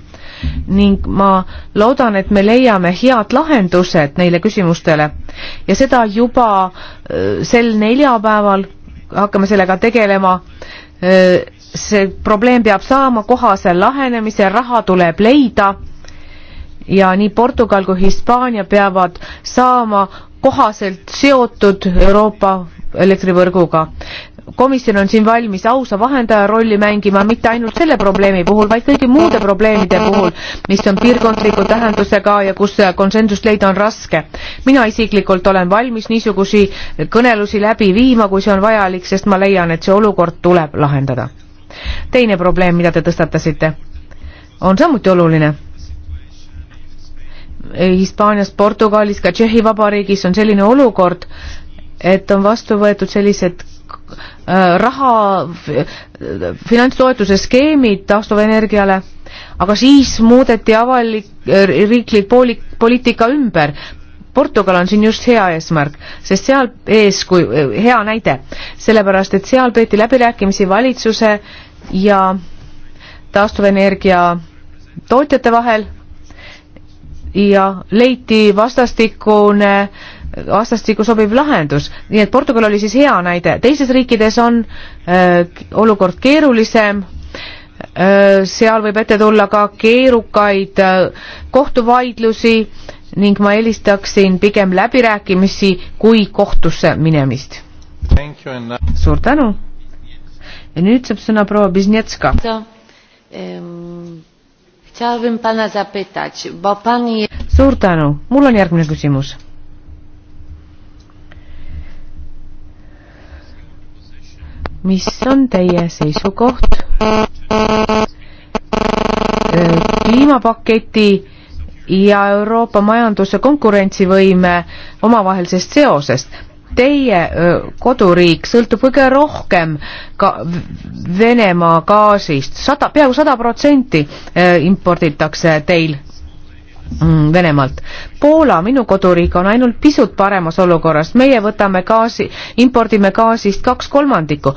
ning ma loodan, et me leiame head lahendused neile küsimustele ja seda juba äh, sel neljapäeval hakkame sellega tegelema. Äh, see probleem peab saama kohase lahenemise, raha tuleb leida ja nii Portugal kui Hispaania peavad saama kohaselt seotud Euroopa elektrivõrguga komisjon on siin valmis ausa vahendaja rolli mängima mitte ainult selle probleemi puhul, vaid kõigi muude probleemide puhul, mis on piirkondliku tähendusega ja kus konsensust leida on raske. mina isiklikult olen valmis niisugusi kõnelusi läbi viima, kui see on vajalik, sest ma leian, et see olukord tuleb lahendada. teine probleem, mida te tõstatasite, on samuti oluline. Hispaanias, Portugalis, ka Tšehhi Vabariigis on selline olukord, et on vastu võetud sellised äh, raha, finantstoetuse skeemid taastuvenergiale, aga siis muudeti avalik, äh, riiklik pooli, poliitika ümber. Portugal on siin just hea eesmärk, sest seal eeskuju, hea näide, sellepärast et seal peeti läbirääkimisi valitsuse ja taastuvenergia tootjate vahel ja leiti vastastikune äh, vastastikku sobiv lahendus, nii et Portugal oli siis hea näide, teistes riikides on öö, äh, olukord keerulisem, äh, seal võib ette tulla ka keerukaid äh, kohtuvaidlusi ning ma eelistaksin pigem läbirääkimisi kui kohtusse minemist. Uh, suur tänu. ja nüüd saab sõna proua Biznetska. suur tänu, mul on järgmine küsimus mis on teie seisukoht kliimapaketi ja Euroopa majanduse konkurentsivõime omavahelisest seosest? Teie koduriik sõltub kõige rohkem ka Venemaa gaasist, sada, peaaegu sada protsenti imporditakse teil mm, Venemaalt. Poola, minu koduriik, on ainult pisut paremas olukorras, meie võtame gaasi, impordime gaasist kaks kolmandikku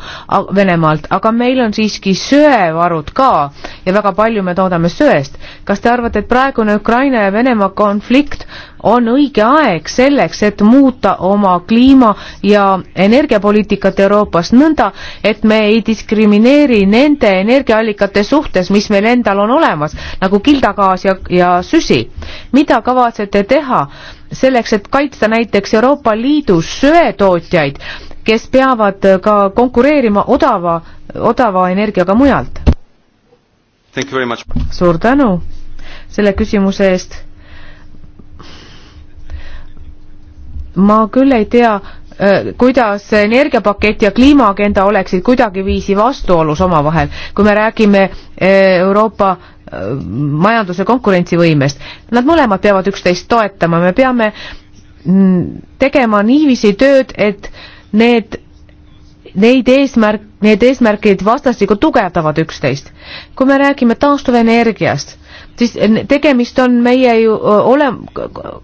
Venemaalt, aga meil on siiski söevarud ka ja väga palju me toodame söest. kas te arvate, et praegune Ukraina ja Venemaa konflikt on õige aeg selleks, et muuta oma kliima- ja energiapoliitikat Euroopas nõnda, et me ei diskrimineeri nende energiaallikate suhtes, mis meil endal on olemas, nagu kildagaas ja, ja süsi. mida kavatsete teha? teha selleks, et kaitsta näiteks Euroopa Liidu söetootjaid, kes peavad äh, ka konkureerima odava, odava energiaga mujalt? suur tänu selle küsimuse eest. ma küll ei tea, kuidas energiapakett ja kliimaagenda oleksid kuidagiviisi vastuolus omavahel, kui me räägime Euroopa majanduse konkurentsivõimest. Nad mõlemad peavad üksteist toetama, me peame mm, tegema niiviisi tööd, et need, neid eesmärk, need eesmärgid vastastikku tugevdavad üksteist. kui me räägime taastuvenergiast, siis tegemist on meie ju ole,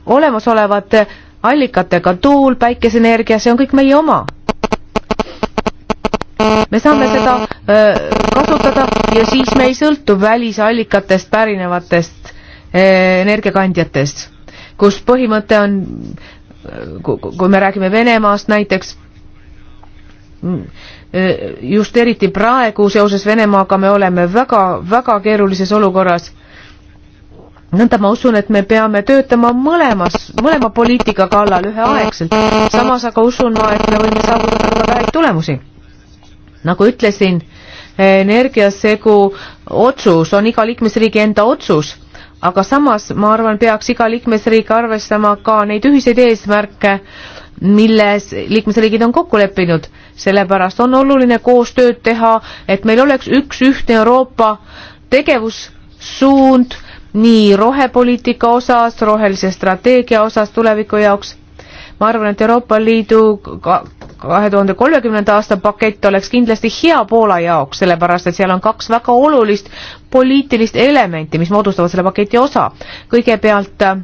olemasolevate allikatega, tuul, päikeseenergia, see on kõik meie oma. me saame seda öö, äh, kasutada ja siis me ei sõltu välisallikatest pärinevatest äh, energiakandjatest, kus põhimõte on, äh, kui me räägime Venemaast näiteks, just eriti praegu seoses Venemaaga me oleme väga, väga keerulises olukorras nõnda ma usun, et me peame töötama mõlemas, mõlema poliitika kallal üheaegselt. samas aga usun ma, et me võime saavutada väga häid tulemusi. nagu ütlesin, energiasegu otsus on iga liikmesriigi enda otsus, aga samas ma arvan, peaks iga liikmesriik arvestama ka neid ühiseid eesmärke, milles liikmesriigid on kokku leppinud. sellepärast on oluline koostööd teha, et meil oleks üks ühtne Euroopa tegevussuund nii rohepoliitika osas, rohelise strateegia osas tuleviku jaoks. ma arvan, et Euroopa Liidu kahe tuhande kolmekümnenda aasta pakett oleks kindlasti hea Poola jaoks, sellepärast et seal on kaks väga olulist poliitilist elementi, mis moodustavad selle paketi osa. kõigepealt äh,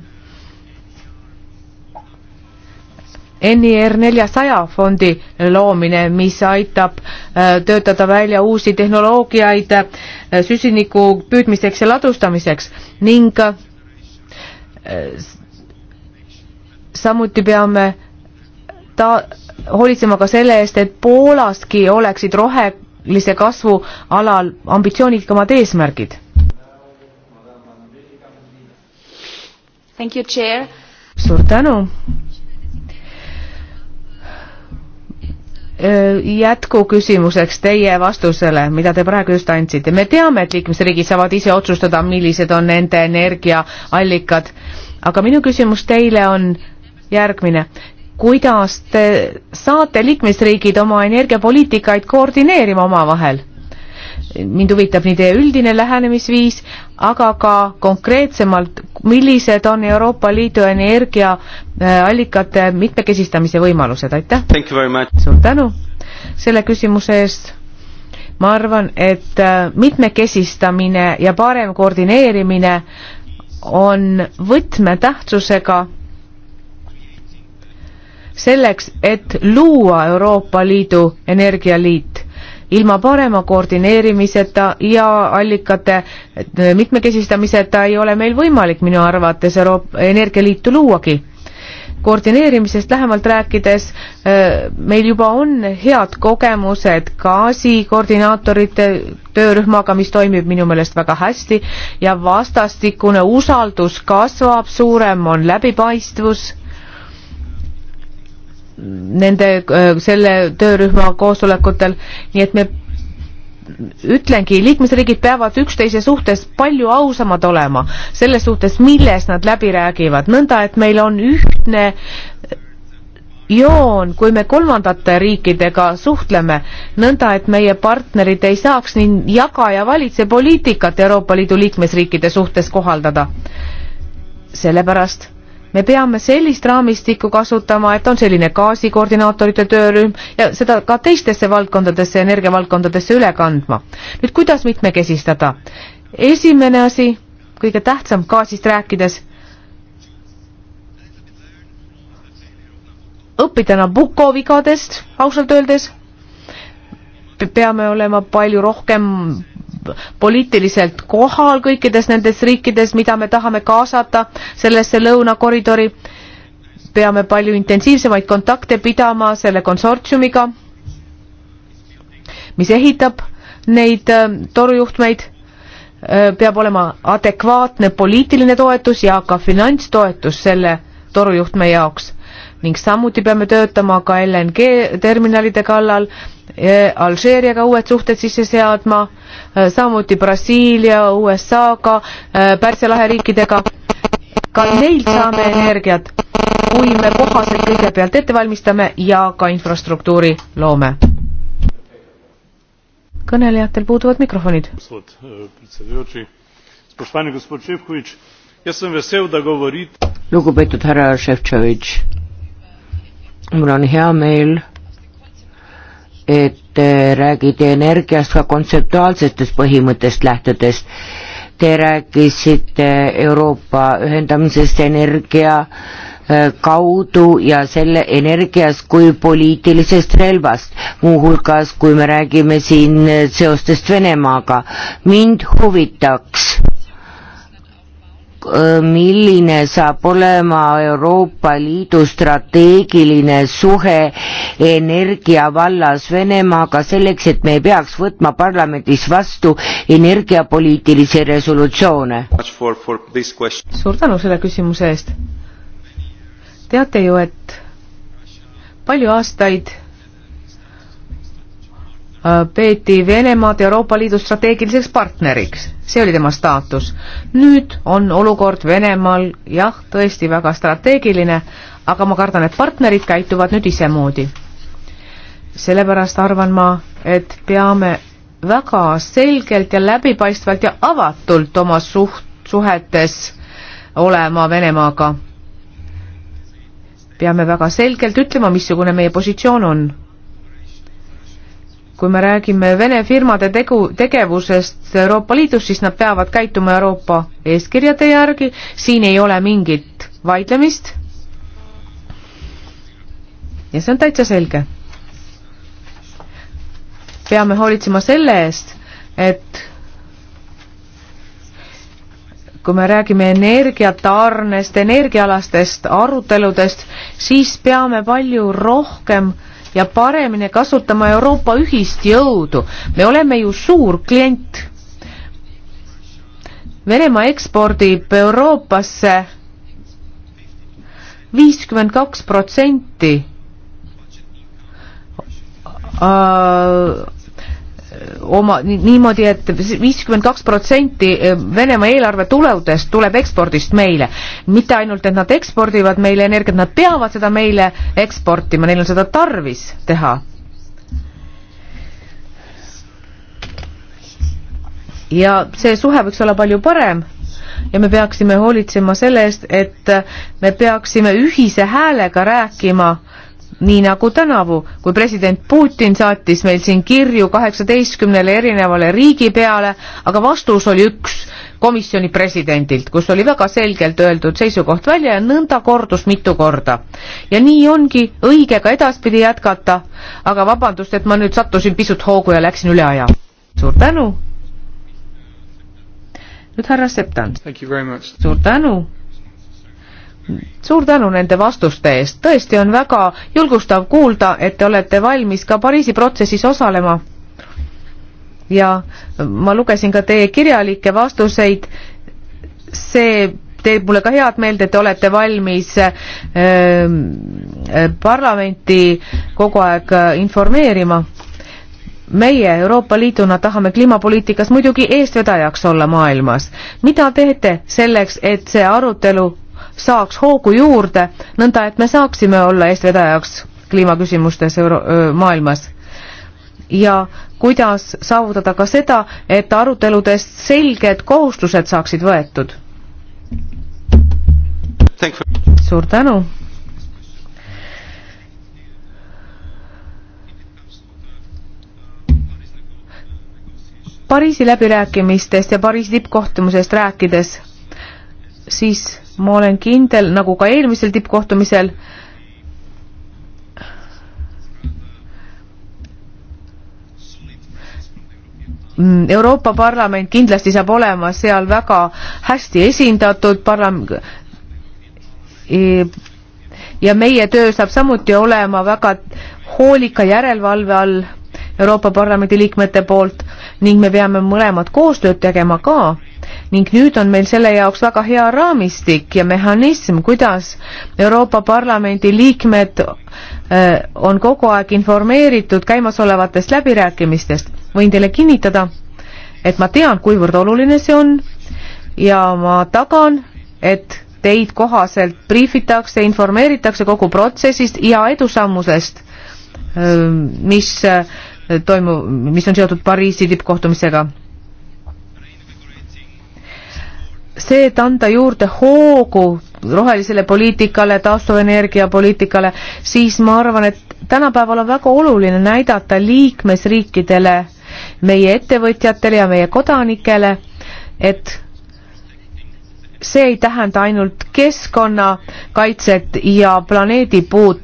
NIR neljasaja fondi loomine, mis aitab äh, töötada välja uusi tehnoloogiaid äh, süsiniku püüdmiseks ja ladustamiseks ning äh, samuti peame ta hoolitsema ka selle eest, et Poolaski oleksid rohelise kasvu alal ambitsioonikamad eesmärgid. suur tänu. jätkuküsimuseks teie vastusele, mida te praegu just andsite. me teame, et liikmesriigid saavad ise otsustada, millised on nende energiaallikad, aga minu küsimus teile on järgmine. kuidas te saate liikmesriigid oma energiapoliitikaid koordineerima omavahel? mind huvitab nii teie üldine lähenemisviis, aga ka konkreetsemalt, millised on Euroopa Liidu energiaallikate mitmekesistamise võimalused, aitäh! suur tänu selle küsimuse eest! ma arvan, et äh, mitmekesistamine ja parem koordineerimine on võtmetähtsusega selleks, et luua Euroopa Liidu energialiit ilma parema koordineerimiseta ja allikate eh, mitmekesistamiseta ei ole meil võimalik minu arvates Euroopa Energialiitu luuagi. koordineerimisest lähemalt rääkides, eh, meil juba on head kogemused gaasikoordinaatorite töörühmaga, mis toimib minu meelest väga hästi ja vastastikune usaldus kasvab, suurem on läbipaistvus nende, äh, selle töörühma koosolekutel, nii et me ütlengi, liikmesriigid peavad üksteise suhtes palju ausamad olema, selles suhtes, milles nad läbi räägivad, nõnda et meil on ühtne joon, kui me kolmandate riikidega suhtleme, nõnda et meie partnerid ei saaks nii jaga ja valitse poliitikat Euroopa Liidu liikmesriikide suhtes kohaldada. sellepärast me peame sellist raamistikku kasutama, et on selline gaasikoordinaatorite töörühm ja seda ka teistesse valdkondadesse, energiavaldkondadesse üle kandma. nüüd kuidas mitmekesistada? esimene asi, kõige tähtsam gaasist rääkides, õppida Nabucco vigadest, ausalt öeldes, peame olema palju rohkem poliitiliselt kohal kõikides nendes riikides, mida me tahame kaasata sellesse lõunakoridori. peame palju intensiivsemaid kontakte pidama selle konsortsiumiga, mis ehitab neid äh, torujuhtmeid äh, peab olema adekvaatne poliitiline toetus ja ka finantstoetus selle torujuhtme jaoks ning samuti peame töötama ka LNG terminalide kallal E, Alžeeriaga uued suhted sisse seadma, e, samuti Brasiilia, USA-ga, e, Pärsia lahe riikidega. ka neilt saame energiat, kui me kohased kõigepealt ette valmistame ja ka infrastruktuuri loome. kõnelejatel puuduvad mikrofonid. lugupeetud härra Šefčovitš, mul on hea meel et äh, räägiti energiast ka kontseptuaalsetest põhimõttest lähtudes. Te rääkisite Euroopa ühendamisest energia äh, kaudu ja selle energiast kui poliitilisest relvast, muuhulgas kui me räägime siin äh, seostest Venemaaga. mind huvitaks Äh, milline saab olema Euroopa Liidu strateegiline suhe energia vallas Venemaaga selleks, et me ei peaks võtma parlamendis vastu energiapoliitilisi resolutsioone? suur tänu selle küsimuse eest. teate ju, et palju aastaid Äh, peeti Venemaad Euroopa Liidu strateegiliseks partneriks. see oli tema staatus. nüüd on olukord Venemaal jah, tõesti väga strateegiline, aga ma kardan, et partnerid käituvad nüüd isemoodi. sellepärast arvan ma, et peame väga selgelt ja läbipaistvalt ja avatult oma suht, suhetes olema Venemaaga. peame väga selgelt ütlema, missugune meie positsioon on kui me räägime Vene firmade tegu, tegevusest Euroopa Liidus, siis nad peavad käituma Euroopa eeskirjade järgi, siin ei ole mingit vaidlemist. ja see on täitsa selge. peame hoolitsema selle eest, et kui me räägime energiatarnest, energiaalastest aruteludest, siis peame palju rohkem äh, ja paremini kasutama Euroopa ühist jõudu. me oleme ju suur klient. Venemaa ekspordib Euroopasse viiskümmend kaks protsenti äh, oma niimoodi et, et viiskümmend kaks protsenti eh, Venemaa eelarve tuludest tuleb ekspordist meile. mitte ainult, et nad ekspordivad meile energiat, nad peavad seda meile eksportima, neil on seda tarvis teha. ja see suhe võiks olla palju parem ja me peaksime hoolitsema selle eest, et me peaksime ühise häälega rääkima äh, nii nagu tänavu, kui president Putin saatis meil siin kirju kaheksateistkümnele erinevale riigi peale, aga vastus oli üks komisjoni presidendilt, kus oli väga selgelt öeldud seisukoht välja ja nõnda kordus mitu korda. ja nii ongi õige ka edaspidi jätkata, aga vabandust, et ma nüüd sattusin pisut hoogu ja läksin üle aja. suur tänu. nüüd härra Septan. suur tänu suur tänu nende vastuste eest, tõesti on väga julgustav kuulda, et te olete valmis ka Pariisi protsessis osalema. ja ma lugesin ka teie kirjalikke vastuseid, see teeb mulle ka head meelt, et te olete valmis äh, parlamenti kogu aeg äh, informeerima. meie Euroopa Liiduna tahame kliimapoliitikas muidugi eestvedajaks olla maailmas. mida teete selleks, et see arutelu saaks hoogu juurde, nõnda et me saaksime olla eestvedajaks kliimaküsimustes euro-, maailmas. ja kuidas saavutada ka seda, et aruteludest selged kohustused saaksid võetud. suur tänu. Pariisi läbirääkimistest ja Pariisi tippkohtumisest rääkides siis ma olen kindel, nagu ka eelmisel tippkohtumisel, mm, Euroopa Parlament kindlasti saab olema seal väga hästi esindatud parlam- e, ja meie töö saab samuti olema väga hoolika järelevalve all Euroopa Parlamendi liikmete poolt ning me peame mõlemad koostööd tegema ka ning nüüd on meil selle jaoks väga hea raamistik ja mehhanism, kuidas Euroopa Parlamendi liikmed äh, on kogu aeg informeeritud käimasolevatest läbirääkimistest. võin teile kinnitada, et ma tean, kuivõrd oluline see on ja ma tagan, et teid kohaselt briifitakse, informeeritakse kogu protsessist ja edusammusest, äh, mis äh, toimub, mis on seotud Pariisi tippkohtumisega see, et anda juurde hoogu rohelisele poliitikale, taastuvenergia poliitikale, siis ma arvan, et tänapäeval on väga oluline näidata liikmesriikidele, meie ettevõtjatele ja meie kodanikele, et see ei tähenda ainult keskkonnakaitset ja planeedi puut,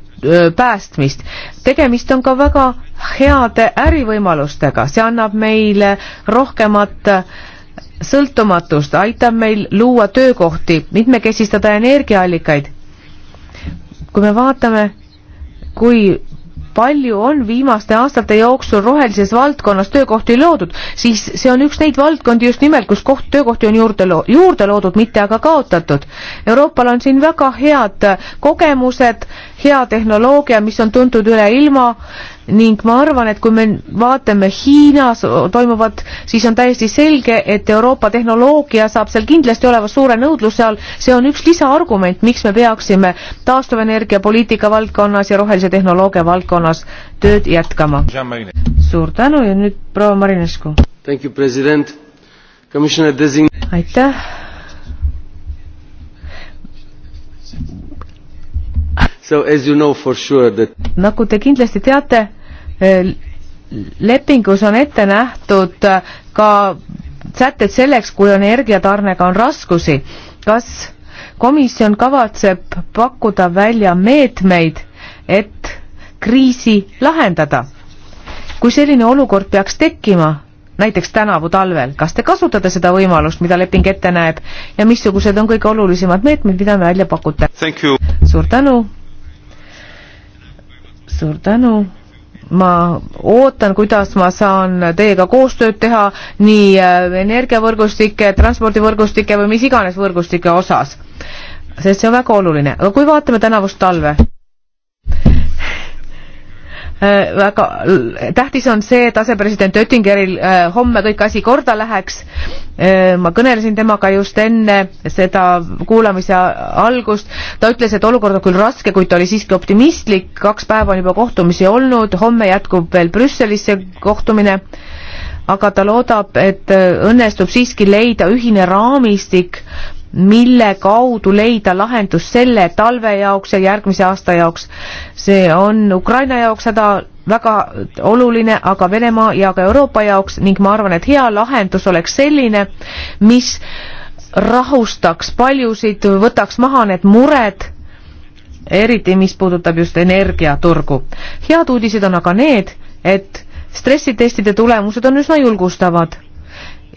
päästmist. tegemist on ka väga heade ärivõimalustega, see annab meile rohkemat äh, sõltumatust, aitab meil luua töökohti, mitmekesistada energiaallikaid. kui me vaatame, kui palju on viimaste aastate jooksul rohelises valdkonnas töökohti loodud, siis see on üks neid valdkondi just nimelt, kus koht, töökohti on juurde lo-, juurde loodud, mitte aga kaotatud. Euroopal on siin väga head kogemused äh, hea tehnoloogia, mis on tuntud üle ilma ning ma arvan, et kui me vaatame Hiinas toimuvat, siis on täiesti selge, et Euroopa tehnoloogia saab seal kindlasti olema suure nõudluse all, see on üks lisaargument, miks me peaksime taastuvenergia poliitika valdkonnas ja rohelise tehnoloogia valdkonnas tööd jätkama. suur tänu ja nüüd proua Marinescu. aitäh You know sure that... nagu te kindlasti teate, eh, lepingus on ette nähtud eh, ka sätted selleks, kui energiatarnega on raskusi. kas komisjon kavatseb pakkuda välja meetmeid, et kriisi lahendada? kui selline olukord peaks tekkima, näiteks tänavu talvel, kas te kasutate seda võimalust, mida leping ette näeb ja missugused on kõige olulisemad meetmed, mida välja pakute? suur tänu! suur tänu. ma ootan, kuidas ma saan teiega koostööd teha nii äh, energiavõrgustike, transpordivõrgustike või mis iganes võrgustike osas, sest see on väga oluline. aga kui vaatame tänavust talve, väga äh, tähtis on see, et asepresident Oettingeril äh, homme kõik asi korda läheks. Äh, ma kõnelesin temaga just enne seda kuulamise algust, ta ütles, et olukord on küll raske, kuid ta oli siiski optimistlik, kaks päeva on juba kohtumisi olnud, homme jätkub veel Brüsselis see kohtumine aga ta loodab, et õnnestub siiski leida ühine raamistik mille kaudu leida lahendus selle talve jaoks ja järgmise aasta jaoks. see on Ukraina jaoks häda väga oluline, aga Venemaa ja ka Euroopa jaoks ning ma arvan, et hea lahendus oleks selline, mis rahustaks paljusid, võtaks maha need mured, eriti mis puudutab just energiaturgu. head uudised on aga need, et stressitestide tulemused on üsna julgustavad.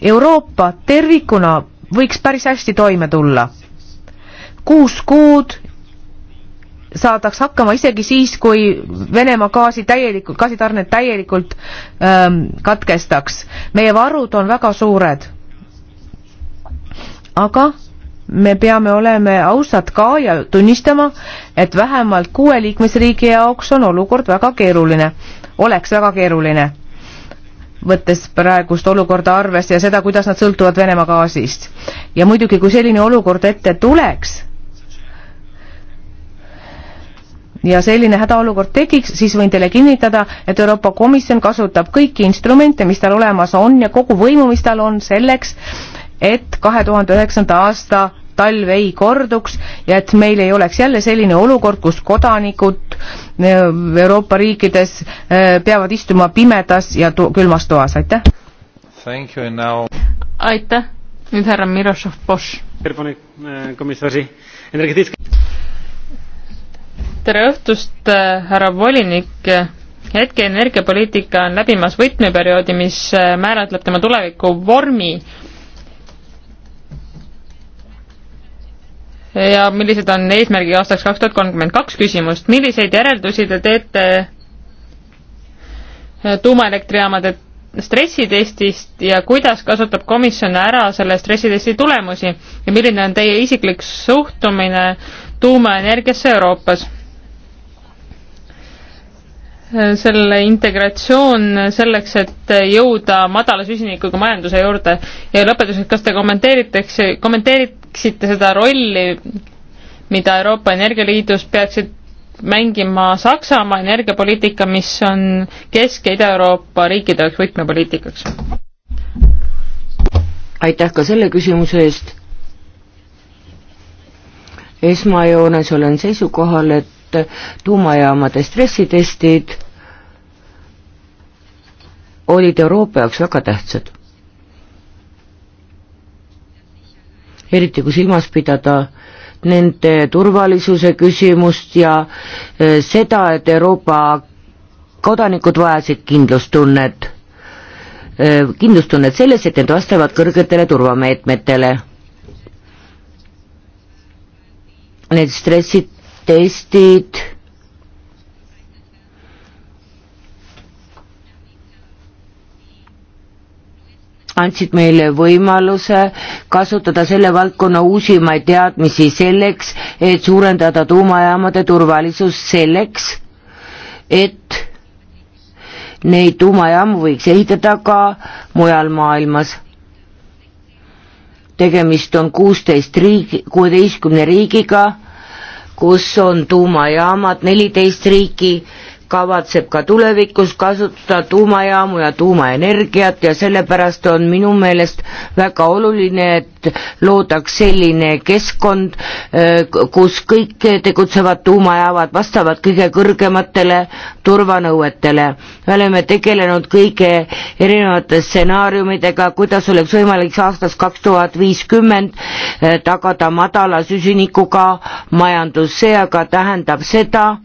Euroopa tervikuna võiks päris hästi toime tulla. kuus kuud saadaks hakkama isegi siis, kui Venemaa gaasi täielikult, gaasitarned täielikult ähm, katkestaks. meie varud on väga suured. aga me peame olema ausad ka ja tunnistama, et vähemalt kuue liikmesriigi jaoks on olukord väga keeruline, oleks väga keeruline võttes praegust olukorda arvesse ja seda, kuidas nad sõltuvad Venemaa gaasist. ja muidugi, kui selline olukord ette tuleks ja selline hädaolukord tekiks, siis võin teile kinnitada, et Euroopa Komisjon kasutab kõiki instrumente, mis tal olemas on ja kogu võimu, mis tal on selleks, et kahe tuhande üheksanda aasta talv ei korduks ja et meil ei oleks jälle selline olukord, kus kodanikud eh, Euroopa riikides eh, peavad istuma pimedas ja to külmas toas, aitäh! aitäh, nüüd härra Mirošov Bosch. Eh, tere õhtust, härra volinik hetke energiapoliitika on läbimas võtmeperioodi, mis määratleb tema tuleviku vormi ja millised on eesmärgi aastaks kaks tuhat kolmkümmend kaks küsimust, milliseid järeldusi te teete tuumaelektrijaamade stressitestist ja kuidas kasutab komisjon ära selle stressitesti tulemusi ja milline on teie isiklik suhtumine tuumaenergiasse Euroopas? selle integratsioon selleks, et jõuda madala süsinikuga majanduse juurde ja lõpetuseks, kas te kommenteeritakse, kommenteeriksite seda rolli, mida Euroopa Energialiidus peaksid mängima Saksamaa energiapoliitika, mis on Kesk- ja Ida-Euroopa riikide jaoks võtmepoliitikaks? aitäh ka selle küsimuse eest. esmajoones olen seisukohal, et poolt, tuumajaamade stressitestid olid Euroopa jaoks väga tähtsad. eriti kui silmas pidada nende turvalisuse küsimust ja eh, seda, et Euroopa kodanikud vajasid kindlustunnet, eh, kindlustunnet selles, et need vastavad kõrgetele turvameetmetele. Need stressid testid andsid meile võimaluse kasutada selle valdkonna uusimaid teadmisi selleks, et suurendada tuumajaamade turvalisust selleks, et neid tuumajaamu võiks ehitada ka mujal maailmas. tegemist on kuusteist riigi, kuueteistkümne riigiga kus on tuumajaamad, neliteist riiki kavatseb ka tulevikus kasutada tuumajaamu ja tuumaenergiat ja sellepärast on minu meelest väga oluline, et loodaks selline keskkond, äh, kus kõik tegutsevad tuumajaamad vastavad kõige kõrgematele turvanõuetele. me oleme tegelenud kõige erinevate stsenaariumidega, kuidas oleks võimalik aastast kaks tuhat viiskümmend äh, tagada madala süsinikuga majandus, see aga tähendab seda,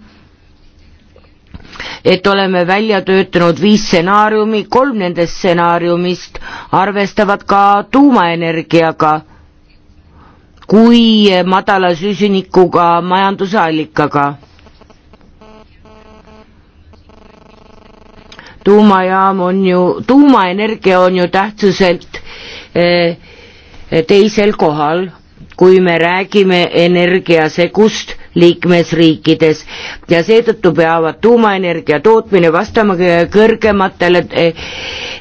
et oleme välja töötanud viis stsenaariumi, kolm nendest stsenaariumist arvestavad ka tuumaenergiaga kui madala süsinikuga majanduse allikaga. tuumajaam on ju, tuumaenergia on ju tähtsuselt eh, teisel kohal, kui me räägime energiasegust liikmesriikides ja seetõttu peavad tuumaenergia tootmine vastama kõrgematele eh,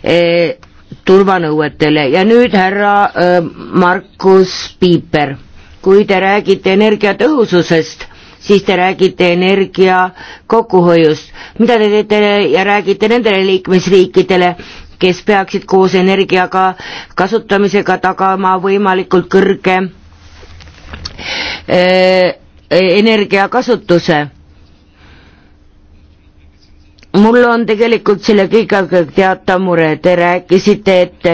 eh, turvanõuetele ja nüüd härra eh, Markus Piiper, kui te räägite energiatõhususest, siis te räägite energia kokkuhoiust, mida te teete ja räägite nendele liikmesriikidele, kes peaksid koos energiaga kasutamisega tagama võimalikult kõrge öö, energiakasutuse. mul on tegelikult selle kõigega teatav mure, te rääkisite, et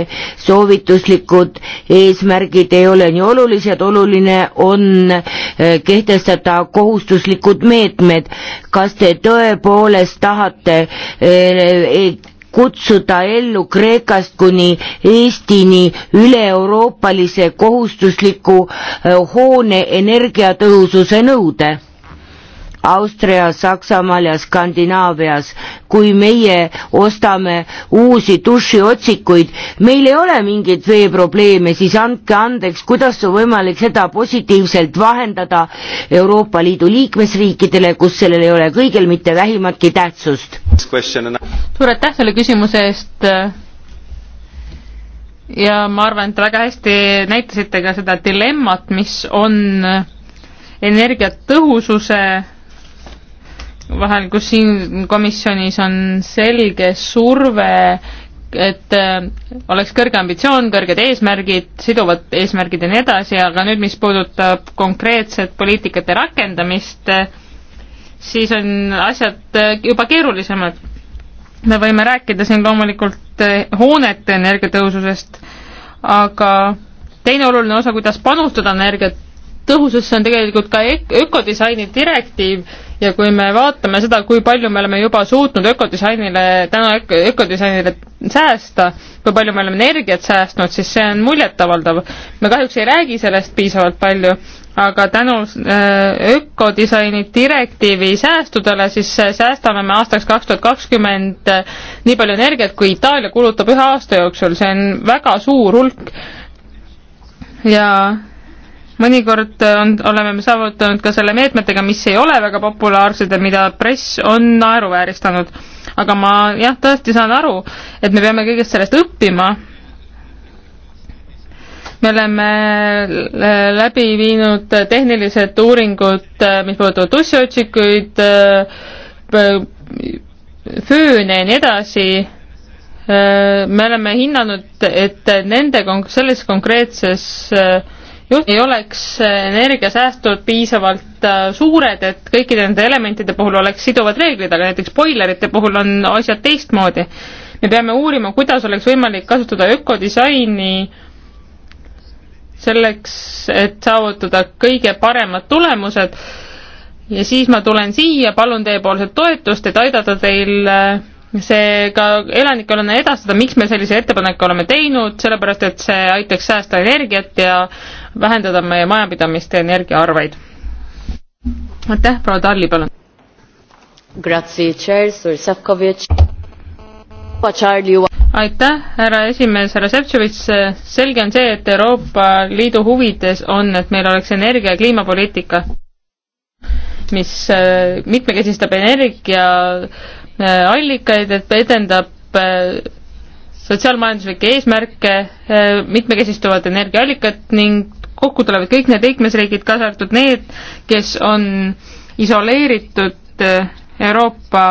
soovituslikud eesmärgid ei ole nii olulised, oluline on eh, kehtestada kohustuslikud meetmed. kas te tõepoolest tahate eh, eh, kutsuda ellu Kreekast kuni Eestini üle-euroopalise kohustusliku eh, hoone energiatõhususe nõude Austrias, Saksamaal ja Skandinaavias, kui meie ostame uusi dušiotsikuid, meil ei ole mingeid veeprobleeme, siis andke andeks, kuidas on võimalik seda positiivselt vahendada Euroopa Liidu liikmesriikidele, kus sellel ei ole kõigil mitte vähimatki tähtsust? suur aitäh selle küsimuse eest ja ma arvan, et väga hästi näitasite ka seda dilemmat, mis on energiatõhususe vahel, kus siin komisjonis on selge surve, et äh, oleks kõrge ambitsioon, kõrged eesmärgid, siduvad eesmärgid ja nii edasi, aga nüüd, mis puudutab konkreetset poliitikate rakendamist, siis on asjad äh, juba keerulisemad. me võime rääkida siin loomulikult äh, hoonete energiatõhususest, aga teine oluline osa, kuidas panustada energiat tõhususse on tegelikult ka ökodisaini direktiiv ja kui me vaatame seda, kui palju me oleme juba suutnud ökodisainile, täna ökodisainile säästa, kui palju me oleme energiat säästnud, siis see on muljetavaldav. me kahjuks ei räägi sellest piisavalt palju, aga tänu äh, ökodisaini direktiivi säästudele, siis äh, säästame me aastaks kaks tuhat kakskümmend äh, nii palju energiat, kui Itaalia kulutab ühe aasta jooksul, see on väga suur hulk ja mõnikord on, oleme me saavutanud ka selle meetmetega, mis ei ole väga populaarsed ja mida press on naeruvääristanud. aga ma jah, tõesti saan aru, et me peame kõigest sellest õppima. me oleme äh, läbi viinud tehnilised uuringud, äh, mis puudutavad ussiotsikuid, äh, fööne ja nii edasi me oleme hinnanud, et nende kon-, selles konkreetses äh, juht ei oleks äh, energiasäästud piisavalt äh, suured, et kõikide nende elementide puhul oleks siduvad reeglid, aga näiteks boilerite puhul on asjad teistmoodi. me peame uurima, kuidas oleks võimalik kasutada ökodisaini selleks, et saavutada kõige paremad tulemused ja siis ma tulen siia, palun teiepoolset toetust, et aidata teil äh, seega elanikele edastada, miks me sellise ettepaneku oleme teinud, sellepärast et see aitaks säästa energiat ja vähendada meie majapidamiste energiaarveid. aitäh, proua Talli, palun. aitäh, härra esimees, härra Šefčovitš, selge on see, et Euroopa Liidu huvides on, et meil oleks energia- ja kliimapoliitika mis äh, mitmekesistab energia Äh, allikaid, et edendab äh, sotsiaalmajanduslikke eesmärke, äh, mitmekesistuvad energiaallikad ning kokku tulevad kõik need liikmesriigid, kaasa arvatud need, kes on isoleeritud Euroopa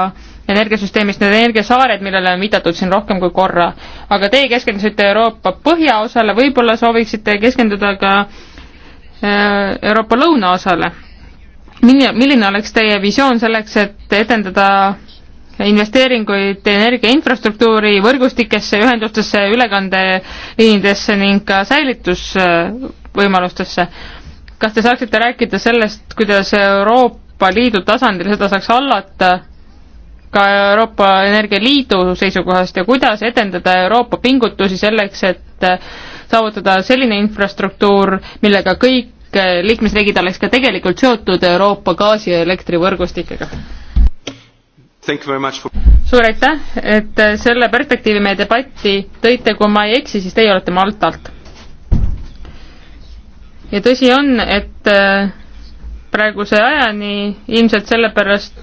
energiasüsteemist, need energiasaared, millele on viidatud siin rohkem kui korra. aga teie keskendusite Euroopa põhjaosale, võib-olla sooviksite keskenduda ka Euroopa lõunaosale. milline oleks teie visioon selleks, et edendada investeeringuid energia infrastruktuuri, võrgustikesse, ühendustesse, ülekandeliinidesse ning ka säilitusvõimalustesse. kas te saaksite rääkida sellest, kuidas Euroopa Liidu tasandil seda saaks hallata ka Euroopa Energialiidu seisukohast ja kuidas edendada Euroopa pingutusi selleks, et saavutada selline infrastruktuur, millega kõik liikmesriigid oleks ka tegelikult seotud Euroopa gaasi- ja elektrivõrgustikega? suur aitäh, et selle perspektiivi meie debatti tõite, kui ma ei eksi, siis teie olete Maltalt. ja tõsi on, et äh, praeguse ajani ilmselt sellepärast,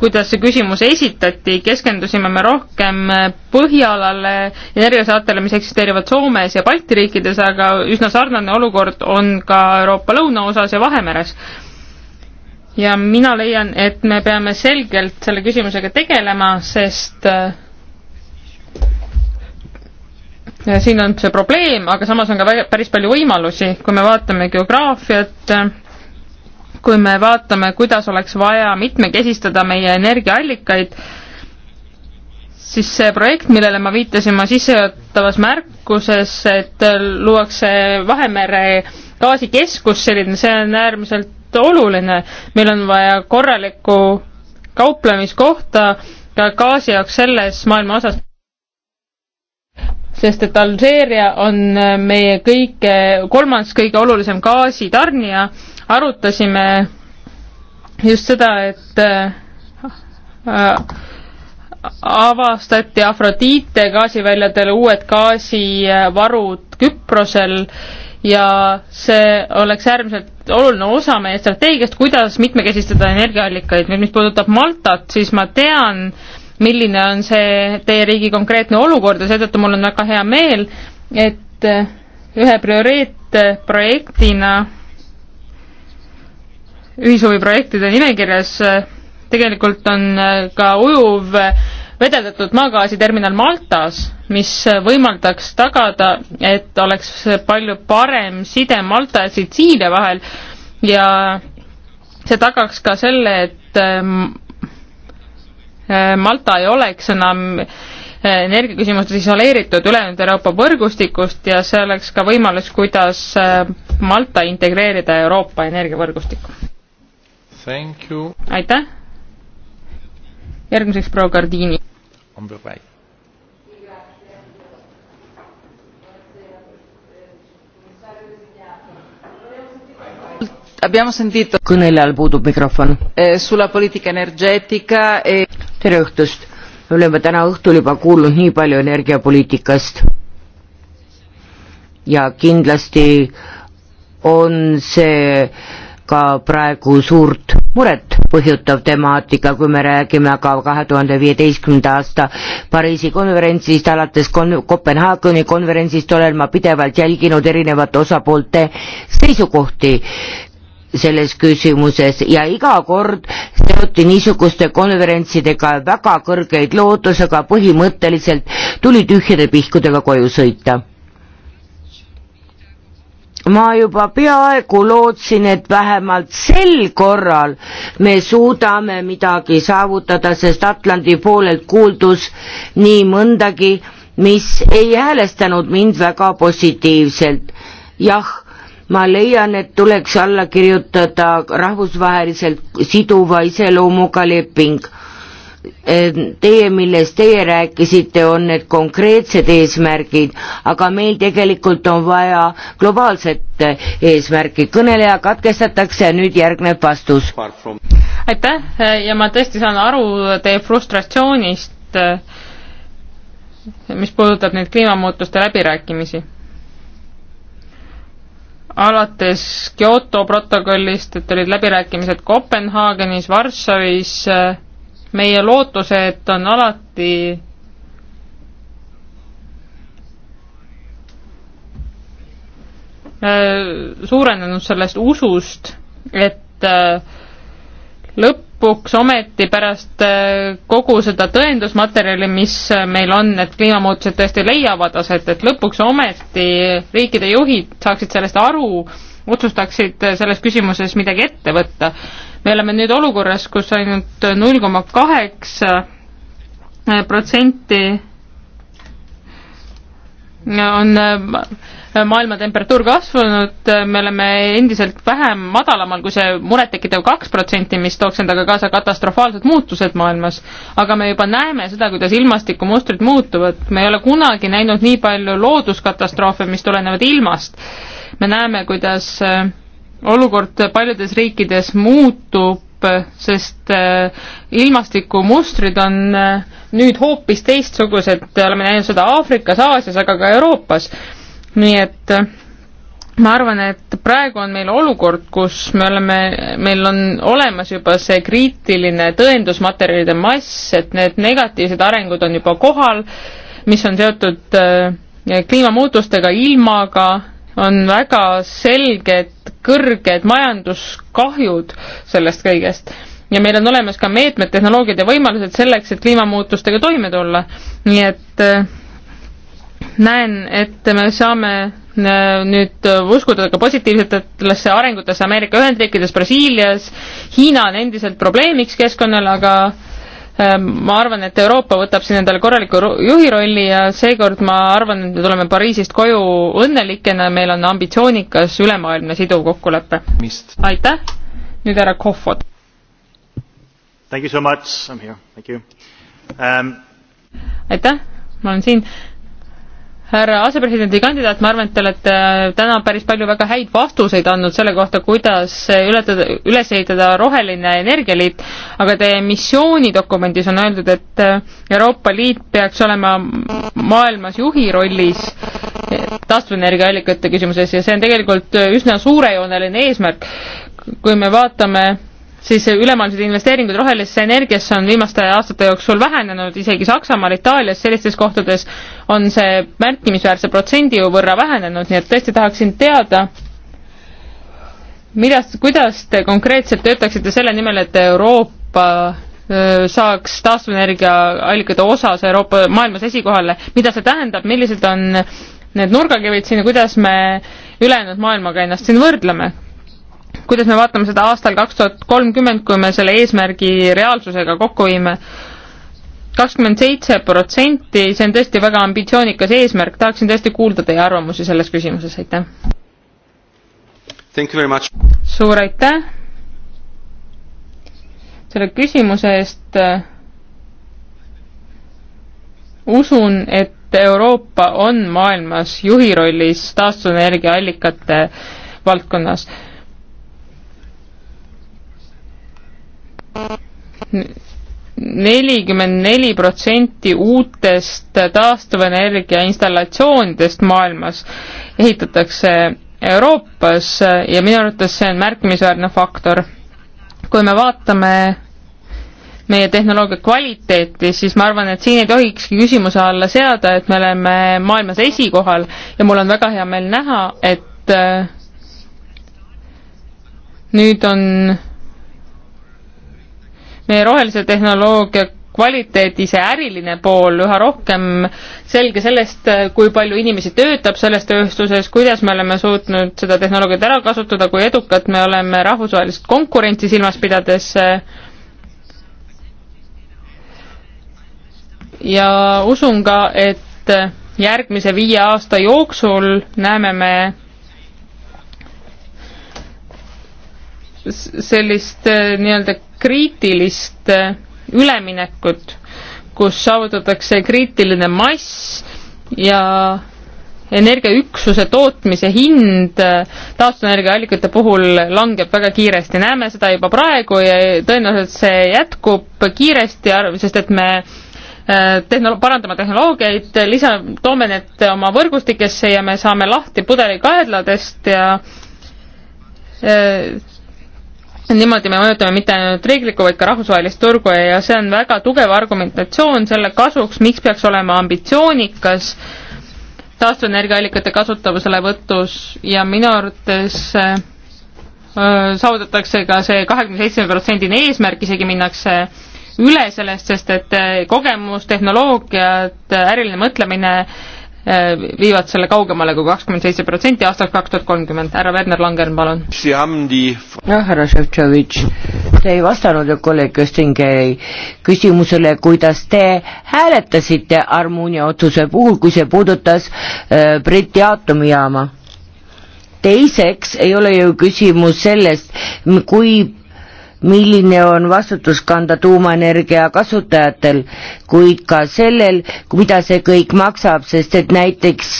kuidas see küsimus esitati, keskendusime me rohkem äh, Põhjalale energiasaatele, mis eksisteerivad Soomes ja Balti riikides, aga üsna sarnane olukord on ka Euroopa lõunaosas ja Vahemeres ja mina leian, et me peame selgelt selle küsimusega tegelema, sest äh, ja siin on see probleem, aga samas on ka väga, päris palju võimalusi, kui me vaatame geograafiat, kui me vaatame, kuidas oleks vaja mitmekesistada meie energiaallikaid, siis see projekt, millele ma viitasin oma sissejuhatavas märkuses, et luuakse Vahemere gaasikeskus selline, see on äärmiselt oluline, meil on vaja korralikku kauplemiskohta ka gaasi jaoks selles maailma osas. sest et Alžeeria on meie kõige, kolmas kõige olulisem gaasitarnija, arutasime just seda, et äh, avastati Afrodite gaasiväljadele uued gaasivarud Küprosel ja see oleks äärmiselt oluline osa meie strateegiast, kuidas mitmekesistada energiaallikaid. nüüd mis puudutab Maltat, siis ma tean, milline on see teie riigi konkreetne olukord ja seetõttu mul on väga hea meel, et ühe prioriteetprojektina ühishuviprojektide nimekirjas tegelikult on ka ujuv vedeldatud maagaasiterminal Maltas, mis võimaldaks tagada, et oleks palju parem side Malta ja Sitsiilia vahel ja see tagaks ka selle, et ähm, äh, Malta ei oleks enam äh, energiaküsimustes isoleeritud ülejäänud Euroopa võrgustikust ja see oleks ka võimalus, kuidas äh, Malta integreerida Euroopa energiavõrgustikku. aitäh! järgmiseks proua Gardini on bereich. abbiamo sentito kõnelejal puudub mikrofon eh, sulla poliitica energetica e tere õhtust me oleme täna õhtul juba kuulnud nii palju energiapoliitikast ja kindlasti on see ka praegu suurt muret põhjutav temaatika, kui me räägime ka kahe tuhande viieteistkümnenda aasta Pariisi konverentsist, alates kon-, Kopenhaageni konverentsist olen ma pidevalt jälginud erinevate osapoolte seisukohti selles küsimuses ja iga kord seoti niisuguste konverentsidega väga kõrgeid lootusega, põhimõtteliselt tuli tühjade pihkudega koju sõita ma juba peaaegu lootsin, et vähemalt sel korral me suudame midagi saavutada, sest Atlandi poolelt kuuldus nii mõndagi, mis ei häälestanud mind väga positiivselt. jah, ma leian, et tuleks alla kirjutada rahvusvaheliselt siduva iseloomuga leping Ehm, teie, millest teie rääkisite, on need konkreetsed eesmärgid, aga meil tegelikult on vaja globaalset eh, eesmärki. kõneleja katkestatakse ja nüüd järgneb vastus. aitäh eh, ja ma tõesti saan aru teie frustratsioonist, eh, mis puudutab neid kliimamuutuste läbirääkimisi. alates Kyoto protokollist, et olid läbirääkimised Kopenhaagenis, Varssavis äh,, meie lootused on alati äh, suurenenud sellest usust, et äh, lõpuks ometi pärast äh, kogu seda tõendusmaterjali, mis meil on, et kliimamuutused tõesti leiavad aset, et lõpuks ometi riikide juhid saaksid sellest aru, otsustaksid selles küsimuses midagi ette võtta me oleme nüüd olukorras, kus ainult null koma kaheksa protsenti on äh, maailma temperatuur kasvanud, me oleme endiselt vähem madalamal kui see murettekitav kaks protsenti, mis tooks endaga kaasa katastrofaalsed muutused maailmas. aga me juba näeme seda, kuidas ilmastikumustrid muutuvad, me ei ole kunagi näinud nii palju looduskatastroofe, mis tulenevad ilmast. me näeme, kuidas äh, olukord paljudes riikides muutub, sest äh, ilmastikumustrid on äh, nüüd hoopis teistsugused, oleme näinud seda Aafrikas, Aasias, aga ka Euroopas. nii et äh, ma arvan, et praegu on meil olukord, kus me oleme, meil on olemas juba see kriitiline tõendusmaterjalide mass, et need negatiivsed arengud on juba kohal, mis on seotud kliimamuutustega, ilmaga, on väga selged kõrged majanduskahjud sellest kõigest ja meil on olemas ka meetmed, tehnoloogiad ja võimalused selleks, et kliimamuutustega toime tulla. nii et äh, näen, et me saame äh, nüüd uskuda ka positiivsetesse arengutesse Ameerika Ühendriikides, Brasiilias, Hiina on endiselt probleemiks keskkonnale, aga Ehm, ma arvan, et Euroopa võtab siin endale korraliku juhi rolli ja seekord ma arvan, et me tuleme Pariisist koju õnnelikena, meil on ambitsioonikas ülemaailmne siduv kokkulepe. aitäh, nüüd härra Kohvod. Um... aitäh, ma olen siin härra asepresidendi kandidaat, ma arvan, et te olete äh, täna päris palju väga häid vastuseid andnud selle kohta, kuidas äh, ületada, üles ehitada roheline energialiit, aga teie missioonidokumendis on öeldud, et äh, Euroopa Liit peaks olema maailmas juhi rollis taastuvenergiaallikate küsimuses ja see on tegelikult üsna suurejooneline eesmärk. kui me vaatame siis ülemaailmsed investeeringud rohelisse energiasse on viimaste aastate jooksul vähenenud, isegi Saksamaal, Itaalias, sellistes kohtades on see märkimisväärse protsendi võrra vähenenud, nii et tõesti tahaksin teada, mida, kuidas te konkreetselt töötaksite selle nimel, et Euroopa saaks taastuvenergiaallikate osas Euroopa, maailmas esikohale, mida see tähendab, millised on need nurgakivid siin ja kuidas me ülejäänud maailmaga ennast siin võrdleme? kuidas me vaatame seda aastal kaks tuhat kolmkümmend, kui me selle eesmärgi reaalsusega kokku viime, kakskümmend seitse protsenti, see on tõesti väga ambitsioonikas eesmärk, tahaksin tõesti kuulda teie arvamusi selles küsimuses, aitäh. suur aitäh selle küsimuse eest usun, et Euroopa on maailmas juhi rollis taastuvenergia allikate valdkonnas. nelikümmend neli protsenti uutest taastuvenergia installatsioonidest maailmas ehitatakse Euroopas ja minu arvates see on märkimisväärne faktor. kui me vaatame meie tehnoloogia kvaliteeti, siis ma arvan, et siin ei tohikski küsimuse alla seada, et me oleme maailmas esikohal ja mul on väga hea meel näha, et nüüd on meie rohelise tehnoloogia kvaliteet, ise äriline pool üha rohkem selge sellest, kui palju inimesi töötab selles tööstuses, kuidas me oleme suutnud seda tehnoloogiat ära kasutada, kui edukad me oleme rahvusvahelist konkurentsi silmas pidades. ja usun ka, et järgmise viie aasta jooksul näeme me sellist äh, nii-öelda kriitilist äh, üleminekut, kus saavutatakse kriitiline mass ja energiaüksuse tootmise hind äh, taastuvenergiaallikate puhul langeb väga kiiresti. näeme seda juba praegu ja tõenäoliselt see jätkub kiiresti, sest et me äh, tehnolo-, parandama tehnoloogiaid, lisa, toome need oma võrgustikesse ja me saame lahti pudelikaedladest ja niimoodi me mõjutame mitte ainult riiklikku, vaid ka rahvusvahelist turgu ja see on väga tugev argumentatsioon selle kasuks, miks peaks olema ambitsioonikas taastuvenergiaallikate kasutamiselevõtus ja minu arvates äh, saavutatakse ka see kahekümne seitsme protsendine eesmärk, isegi minnakse üle sellest, sest et äh, kogemus, tehnoloogiad, äriline mõtlemine äh, Äh, viivad selle kaugemale kui kakskümmend seitse protsenti aastaks kaks tuhat kolmkümmend. härra Werner Langen, palun. jah, härra Ševtšovitš, te ei vastanud kolleeg Köstingeri küsimusele, kuidas te hääletasite Armuunia otsuse puhul, kui see puudutas äh, Briti aatomijaama teiseks ei ole ju küsimus sellest, kui milline on vastutus kanda tuumaenergia kasutajatel, kuid ka sellel, mida see kõik maksab, sest et näiteks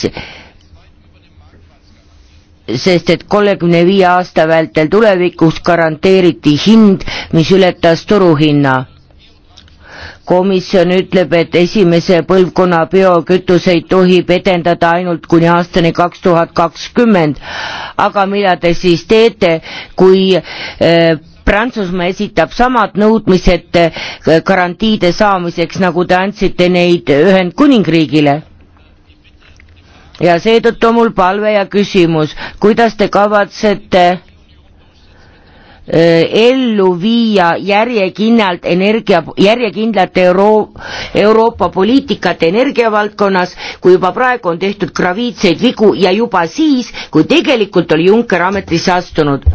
sest et kolmekümne viie aasta vältel tulevikus garanteeriti hind, mis ületas turuhinna. komisjon ütleb, et esimese põlvkonna biokütuseid tohib edendada ainult kuni aastani kaks tuhat kakskümmend, aga mida te siis teete, kui äh, Prantsusmaa esitab samad nõudmised eh, garantiide saamiseks, nagu te andsite neid Ühendkuningriigile. ja seetõttu on mul palve ja küsimus, kuidas te kavatsete Äh, ellu viia järjekindlalt energia, järjekindlat Euro-, Euroopa poliitikat energiavaldkonnas, kui juba praegu on tehtud graviitseid vigu ja juba siis, kui tegelikult oli Juncker ametisse astunud.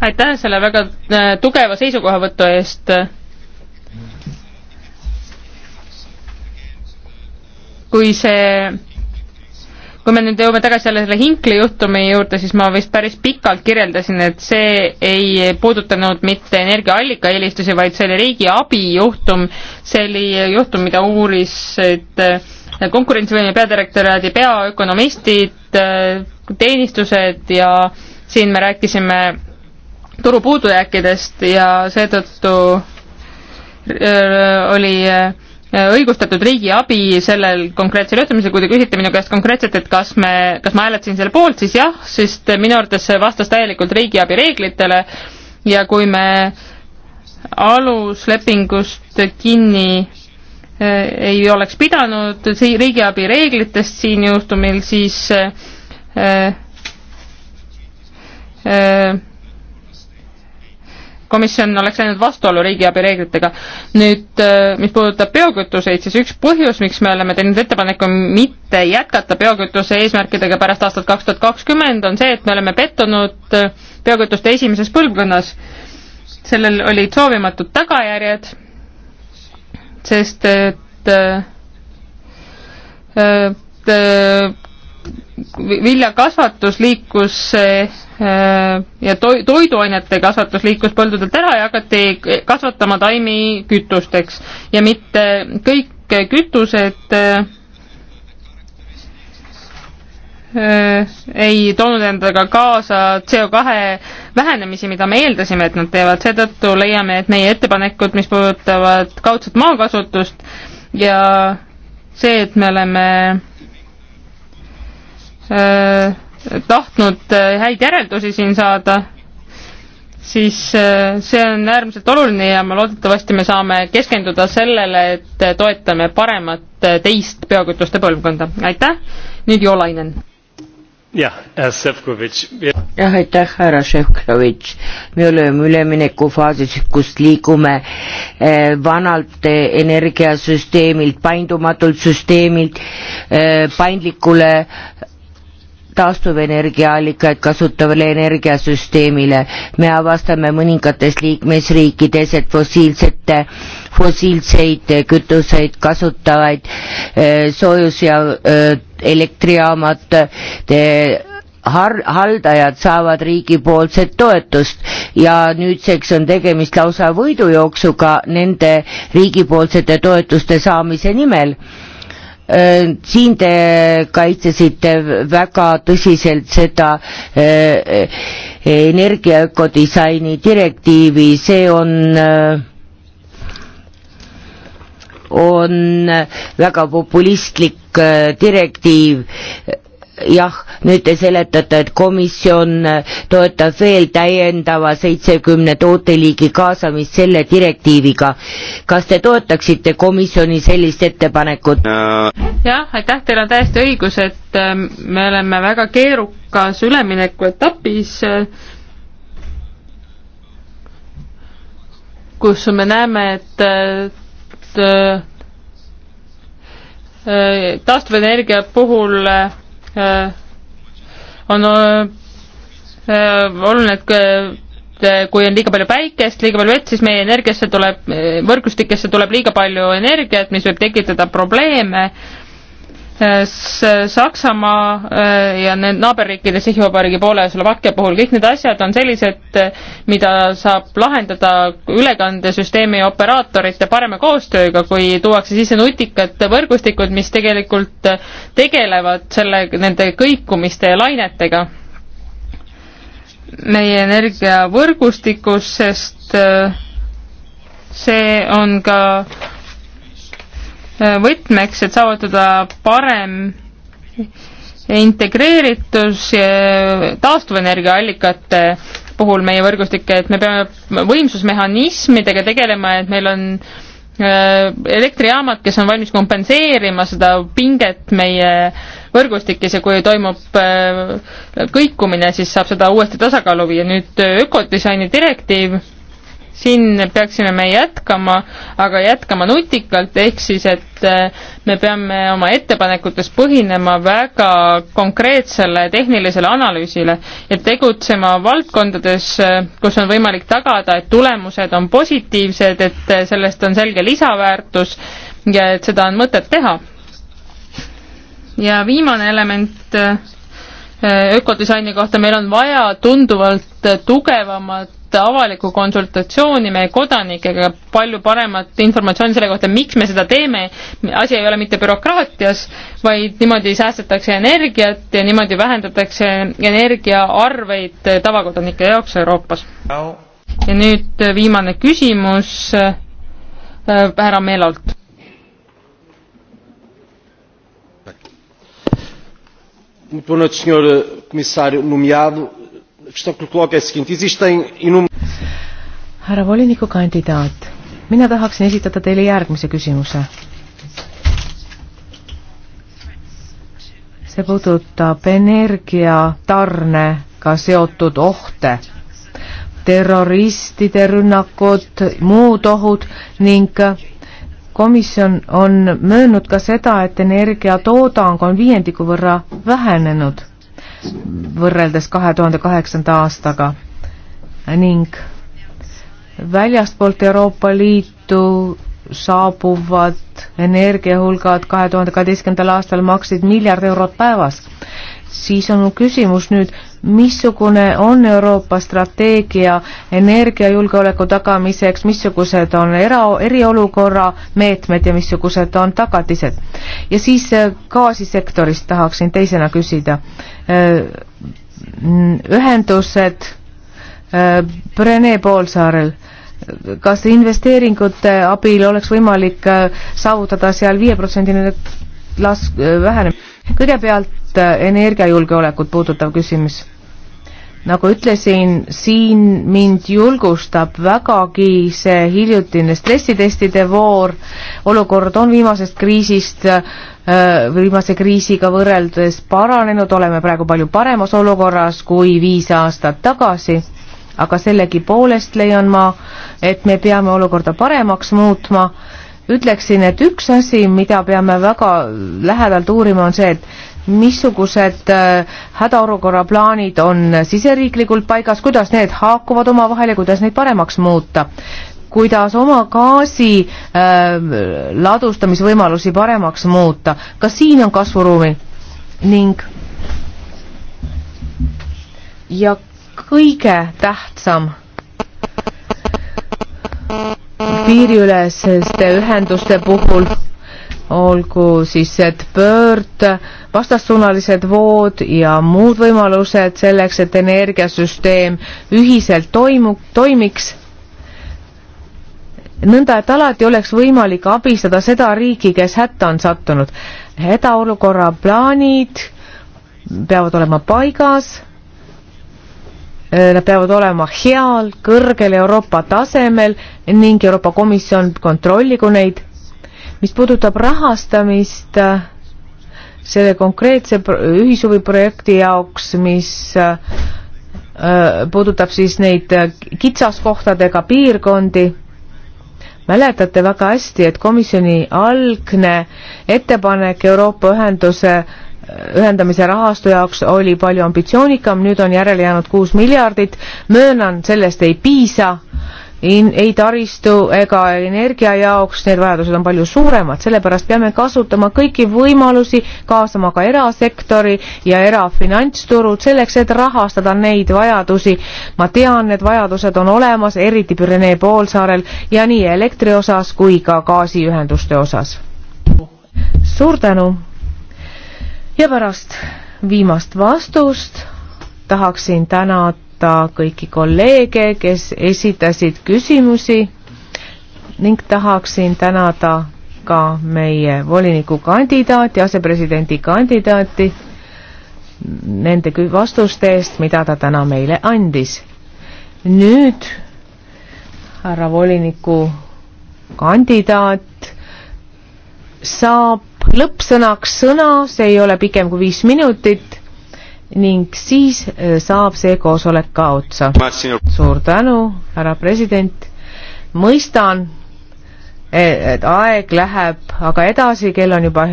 aitäh selle väga äh, tugeva seisukohavõtu eest. kui see kui me nüüd jõuame tagasi jälle selle Hinkli juhtumi juurde, siis ma vist päris pikalt kirjeldasin, et see ei puudutanud mitte energiaallika eelistusi, vaid see oli riigi abijuhtum. see oli juhtum, mida uurisid äh, konkurentsivõime peadirektoraadi peaökonomistid, äh, teenistused ja siin me rääkisime turu puudujääkidest ja seetõttu äh, oli äh, Äh, õigustatud riigiabi sellel konkreetsel juhtumisel, kui te küsite minu käest konkreetselt, et kas me, kas ma hääletasin selle poolt, siis jah, sest minu arvates see vastas täielikult riigiabi reeglitele ja kui me aluslepingust kinni äh, ei oleks pidanud riigiabi reeglitest siin juhtumil, siis äh, äh, komisjon oleks läinud vastuollu riigiabi reeglitega. nüüd, äh, mis puudutab biokütuseid, siis üks põhjus, miks me oleme teinud ettepaneku mitte jätkata biokütuse eesmärkidega pärast aastat kaks tuhat kakskümmend, on see, et me oleme pettunud äh, biokütuste esimeses põlvkonnas. sellel olid soovimatud tagajärjed, sest et, äh, et viljakasvatus liikus äh, ja toiduainete kasvatus liikus põldudelt ära ja hakati kasvatama taimi kütusteks ja mitte kõik kütused äh, äh, ei toonud endaga kaasa CO2 vähenemisi, mida me eeldasime, et nad teevad, seetõttu leiame, et meie ettepanekud, mis puudutavad kaudset maakasutust ja see, et me oleme Äh, tahtnud äh, häid järeldusi siin saada, siis äh, see on äärmiselt oluline ja ma loodetavasti me saame keskenduda sellele, et toetame paremat teist biokütuste põlvkonda. aitäh, nüüd Jolainen. jah, jah, aitäh, härra Šefkovitš. me oleme üleminekufaasis, kust liigume vanalt energiasüsteemilt, paindumatult süsteemilt paindlikule taastuvenergiaallikaid kasutavale energiasüsteemile. me avastame mõningates liikmesriikides, et fossiilsete, fossiilseid kütuseid kasutavaid eh, soojus- ja eh, elektrijaamad eh, har-, haldajad saavad riigipoolset toetust ja nüüdseks on tegemist lausa võidujooksuga nende riigipoolsete toetuste saamise nimel Äh, siin te kaitsesite väga tõsiselt seda äh, äh, energiaökodisaini direktiivi, see on on väga populistlik direktiiv, jah, nüüd te seletate, et komisjon äh, toetab veel täiendava seitsekümne tooteliigi kaasamist selle direktiiviga. kas te toetaksite komisjoni sellist ettepanekut? jah, aitäh, teil on täiesti õigus, et ähm, me oleme väga keerukas üleminekuetapis, äh, kus me näeme, et äh, taastuvenergia puhul Äh, on äh, äh, oluline, et kui on liiga palju päikest, liiga palju vett, siis meie energiasse tuleb, võrgustikesse tuleb liiga palju energiat, mis võib tekitada probleeme Äh, Saksamaa äh, ja need naaberriikide Tšehhi-Vabariigi poole ja Slovakkia puhul, kõik need asjad on sellised, äh, mida saab lahendada ülekandesüsteemi operaatorite parema koostööga, kui tuuakse sisse nutikad võrgustikud, mis tegelikult tegelevad selle, nende kõikumiste ja lainetega meie energiavõrgustikus, sest see on ka Äh, võtmeks, et saavutada parem integreeritus taastuvenergiaallikate puhul meie võrgustike, et me peame võimsusmehhanismidega tegelema, et meil on äh, elektrijaamad, kes on valmis kompenseerima seda pinget meie võrgustikes ja kui toimub äh, kõikumine, siis saab seda uuesti tasakaalu viia. nüüd ökodisaini direktiiv siin peaksime me jätkama, aga jätkama nutikalt, ehk siis, et äh, me peame oma ettepanekutes põhinema väga konkreetsele tehnilisele analüüsile ja tegutsema valdkondades, äh, kus on võimalik tagada, et tulemused on positiivsed, et äh, sellest on selge lisaväärtus ja et seda on mõtet teha. ja viimane element ökodisaini kohta, meil on vaja tunduvalt tugevamat avalikku konsultatsiooni meie kodanikega, palju paremat informatsiooni selle kohta, miks me seda teeme. asi ei ole mitte bürokraatias, vaid niimoodi säästetakse energiat ja niimoodi vähendatakse energiaarveid tavakodanike jaoks Euroopas. ja nüüd viimane küsimus äh, härra Meelolt. Muito boa noite, senhor comissário nomeado questão que coloco é a seguinte. Existem inúmeros... Härra volinikukandidaat, mina tahaksin esitada teile järgmise küsimuse. see puudutab energiatarnega seotud ohte, terroristide rünnakud, muud ohud ning komisjon on möönnud ka seda, et energiatoodang on viiendiku võrra vähenenud võrreldes kahe tuhande kaheksanda aastaga ning väljastpoolt Euroopa Liitu saabuvad energiahulgad kahe tuhande kaheteistkümnendal aastal maksid miljard eurot päevas, siis on mu küsimus nüüd, missugune on Euroopa strateegia energiajulgeoleku tagamiseks, missugused on era, eriolukorra meetmed ja missugused on tagatised. ja siis äh, gaasisektorist tahaksin teisena küsida. Äh, ühendused äh, Brene poolsaarel kas investeeringute abil oleks võimalik äh, saavutada seal viieprotsendine las-, äh, vähenemine? kõigepealt äh, energiajulgeolekut puudutav küsimus. nagu ütlesin, siin mind julgustab vägagi see hiljutine stressitestide voor, olukord on viimasest kriisist, viimase kriisiga võrreldes paranenud, oleme praegu palju paremas olukorras kui viis aastat tagasi aga sellegipoolest leian ma, et me peame olukorda paremaks muutma. ütleksin, et üks asi, mida peame väga lähedalt uurima, on see, et missugused äh, hädaolukorra plaanid on siseriiklikult paigas, kuidas need haakuvad omavahel ja kuidas neid paremaks muuta kuidas oma gaasi äh, ladustamisvõimalusi paremaks muuta. ka siin on kasvuruumi ning ja kõige tähtsam piiriüleseste ühenduste puhul, olgu siis et pöörd, vastassuunalised vood ja muud võimalused selleks, et energiasüsteem ühiselt toimu-, toimiks, nõnda et alati oleks võimalik abistada seda riiki, kes hätta on sattunud. hädaolukorra plaanid peavad olema paigas Äh, nad peavad olema heal, kõrgel Euroopa tasemel ning Euroopa Komisjon kontrolligu neid. mis puudutab rahastamist äh, selle konkreetse ühishuviprojekti jaoks, mis äh, puudutab siis neid kitsaskohtadega piirkondi mäletate väga hästi, et komisjoni algne ettepanek Euroopa Ühenduse ühendamise rahastu jaoks oli palju ambitsioonikam, nüüd on järele jäänud kuus miljardit, möönan, sellest ei piisa, ei taristu ega energia jaoks, need vajadused on palju suuremad, sellepärast peame kasutama kõiki võimalusi, kaasama ka erasektori ja erafinantsturud selleks, et rahastada neid vajadusi. ma tean, need vajadused on olemas, eriti Pürenee poolsaarel ja nii elektri osas kui ka gaasiühenduste osas. suur tänu! ja pärast viimast vastust tahaksin tänada kõiki kolleege, kes esitasid küsimusi ning tahaksin tänada ka meie volinikukandidaati, asepresidendi kandidaati nende vastuste eest, mida ta täna meile andis. nüüd härra voliniku kandidaat saab lõppsõnaks sõna, see ei ole pikem kui viis minutit ning siis eh, saab see koosolek ka otsa. suur tänu, härra president, mõistan, eh, et aeg läheb aga edasi, kell on juba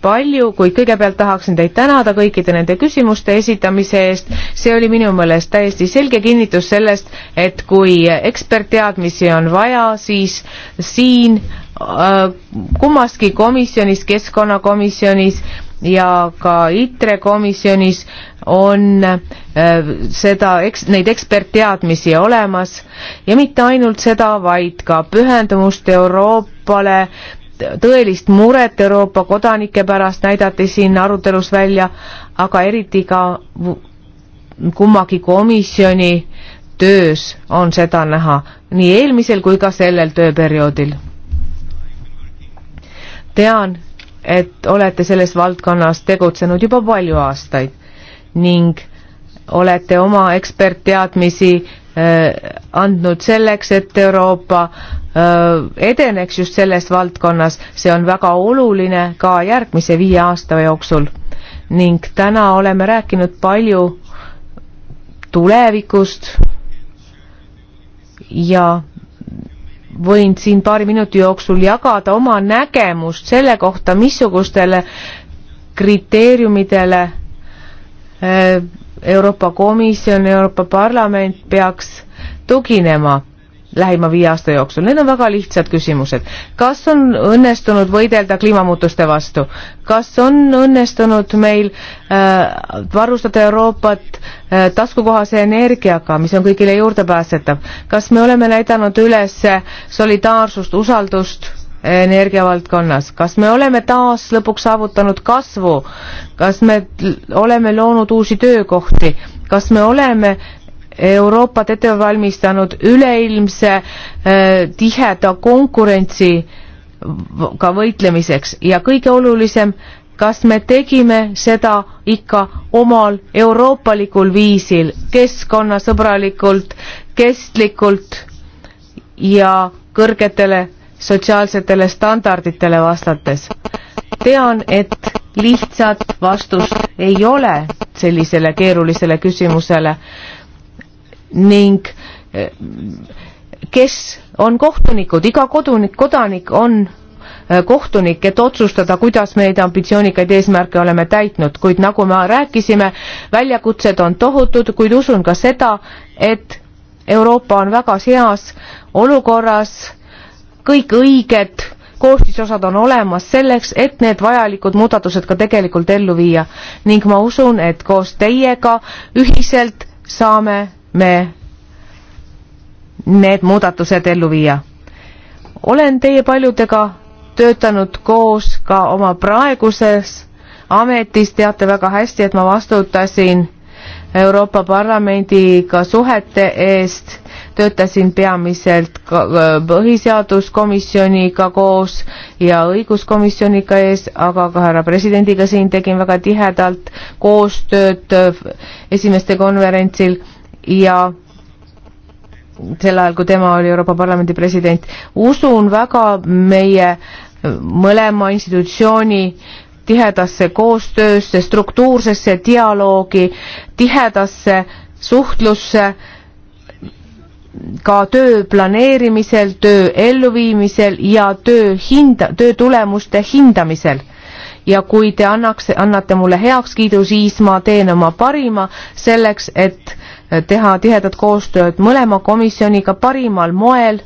palju, kuid kõigepealt tahaksin teid tänada kõikide nende küsimuste esitamise eest. see oli minu meelest täiesti selge kinnitus sellest, et kui ekspertteadmisi on vaja, siis siin kummaski komisjonis, keskkonnakomisjonis ja ka ITRE komisjonis on äh, seda, eks neid ekspertteadmisi olemas ja mitte ainult seda, vaid ka pühendumust Euroopale, tõelist muret Euroopa kodanike pärast näidati siin arutelus välja, aga eriti ka kummagi komisjoni töös on seda näha nii eelmisel kui ka sellel tööperioodil tean, et olete selles valdkonnas tegutsenud juba palju aastaid ning olete oma ekspertteadmisi äh, andnud selleks, et Euroopa äh, edeneks just selles valdkonnas. see on väga oluline ka järgmise viie aasta jooksul ning täna oleme rääkinud palju tulevikust ja võin siin paari minuti jooksul jagada oma nägemust selle kohta, missugustele kriteeriumidele eh, Euroopa Komisjon, Euroopa Parlament peaks tuginema lähima viie aasta jooksul, need on väga lihtsad küsimused. kas on õnnestunud võidelda kliimamuutuste vastu, kas on õnnestunud meil äh, varustada Euroopat äh, taskukohase energiaga, mis on kõigile juurdepääsetav, kas me oleme näidanud üles solidaarsust, usaldust energiavaldkonnas, kas me oleme taas lõpuks saavutanud kasvu, kas me oleme loonud uusi töökohti, kas me oleme Euroopat ette valmistanud üleilmse äh, tiheda konkurentsiga võitlemiseks ja kõige olulisem, kas me tegime seda ikka omal euroopalikul viisil, keskkonnasõbralikult, kestlikult ja kõrgetele sotsiaalsetele standarditele vastates. tean, et lihtsat vastust ei ole sellisele keerulisele küsimusele ning eh, kes on kohtunikud, iga kodunik, kodanik on eh, kohtunik, et otsustada, kuidas me neid ambitsioonikaid eesmärke oleme täitnud, kuid nagu me rääkisime, väljakutsed on tohutud, kuid usun ka seda, et Euroopa on väga heas olukorras, kõik õiged koostisosad on olemas selleks, et need vajalikud muudatused ka tegelikult ellu viia ning ma usun, et koos teiega ühiselt saame me need muudatused ellu viia. olen teie paljudega töötanud koos ka oma praeguses ametis, teate väga hästi, et ma vastutasin Euroopa Parlamendiga suhete eest, töötasin peamiselt äh, põhiseaduskomisjoniga koos ja õiguskomisjoniga ees, aga ka härra presidendiga siin tegin väga tihedalt koostööd äh, esimeste konverentsil ja sel ajal, kui tema oli Euroopa Parlamendi president. usun väga meie mõlema institutsiooni tihedasse koostöösse, struktuursesse dialoogi, tihedasse suhtlusse, ka töö planeerimisel, töö elluviimisel ja töö hinda, töö tulemuste hindamisel ja kui te annaks, annate mulle heakskiidu, siis ma teen oma parima selleks, et teha tihedat koostööd mõlema komisjoniga parimal moel,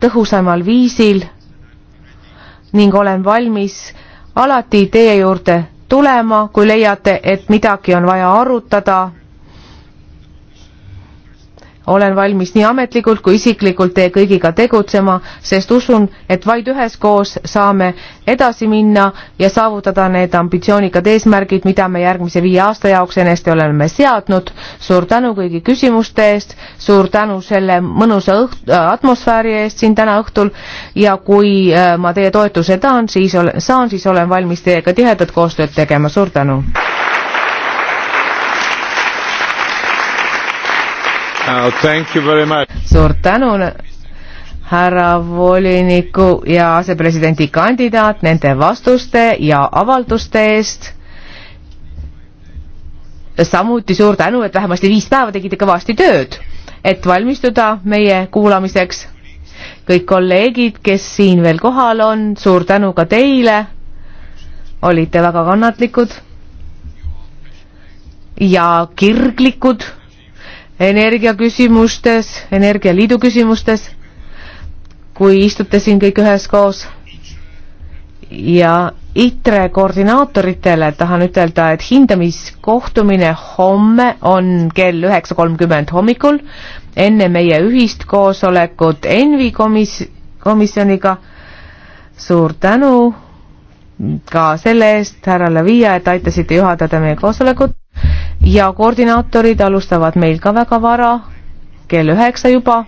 tõhusamal viisil ning olen valmis alati teie juurde tulema, kui leiate, et midagi on vaja arutada olen valmis nii ametlikult kui isiklikult teie kõigiga tegutsema, sest usun, et vaid üheskoos saame edasi minna ja saavutada need ambitsioonikad eesmärgid, mida me järgmise viie aasta jaoks eneste oleme seadnud. suur tänu kõigi küsimuste eest, suur tänu selle mõnusa õht-, atmosfääri eest siin täna õhtul ja kui äh, ma teie toetuse tahan, siis olen, saan, siis olen valmis teiega tihedat koostööd tegema, suur tänu! Uh, suur tänu, härra voliniku ja asepresidendi kandidaat nende vastuste ja avalduste eest. samuti suur tänu, et vähemasti viis päeva tegite kõvasti tööd, et valmistuda meie kuulamiseks. kõik kolleegid, kes siin veel kohal on, suur tänu ka teile. olite väga kannatlikud ja kirglikud energiaküsimustes, energialiidu küsimustes, kui istute siin kõik üheskoos. ja ITRE koordinaatoritele tahan ütelda, et hindamiskohtumine homme on kell üheksa kolmkümmend hommikul, enne meie ühist koosolekut ENVI komis-, komisjoniga. suur tänu ka selle eest, härra Lavia, et aitasite juhatada meie koosolekut ja koordinaatorid alustavad meil ka väga vara, kell üheksa juba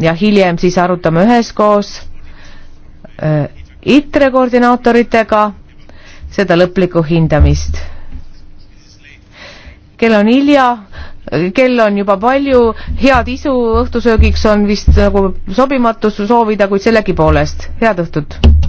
ja hiljem siis arutame üheskoos äh, ITRE koordinaatoritega seda lõplikku hindamist. kell on hilja, kell on juba palju, head isu õhtusöögiks on vist nagu sobimatus soovida, kuid sellegipoolest head õhtut!